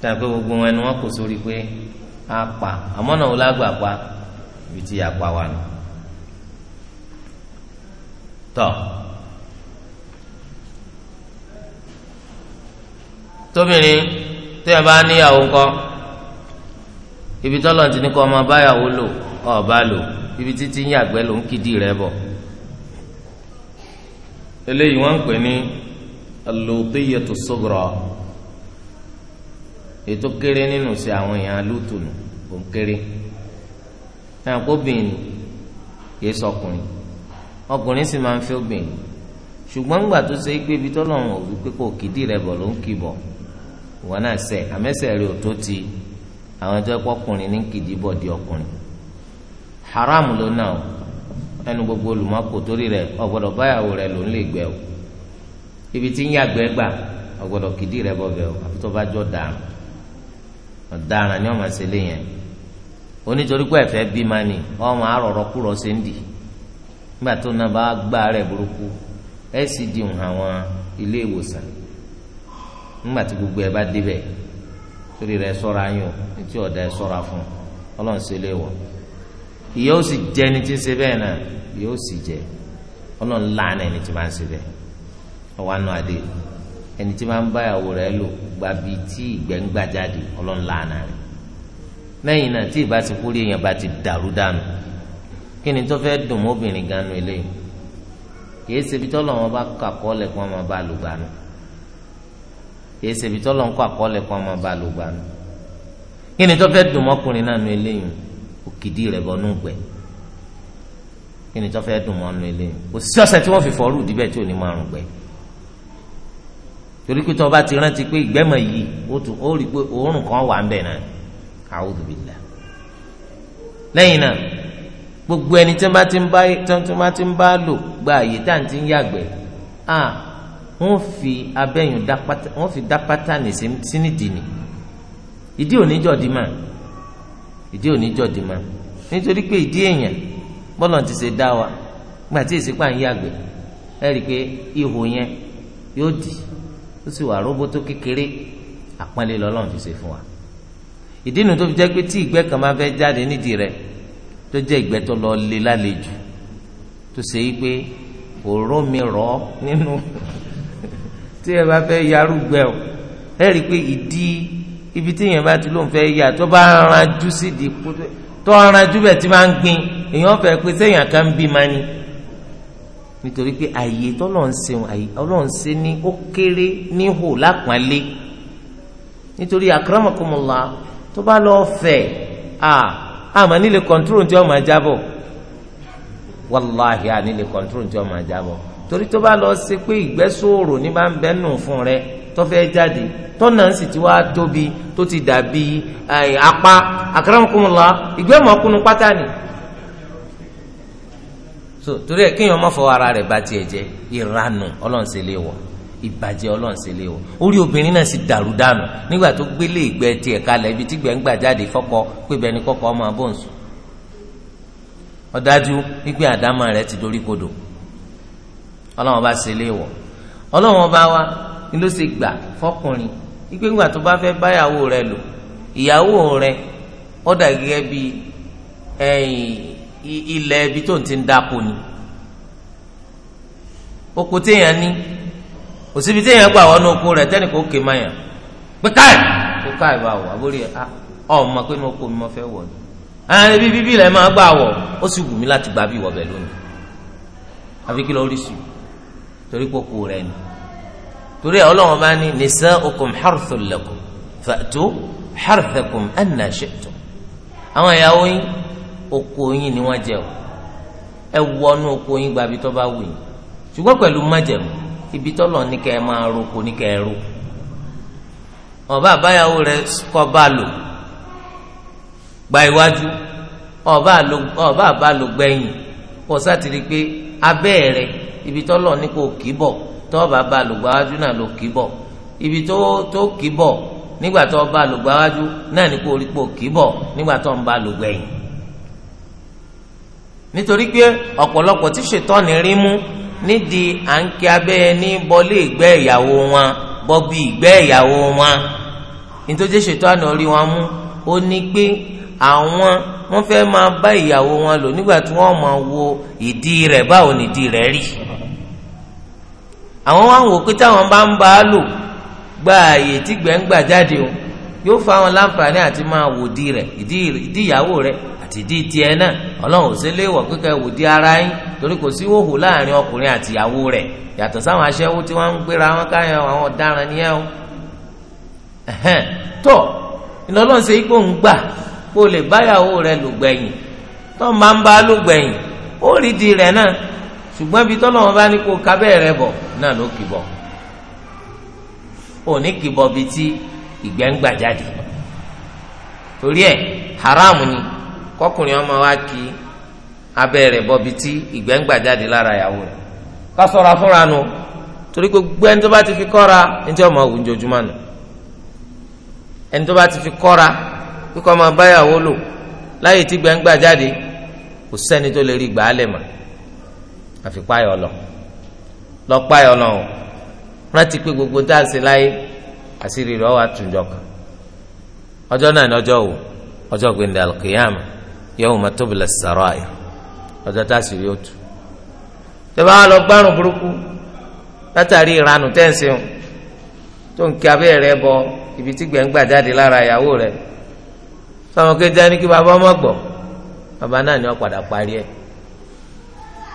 tàbí pé gbogbo wọn ni wọn kò sórí pé a pa àmọ́ náà wọ́n lágbà pa ibi tí a pa wà nù tọ́. tóbìnrin téèyàn bá níyàwó ńkọ́ ibi tọ́lọ̀ ti ní kọ́ ọmọ báyàwó lò ọ̀ọ́bá lò ibi títí ń yàgbẹ́ ló ń kídì rẹ̀ bọ̀ eléyìí wọ́n ń pè ní alùpùpù sọgbọrọ ètò kéré nínú sí àwọn èèyàn lùtùnù kò ń kéré náà kó bìnrin kì í sọkùnrin ọkùnrin sì máa ń fẹ́ obìnrin ṣùgbọ́n ńgbà tó ṣe é pé ibi tọ́lọ̀ ń wò wípé kò kídì rẹ̀ bọ̀ ló ń kì bọ̀. wọn náà ṣẹ̀ àmẹ́ṣẹ̀ rẹ̀ ò tó ti àwọn ẹjọ́ pọ́kùnrin ní di ọkùnrin haram ló nà ó ẹnu gbogbo olùmọ́kò torí rẹ ọ̀gbọ́dọ̀ báyàwó rẹ ló ń lè gbẹ o ibi tí ń gbà ọ̀gbọ́dọ̀ kìdí rẹ bọ̀ o àfi tó bá jọ dàrán ọ̀daràn ni ẹ̀fẹ́ bí ma ni wọ́n ṣe ń dì nígbà tó náà bá burúkú nígbà tí gbogbo ẹ bá débẹ̀ torí rẹ sọ́ra yín o tí ọ̀dà ẹ sọ́ra fún ọlọ́run ṣe lè wọ̀ ìyá ó sì jẹ ẹni tí ń ṣe bẹ́ẹ̀ náà ìyá ó sì jẹ ọlọ́run láàánú ẹni tí máa ń ṣe bẹ́ẹ̀ ọwọ́ àánú adé ẹni tí máa ń bá ìyàwó rẹ lò gba bíi tí ìgbẹ́ ń gbà jáde ọlọ́run láàánú rẹ lẹ́yìn náà tí ìbá ti kúrí èèyàn bá ti dàrú dànù kí ni tó fẹ́ dùn mọ́bìnrin ganu eléyìí kì í ṣe ibi tọ́lọ́ wọn bá kọ́ àkọọ́lẹ̀ kí bá lùgbàánu kìí ṣe ibi tọ́lọ̀ ń kọ́ àkọọ́lẹ̀ kan máa bá a lò gbà nù kí ni tó fẹ́ dùn mọ́kùnrin náà nu eléyìí òkìdí rẹ̀ bọ́ nù kí ni tó fẹ́ dùn mọ́ nu eléyìí kò sí ọ̀sẹ̀ tí wọ́n fi fọ́ọ́rù díbẹ̀ tí ò ní márùn gbẹ torí pé tó bá ti rántí pé ìgbẹ́mọ̀ yìí ó tún ó rí i pé òórùn kan wà ń bẹ̀ náà a'udhu billah lẹ́yìn náà gbogbo ẹni tí wọ́n bá ti ń bá lò gba àyè tá à ah wọ́n fi abẹ́yùn dá pátá wọ́n fi dá ní sínìdì ni ìdí òní jọ̀dí mà ìdí òní jọ̀dí mà nítorí pé ìdí èèyàn bọ́lọ̀ ti ṣe dá wa gbà tí ìsìnkú à ń yàgbẹ́ ẹ rí i pé ihò yẹn yóò dì ó sì wà róbótó kékeré àpọ́nlé lọ́lọ́run fi ṣe fún wa ìdí nu tó fi jẹ́ pé tí ìgbẹ́ kan máa fẹ́ jáde nídìí rẹ̀ tó jẹ́ ìgbẹ́ tó lọ lé lálejò tó ṣe yí pé òró mi rọ̀ nínú tí ẹ bá fẹ́ yarúgbẹ o ẹ rí i pé ìdí ibi tí èèyàn bá ti lóun fẹ́ yà tó bá ranjú sí di tó ranjú bẹ̀ tí máa ń gbin èèyàn fẹ́ pé sẹ́yìn kan ń bí ma ni nítorí pé àyè tọ́lọ́run ṣeun àyè ọlọ́run ṣe ní ó kéré níhò lápọ́nlé nítorí akramakumullah tó bá lọ́ọ́ fẹ̀ à àmọ́ nílé kọ́ńtúrò tí wọ́n máa jábọ̀ wàláhì à nílé kọ́ńtúrò tí wọ́n máa jábọ̀ torí tó bá lọ ṣe pé ìgbẹ́sòrò ní bá ń bẹ́nu fún rẹ tó fẹ́ jáde tọ́nà sì ti wá tóbi tó ti dàbí apá àkàràmọ́kùnmọ́lá ìgbẹ́mọ̀ọ́kùnrin pátá ni. so torí ẹ kéèyàn má fọ ara rẹ̀ bá tiẹ̀ jẹ́ ìranù ọlọ́run ṣe lè wọ̀ ìbàjẹ́ ọlọ́run ṣe lè wọ̀ orí obìnrin náà sì dàrú dànù nígbà tó gbélé ìgbẹ́ tiẹ̀ kalẹ̀ ibi tí gbẹ̀ ń gbà jáde fọ́kọ pé bẹ́ẹ̀ ni kọ́kọ́ ọmọ abọ́ǹsù ọ̀dájú wípé àdámà rẹ̀ ti dorí kodò ọlọ́run bá ṣe lé wọ̀ ọlọ́run bá wa ni ló ṣe gbà fọkùnrin wípé ńgbà tó bá fẹ́ báyàwó rẹ lò ìyàwó rẹ ó dà gẹ́gẹ́ bí ilẹ̀ ibi tó ń ti ń dáko ni oko téèyàn ní òsibí téèyàn gbà wọnú oko rẹ tẹ́nìkan ó ké mayàn pé káì kó káì bá wọ àbórí ah, ọmọ pé mo kó mi mo fẹ́ wọ̀ ni àwọn bíbí ilẹ̀ máa gbà wọ̀ ó sì wù mí láti gbà bí wọ̀ bẹ̀ lónìí àfi kí rí sí torí kókó rẹ̀ ni torí àwọn ọlọ́wọ́n bá ní nisa'ukum harthul lakum fa'tu harthakum anna shi'tum àwọn ìyàwó yín oko yín ni wọ́n jẹ́ o ẹ wọnú oko yín gbàbí tó bá wù yín ṣùgbọ́n pẹ̀lú májẹ̀mú ibi tọ́lọ̀ ní kẹ́ ẹ máa roko ní kẹ́ ro ọba àbáyàwó rẹ kọ́ bá lò gba iwájú ọba àbá lò gbẹ̀yìn kọ́ sátìrí pé abẹ́ rẹ̀ ibi tọ́lọ̀ ní kò kì í bọ̀ tọ́ọ̀bà bá lùgbàwájú náà ló kì í bọ̀ ibi tó tó kì í bọ̀ nígbà tó bá lùgbàwájú náà ní kò rí pò kì í bọ̀ nígbà tó ń bá lùgbẹ̀yìn nítorí pé ọ̀pọ̀lọpọ̀ tí ṣètọ́ni rí mú nídìí à ń kí abẹ́ ẹni bọ́lé ìgbẹ́ ìyàwó wọn bọ́bí ìgbẹ́ ìyàwó wọn nítorí ṣètọ́ni orí wọn mú ó ní pé àwọn wọ́n fẹ́ máa bá ìyàwó wọn lò nígbà tí wọ́n máa wo ìdí rẹ̀ báwo nìdí rẹ̀ rí àwọn wá ń wò pé táwọn bá ń bá a lò gba àyè tí gbẹ̀ngbà jáde o yóò fa àwọn láǹfààní àti máa wòdì rẹ̀ ìdí ìyàwó rẹ̀ àti ìdí tiẹ̀ náà ọlọ́run ò sí léèwọ̀ kíkẹ́ wòdì ara yín torí kò sí hòhò láàrin ọkùnrin àti ìyàwó rẹ̀ yàtọ̀ sáwọn aṣẹ́wó tí wọ́n ń gbéra wọn káyọ̀ àwọn ọ̀daràn ni ẹ̀ o tọ́ ìlọ́lọ́run ṣe kó ń gbà kó lè báyàwó rẹ̀ lògbẹ̀yìn tó máa ń bá lògbẹ̀yìn ó rídìí rẹ̀ náà ṣùgbọ́n ibi tọ́lọ́ wọn bá ní kó kábẹ́ rẹ bọ̀ náà ló kì bọ̀ òní kì bọ̀ bíi ti ìgbẹ́ ń gbà jáde torí ẹ̀ haram ni kọkùnrin ọmọ wa kì í abẹ́ rẹ̀ bọ̀ bíi ti ìgbẹ́ ń gbà jáde lára ìyàwó rẹ̀ ká sọ̀rọ̀ afúnra nu torí gbogbo ẹni tó bá ti fi kọ́ra ní tí ọmọ ògùn jojúmọ́ nù ẹni tó bá ti fi kọ́ra kíkọ́ ọmọ báyàwó lò láyé tí gbẹ́ ń gbà jáde kò sẹ́ni tó lè rí gbàálẹ̀ mọ́ lọ lọ́páyọ̀ lọ o rántí pé gbogbo tá a ṣe láyé àṣírí rẹ̀ wà tún jọ ọjọ́ náà ní ọjọ́ wò ọjọ́ gbẹ̀ndẹ̀ alqiyam yawma tubla ọjọ ọjọ́ tá a sì rí òtù tẹ́lẹ̀ wá lọ gbárùn burúkú látàrí ìranù tẹ́ǹsì ń tó ń kí rẹ bọ ibi tí gbẹ̀ngbà jáde lára ìyàwó rẹ fáwọn ní kí bàbá ọmọ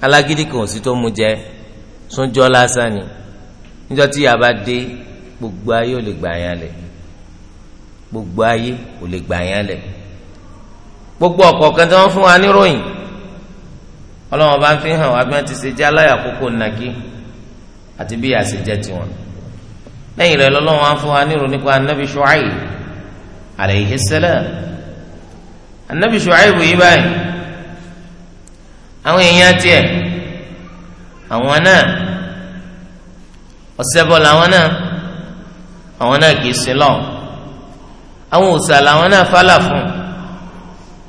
alágídí kan ò sí tó mu jẹ súnjọ́ lásán ni níjọ́ tí yà bá dé gbogbo ayé ò lè gbà yàn lẹ̀ gbogbo ayé ò lè gbà yàn lẹ̀ gbogbo ọ̀kọ̀ọ̀kan tí wọ́n fún wa níròyìn ọlọ́wọ́n bá ń fi hàn wá bí wọ́n ti ṣe jẹ́ aláya kókó nàkí àti bí yà ṣe jẹ́ tiwọn lẹ́yìn rẹ̀ lọ́lọ́wọ́n á fún wa níròyìn nípa anabi Shu'aib alayhi salam anabi Shu'aib yìí báyìí àwọn èèyàn tiẹ̀ àwọn náà ọ̀sẹ̀bọ̀ làwọn náà àwọn náà kì í sin lọ àwọn òòṣà làwọn náà fálà fún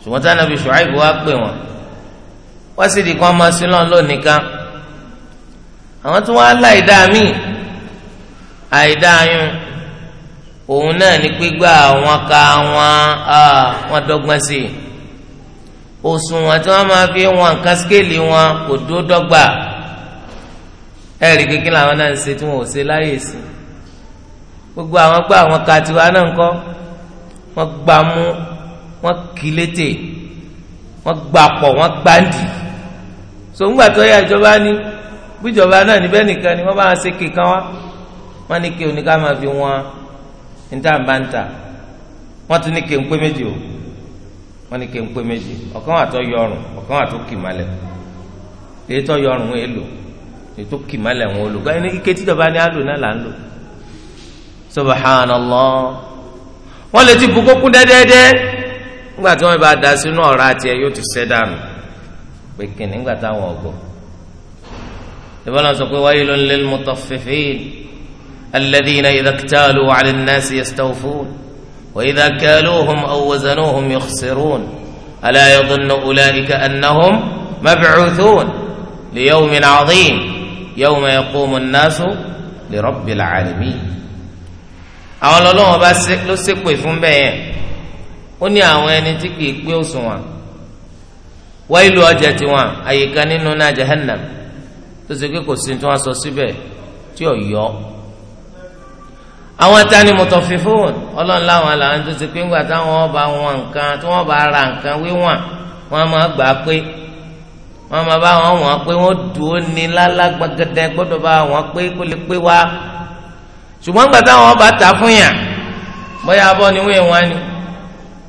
ṣùgbọ́n táwọn Ànábì Ṣuaibu wá pè wọ́n wá sì di kan máa sin lọ lónìkan àwọn tó wá láì dáa míì àìdáyún òun náà ní gbígbà àwọn ká wọn wọ́n dọ́gbọ́n sí i òṣùwọ̀n tí wọ́n máa fi wọn nǹkan skéèlì wọn kò dúró dọ́gba ẹ̀rí kékeré làwọn náà ń ṣe tí wọn ò ṣe láyè sí gbogbo àwọn gbọ́ àwọn ka tiwa náà ń kọ́ wọ́n gbà mú wọ́n kì í létè wọ́n gbà pọ̀ wọ́n gbàǹdì sòǹgbà tó yẹ ìjọba ní bíjọba náà níbẹ̀ nìkan ni wọ́n bá ṣe kékan wá wọ́n ní kí oníkà fi wọn níta bá ń ta wọ́n tún ní kí n pé méjì o wọn ní kí n pé méjì ọ̀kan wà tó yọrùn ọ̀kan wà tó kì malẹ̀ èyí tó yọrùn wọn èlò èyí tó kì malẹ̀ wọn ò lò gbọ́n ní ike títọ̀ bá ní àlò náà là ń lò subhanallah wọn lè ti bu kókó dẹ́dẹ́dẹ́ nígbà tí wọn bá da sínú ọ̀rá tiẹ̀ yóò ti sẹ́ dànù pé kìnnì nígbà táwọn ọ̀gbọ́n ìbálòun sọ pé waylun lil mutaffifin alladhina idha iktalu ala an-nasi yastawfun. وإذا كالوهم أو وزنوهم يخسرون ألا يظن أولئك أنهم مبعوثون ليوم عظيم يوم يقوم الناس لرب العالمين àwọn ọlọ́wọ́n bá ló ṣépè fún bẹ́ẹ̀ yẹn ó ní àwọn ẹni tí kì í pé òṣùwọ̀n wá ìlú ọjà tiwọn àyíká nínú náà jahannam tó ṣe pé kò sí tí wọ́n sọ síbẹ̀ tí ò yọ àwọn tani mutaffifun ọlọ́run láwọn làwọn tó ti pé ńgbà táwọn bá wọn nǹkan tí wọ́n bá ra nǹkan wíwọ̀n wọ́n máa gbà pé wọ́n máa bá wọn wọ̀n pé wọ́n dùn ó ní lálágbàgẹ́dẹ́ gbọ́dọ̀ bá wọn pé kó lè pé wá ṣùgbọ́n ńgbà táwọn bá ta fún yàn bóyá abọ́ ni wíwọ̀n wọn ni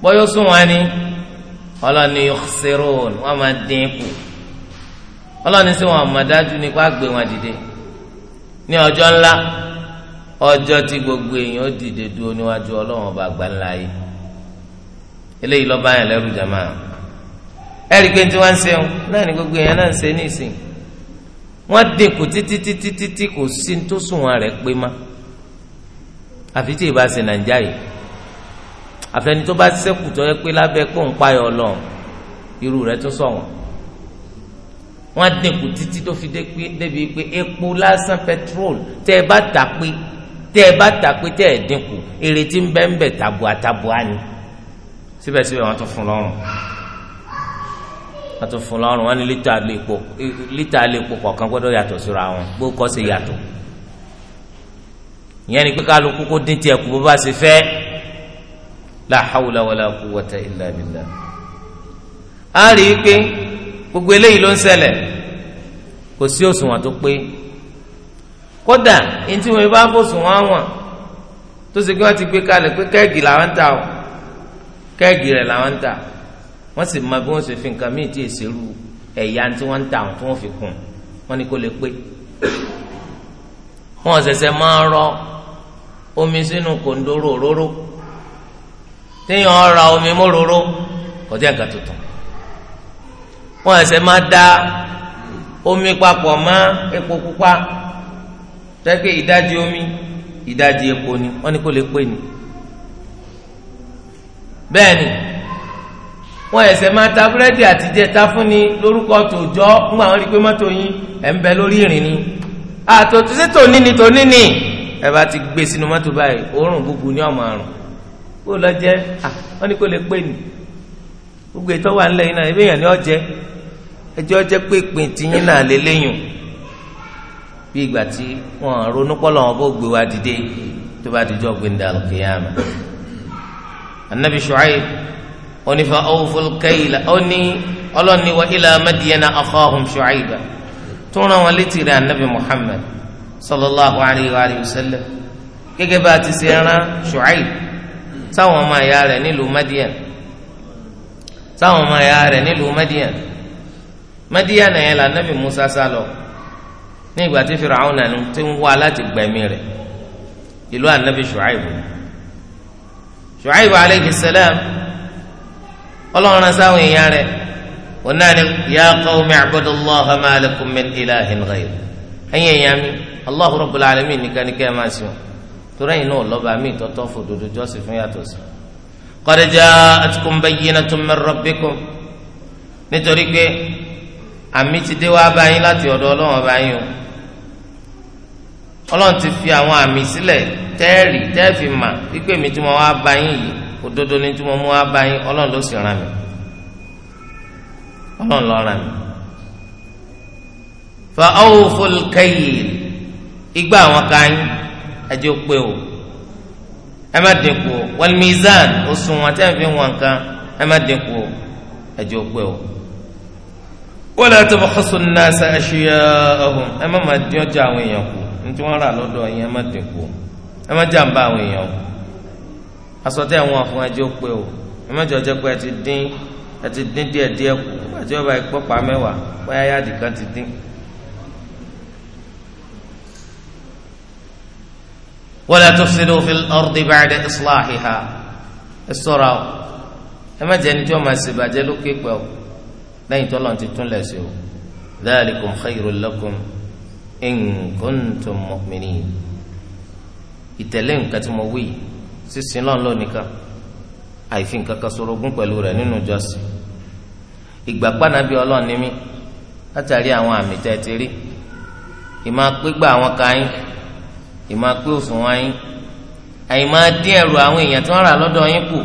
bóyá ó sùn wọn ni ọlọ́run ni yukhsirun wọ́n máa dín kù ọlọ́run ní sẹ́wọ̀n àmọ̀dájú nípa gbé wọn dìde ní ọjọ́ ńlá ọjọ́ tí gbogbo èèyàn dìde dúró níwájú ọlọ́run ọba àgbà ńlá yìí eléyìí lọ́ọ́ bá lẹ́rù jàmá ẹ̀rí pé tí wọ́n ń ṣe náà ni gbogbo èèyàn náà ń ṣe nísìn wọ́n dínkù títí títí títí kò sí tó sùnwọ̀n rẹ̀ pé má àfi tí ìbá ṣe nàìjíríà yìí àfẹni tó bá ṣẹ́kù tó yẹ pé lábẹ́ kó ń payọ̀ ọlọ́run irú rẹ̀ tó sọ̀wọ́n wọ́n dínkù títí tó fi débi pé epo lásán pẹtrol tẹ́ ẹ bá dà pé tẹ́ ẹ bá ta pé tẹ́ ẹ dínkù èrè tí ń bẹ ń bẹ tabua tabua ni síbẹ̀síbẹ̀ wọ́n tún fún lọ́rùn wọ́n tún fún lọ́rùn wọ́n ní lítà lépo lítà lépo kọ̀ọ̀kan gbọ́dọ̀ yàtọ̀ síra wọn bó kọ́ sí yàtọ̀ ìyẹn ni pé kálukú kó dín tiẹ̀ kú bó bá ṣe fẹ́ la hawla wala quwwata illa billah a rí i pé gbogbo eléyìí ló ń ṣẹlẹ̀ kò sí òṣùwọ̀n tó pé kódà ntí wọn bá fòsùn wọn wọn tó ṣe kí wọn ti gbé kalẹ̀ pé kẹ́ẹ̀gì làwọn ń ta o kẹ́ẹ̀gì rẹ̀ làwọn ń ta wọ́n sì mọ bí wọ́n ṣe fi nǹkan míì tí èsì ru ẹ̀yà tí wọ́n ń ta àwọn tí wọ́n fi kùn wọ́n ní kó lè pé wọ́n ṣẹ̀ṣẹ̀ máa rọ omi sínú kòńdó ròróró téèyàn ra omi móróró kọjá nǹkan tuntun wọ́n ṣẹ̀ṣẹ̀ máa da omi papọ̀ mọ́ epo pupa tẹ́gbẹ́ ìdajì omi ìdajì epo ni wọ́n ní kó lè pè ní. bẹ́ẹ̀ ni wọ́n ẹ̀sẹ̀ máa ta búrẹ́dì àti jẹta fún ni lórúkọ tòjọ́ ńgbà wọn rí pé mọ́tò yín ẹ̀ ń bẹ lórí ìrìn ni. àtòtú sí tòní ni tòní ni ẹ bá ti gbé sínú mọ́tò báyìí òórùn gbogbo ní ọmọ àrùn kó lọ jẹ wọ́n ní kó lè pè ní. gbogbo ètò ńlẹ̀ yìí náà ebí èèyàn ni ọ jẹ ẹjọ́ jẹ́ pé ìpín bí ìgbà tí wọn ronú pọlọ wọn bó gbé wa dìde tó bá dijọ gbẹndà al-qiyama anabi Shu'aib onífa awful kayla oní ọlọ́ni wa ila Madyana akhahum Shu'aiba tó ràn wọn létí rẹ anabi Muhammad sallallahu alayhi wa sallam gẹ́gẹ́ bá a ti ṣe rán Shu'aib sáwọn ọmọ ẹ̀yà rẹ̀ nílùú Madian sáwọn ọmọ ẹ̀yà rẹ̀ nílùú Madian Madian yẹn la anabi Musa sálọ ní ìgbà tí Firaun nànú ti ń wá láti gbẹ̀mí rẹ̀ ìlú anabi Shu'aib Shu'aib aleyhi salam ọlọ́run rán sáwọn èèyàn rẹ̀ wọn náà ni ya qawmi i'budullaha ma lakum min ilahin ghayr ẹ̀yin èèyàn mi Allahu rabbul alamin nìkan ni kẹ́ ẹ máa sìn torí ẹ̀yin náà lọ́ba mi tọ́tọ́ fòdodo jọ́sìn fún yàtọ̀ sí. qad ja'atkum bayyinatun min rabbikum nítorí pé àmì ti dé wá báyìí láti ọ̀dọ̀ ọlọ́run báyìí o ọlọ́run ti fi àwọn àmì sílẹ̀ tẹ́ẹ̀rì tẹ́ẹ̀fì mà wípé mi tí mo wá bá yín yìí òdodo ni tí mo mú wá bá yín ọlọ́run ló sì ràn mí ọlọ́run ló ràn mí. fa awful kayl igbá àwọn kan yín ẹjọ́ pé o ẹ má dínkù o òṣùwọ̀n tẹ́ ẹ fi wọn kan ẹ má dínkù ẹjọ́ pé o wala tabkhasu an-nasa ashya'ahum ẹ má má dín ọjà àwọn èèyàn kù ní tí wọ́n rà lọ́dọ̀ yín ẹ má dínkù ẹ má jàǹbá àwọn èèyàn o aṣọ tẹ́ wọn fún ẹjọ́ pé o ẹ má jọ jẹ́ pé ẹ ti dín ẹ ti dín díẹ̀ díẹ̀ kù àti ọba ìpọ́pá mẹ́wàá bóyá yáàdì kan ti dín. wala tufsidu fil ardi ba'da islahiha ẹ ṣọ́ra o ẹ má jẹ́ ni tí wọ́n máa ṣe bàjẹ́ lókè pẹ́ o lẹ́yìn tó lọ́n ti tún lẹ̀ sí o dhalikum khayrun lakum in kuntum mu'minin ìtẹ̀lé nǹkan tí mo wí sísìn náà lónìí ká àìfi nǹkan kan sorogún pẹ̀lú rẹ̀ nínú ìjọsìn ìgbà pànàbí ọlọ́run ní mí látàrí àwọn àmì tẹ́ ti rí ìmọ̀ pígbà àwọn kan yín ìmọ̀ pé òṣùwọ̀n yín àìmọ̀ dín ẹ̀rù àwọn èèyàn tí wọ́n rà lọ́dọ̀ yín kù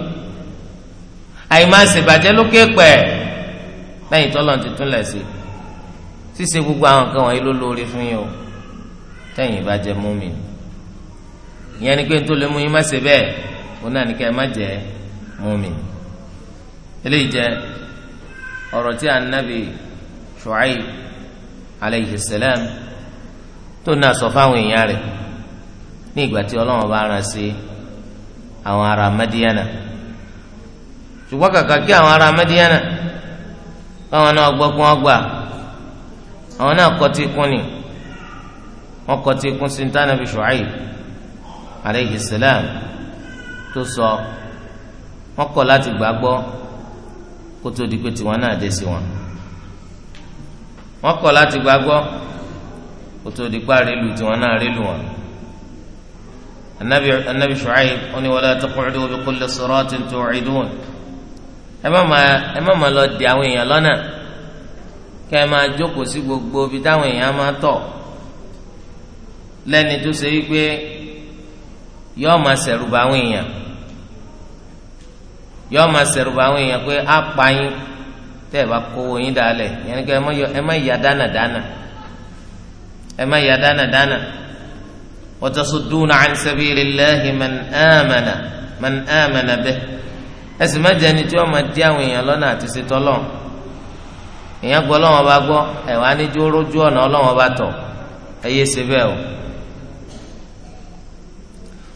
àìmọ̀ ṣèbàjẹ́ lókè pẹ̀ lẹ́yìn tọ́lọ́run ti túnlẹ̀ sí i ṣíṣe gbogbo àwọn nǹkan wọ̀nyí ló lóore fún yín o tẹ̀yìn bá jẹ múmi ìyẹn ni pé n tó lè mú yín má ṣe bẹ́ẹ̀ òun náà ní ká ẹ má jẹ múmi eléyìí jẹ ọ̀rọ̀ tí anabi Shu'aib alayhi salam tó náà sọ fáwọn èèyàn rẹ̀ ní ìgbà tí ọlọ́run bá rán sí àwọn ará Madiana ṣùgbọ́n kàkà kí àwọn ará Madiana káwọn náà gbọ́ kí wọ́n gbà àwọn náà kọtí kún ni wọn kọtí kún sí ntánàbí Shu'aib aleyhi salam tó sọ wọn kọ̀ láti gbàgbọ́ kó tó di pé tiwọn náà dé sí wọn wọn kọ̀ láti gbàgbọ́ kó tó di pé àrélu tiwọn náà rélu wọn anabi anabi Shu'aib oní wala taqudu bi kulli siratin tu'idun ẹ má ma ẹ má ma lọ di àwọn èèyàn lọ́nà kẹ́ ẹ máa jókòó sí gbogbo ibi táwọn èèyàn máa tọ̀ lẹ́ni tó ṣe wípé yọ́ọ́ máa ṣẹ̀rù bá àwọn èèyàn yọ́ọ́ máa ṣẹ̀rù bá àwọn èèyàn pé á pa yín tẹ́ ẹ bá kówó yín dálẹ̀ yẹn kẹ́ ẹ má yà dánàdánà ẹ má yà dánàdánà wa tasudduna an sabilillahi man amana man amana bih ẹ sì má jẹ́ ẹni tí wọ́n máa dí àwọn èèyàn lọ́nà àti ṣe tọ́lọ́run èèyàn gbọ́ ọlọ́wọ́n bá gbọ́ ẹ̀wọ̀n aníjú rójú ọ̀nà ọlọ́wọ́n bá tọ̀ ẹ̀yẹ ṣe bẹ́ẹ̀ o.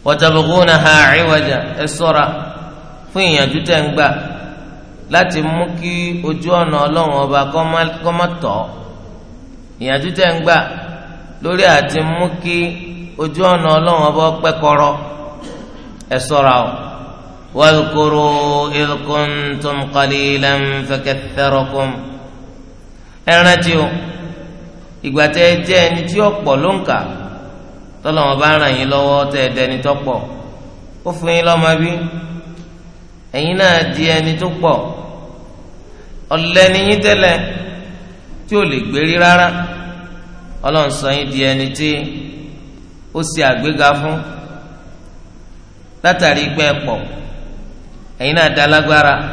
wọ́tàbùkúnà ha àríwájà ẹ sọ́ra fún ìyànjú tẹ̀ ń gbà láti mú kí ojú ọ̀nà ọlọ́wọ́n bá kọ́ má tọ̀ ìyànjú tẹ̀ ń gbà lórí àti mú kí ojú ọ̀nà ọlọ́wọ́n bá pẹ́ kọ́rọ́ ẹ sọ́ra o. واذكروا إذ كنتم قليلا فكثركم ẹ rántí o ìgbà tẹ ẹ jẹ ẹni tí ọ̀pọ̀ ló ń kà tọlọmọ bá ràn yín lọ́wọ́ tẹ ẹ dẹni tó pọ̀ ó fún yín lọ́mọ bí náà di tó pọ̀ tẹ́lẹ̀ tí lè gbérí rárá di ẹni tí ó ṣe àgbéga fún látàrí pé ẹ náà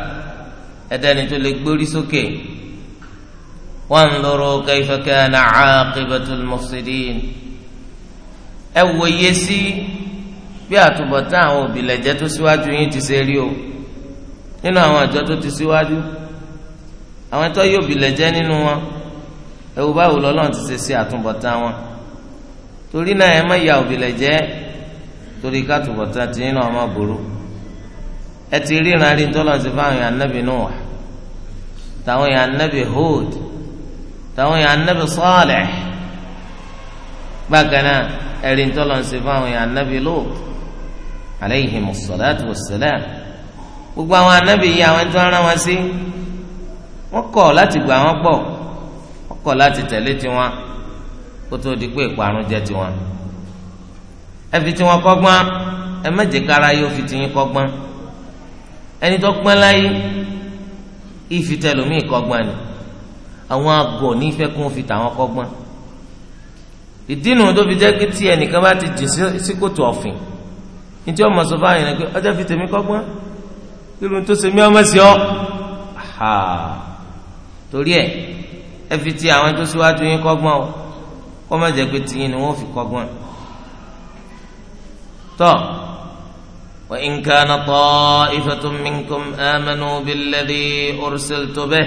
وانظروا كيف كان عاقبة المفسدين ẹ wòye sí bí àtúbọ̀tán àwọn òbílẹ̀jẹ́ tó síwájú yín ti ṣe o nínú àwọn àjọ ti síwájú àwọn tó yóò òbílẹ̀jẹ́ nínú wọn ẹ wò báwo lọ́lọ́run ti ṣe sí àtúbọ̀tán ya ti nínú ọmọ burú táwọn èèyàn anabi sọ́ọ̀lẹ̀ bákan náà ẹ̀rí ń tọ́lọ̀ fáwọn èèyàn anabi lò aleyhi musalatu wasalam gbogbo àwọn anabi yìí àwọn tó rán wọn sí wọn lati láti gbà wọn gbọ́ wọn kọ̀ láti tẹ̀lé tiwọn kó tó di pé ìparun jẹ́ tiwọn ẹ fi tiwọn kọ́gbọ́n ẹ má kára yóò fi tiyín kọ́gbọ́n ẹni tó gbọ́n láyé ìfitẹ́lómi kọ́gbọ́n ni. àwọn àgọ̀ nífẹ̀ẹ́ kó fi tàwọn kọ́gbọ́n ìdínú tó fi jẹ́ pé tí ẹnìkan bá ti jìn sí kòtò ọ̀fìn níjẹ́ ọmọ sọ fáwọn yẹn pé ọjọ́ fi tèmi kọ́gbọ́n kí ló ń tó ṣe mí ọmọ sí ọ torí ẹ ẹ fi ti àwọn tó síwájú yín kọ́gbọ́n o kó má jẹ́ pé tiyín ni wọ́n fi kọ́gbọ́n tọ́ وإن كان طائفة منكم آمنوا بالذي أرسلت به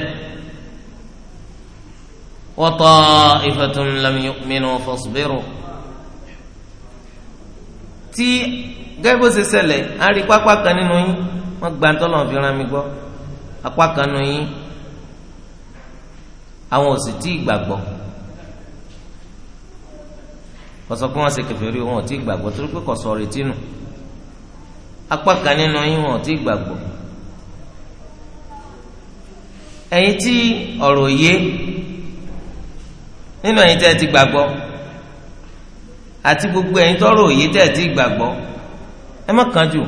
وطائفة لم يؤمنوا فاصبروا تي gẹ́gẹ́ bó ṣe ṣẹlẹ̀ á rí pápá kan nínú yín wọ́n gba tọ́lọ̀ fi rán mi gbọ́ apá kan nínú yín àwọn ò sì tí ì gbàgbọ́ kọ̀sọ́ pé wọ́n ṣe kẹfẹ́ rí wọn ò tí ì gbàgbọ́ torí pé kọ̀sọ́ retí nù apá kan nínú yín wọn ò tí ì gbàgbọ́ ẹ̀yin tí ọ̀rọ̀ yé nínú ẹ̀yin tẹ́ ẹ ti gbàgbọ́ àti gbogbo ẹ̀yin oyi òye tẹ́ ẹ ti gbàgbọ́ ẹ má kánjú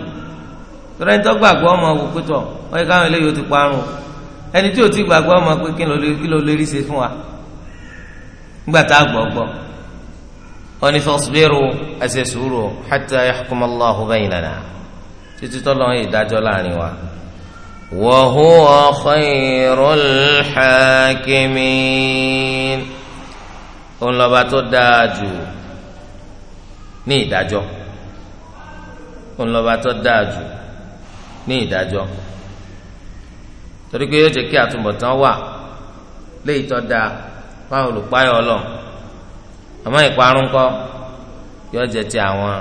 tọ́rọ ẹni tó gbàgbọ́ ọmọ wò pétọ̀ ó yẹ káwọn eléyìí ó ti parun ẹni tí ò ti gbàgbọ́ ọmọ pé kí ló ṣe fún wa nígbà tá a láàrin wa. òun lọ́ba tó dáa jù ní ìdájọ́ òun lọ́ba tó dáa jù ní ìdájọ́ torí pé yóò jẹ́ kí àtúbọ̀tán wà léyìí tó dáa fáwọn olùpáyọ̀ ọlọ́run àmọ́ ìparun kọ́ yóò jẹ́ ti àwọn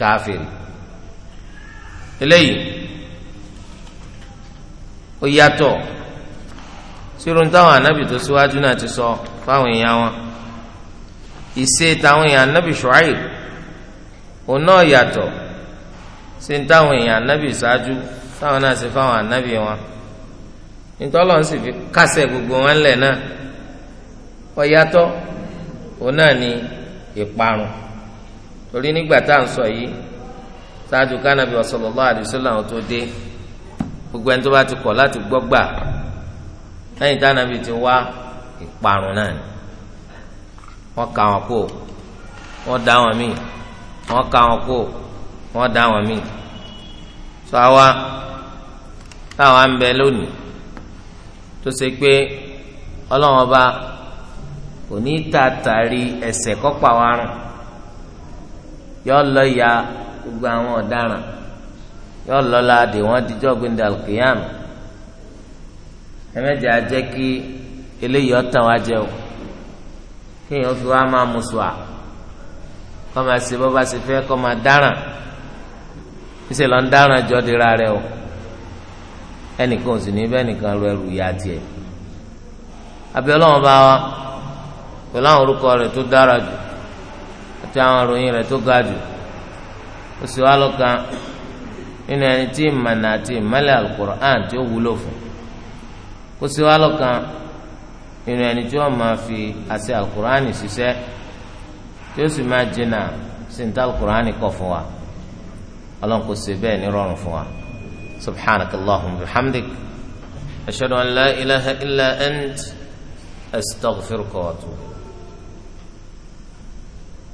káfíìrì eléyìí ó yàtọ̀ sírun táwọn anábì tó síwájú náà ti sọ fáwọn èèyàn wọn ìṣe táwọn èèyàn anábì Shuaib òun náà yàtọ̀ sí táwọn èèyàn anábì ṣáájú táwọn náà ṣe fáwọn anábì wọn nítọ́lọ́ ń sì fi kásẹ̀ gbogbo wọn lẹ̀ náà ó yàtọ̀ òun náà ni ìparun torí nígbà tá à ń sọ yìí ṣáájú kánábì sallallahu alaihi wasallam tó dé gbogbo ẹni tó bá ti kọ̀ láti gbọ́ gbà lẹ́yìn tánábì ti wá ìparun náà ni wọ́n ka wọn kó wọ́n dá wọn míì wọ́n ka wọn kó wọ́n dá wọn míì sọ àwa táwa ń bẹ lónìí tó ṣe pé ọlọ́run ọba kò tàtàrí ẹsẹ̀ kọ́pà wa rùn yọ lọ ya gbogbo àwọn ọ̀daràn yọ lọ la dè wọ́n dijọ́ gbẹ̀ndà kìyàmù ẹ̀mẹ́jẹ̀ á jẹ́ kí eléyìí ọ̀tàn wa jẹ́ o. kéèyàn fi wá máa mùsùlùmá kọ́ máa ṣe bọ́ bá ṣe fẹ́ kọ́ máa dáràn níṣẹ́ lọ́n dáràn dira rẹ o ẹnìkan ò sì ní bẹ́ẹ̀ nìkan ru ẹrù ya tiẹ̀ bá wa pẹ̀lú àwọn orúkọ tó dára jù àti àwọn ìròyìn tó ga jù ó sì wá lọ́kàn nínú ẹni tí ìmọ̀nà àti ìmọ̀lẹ̀ ó inú ẹni tí wọ́n máa fi àṣẹ alukur'ani ṣiṣẹ́ tí ó sì máa jìnnà sí ní alukur'ani kọ̀ fún wa ọlọ́run kò ṣe bẹ́ẹ̀ ní rọrùn fún wa subhanaka allahumma wa bihamdik an la ilaha illa ant astaghfiruka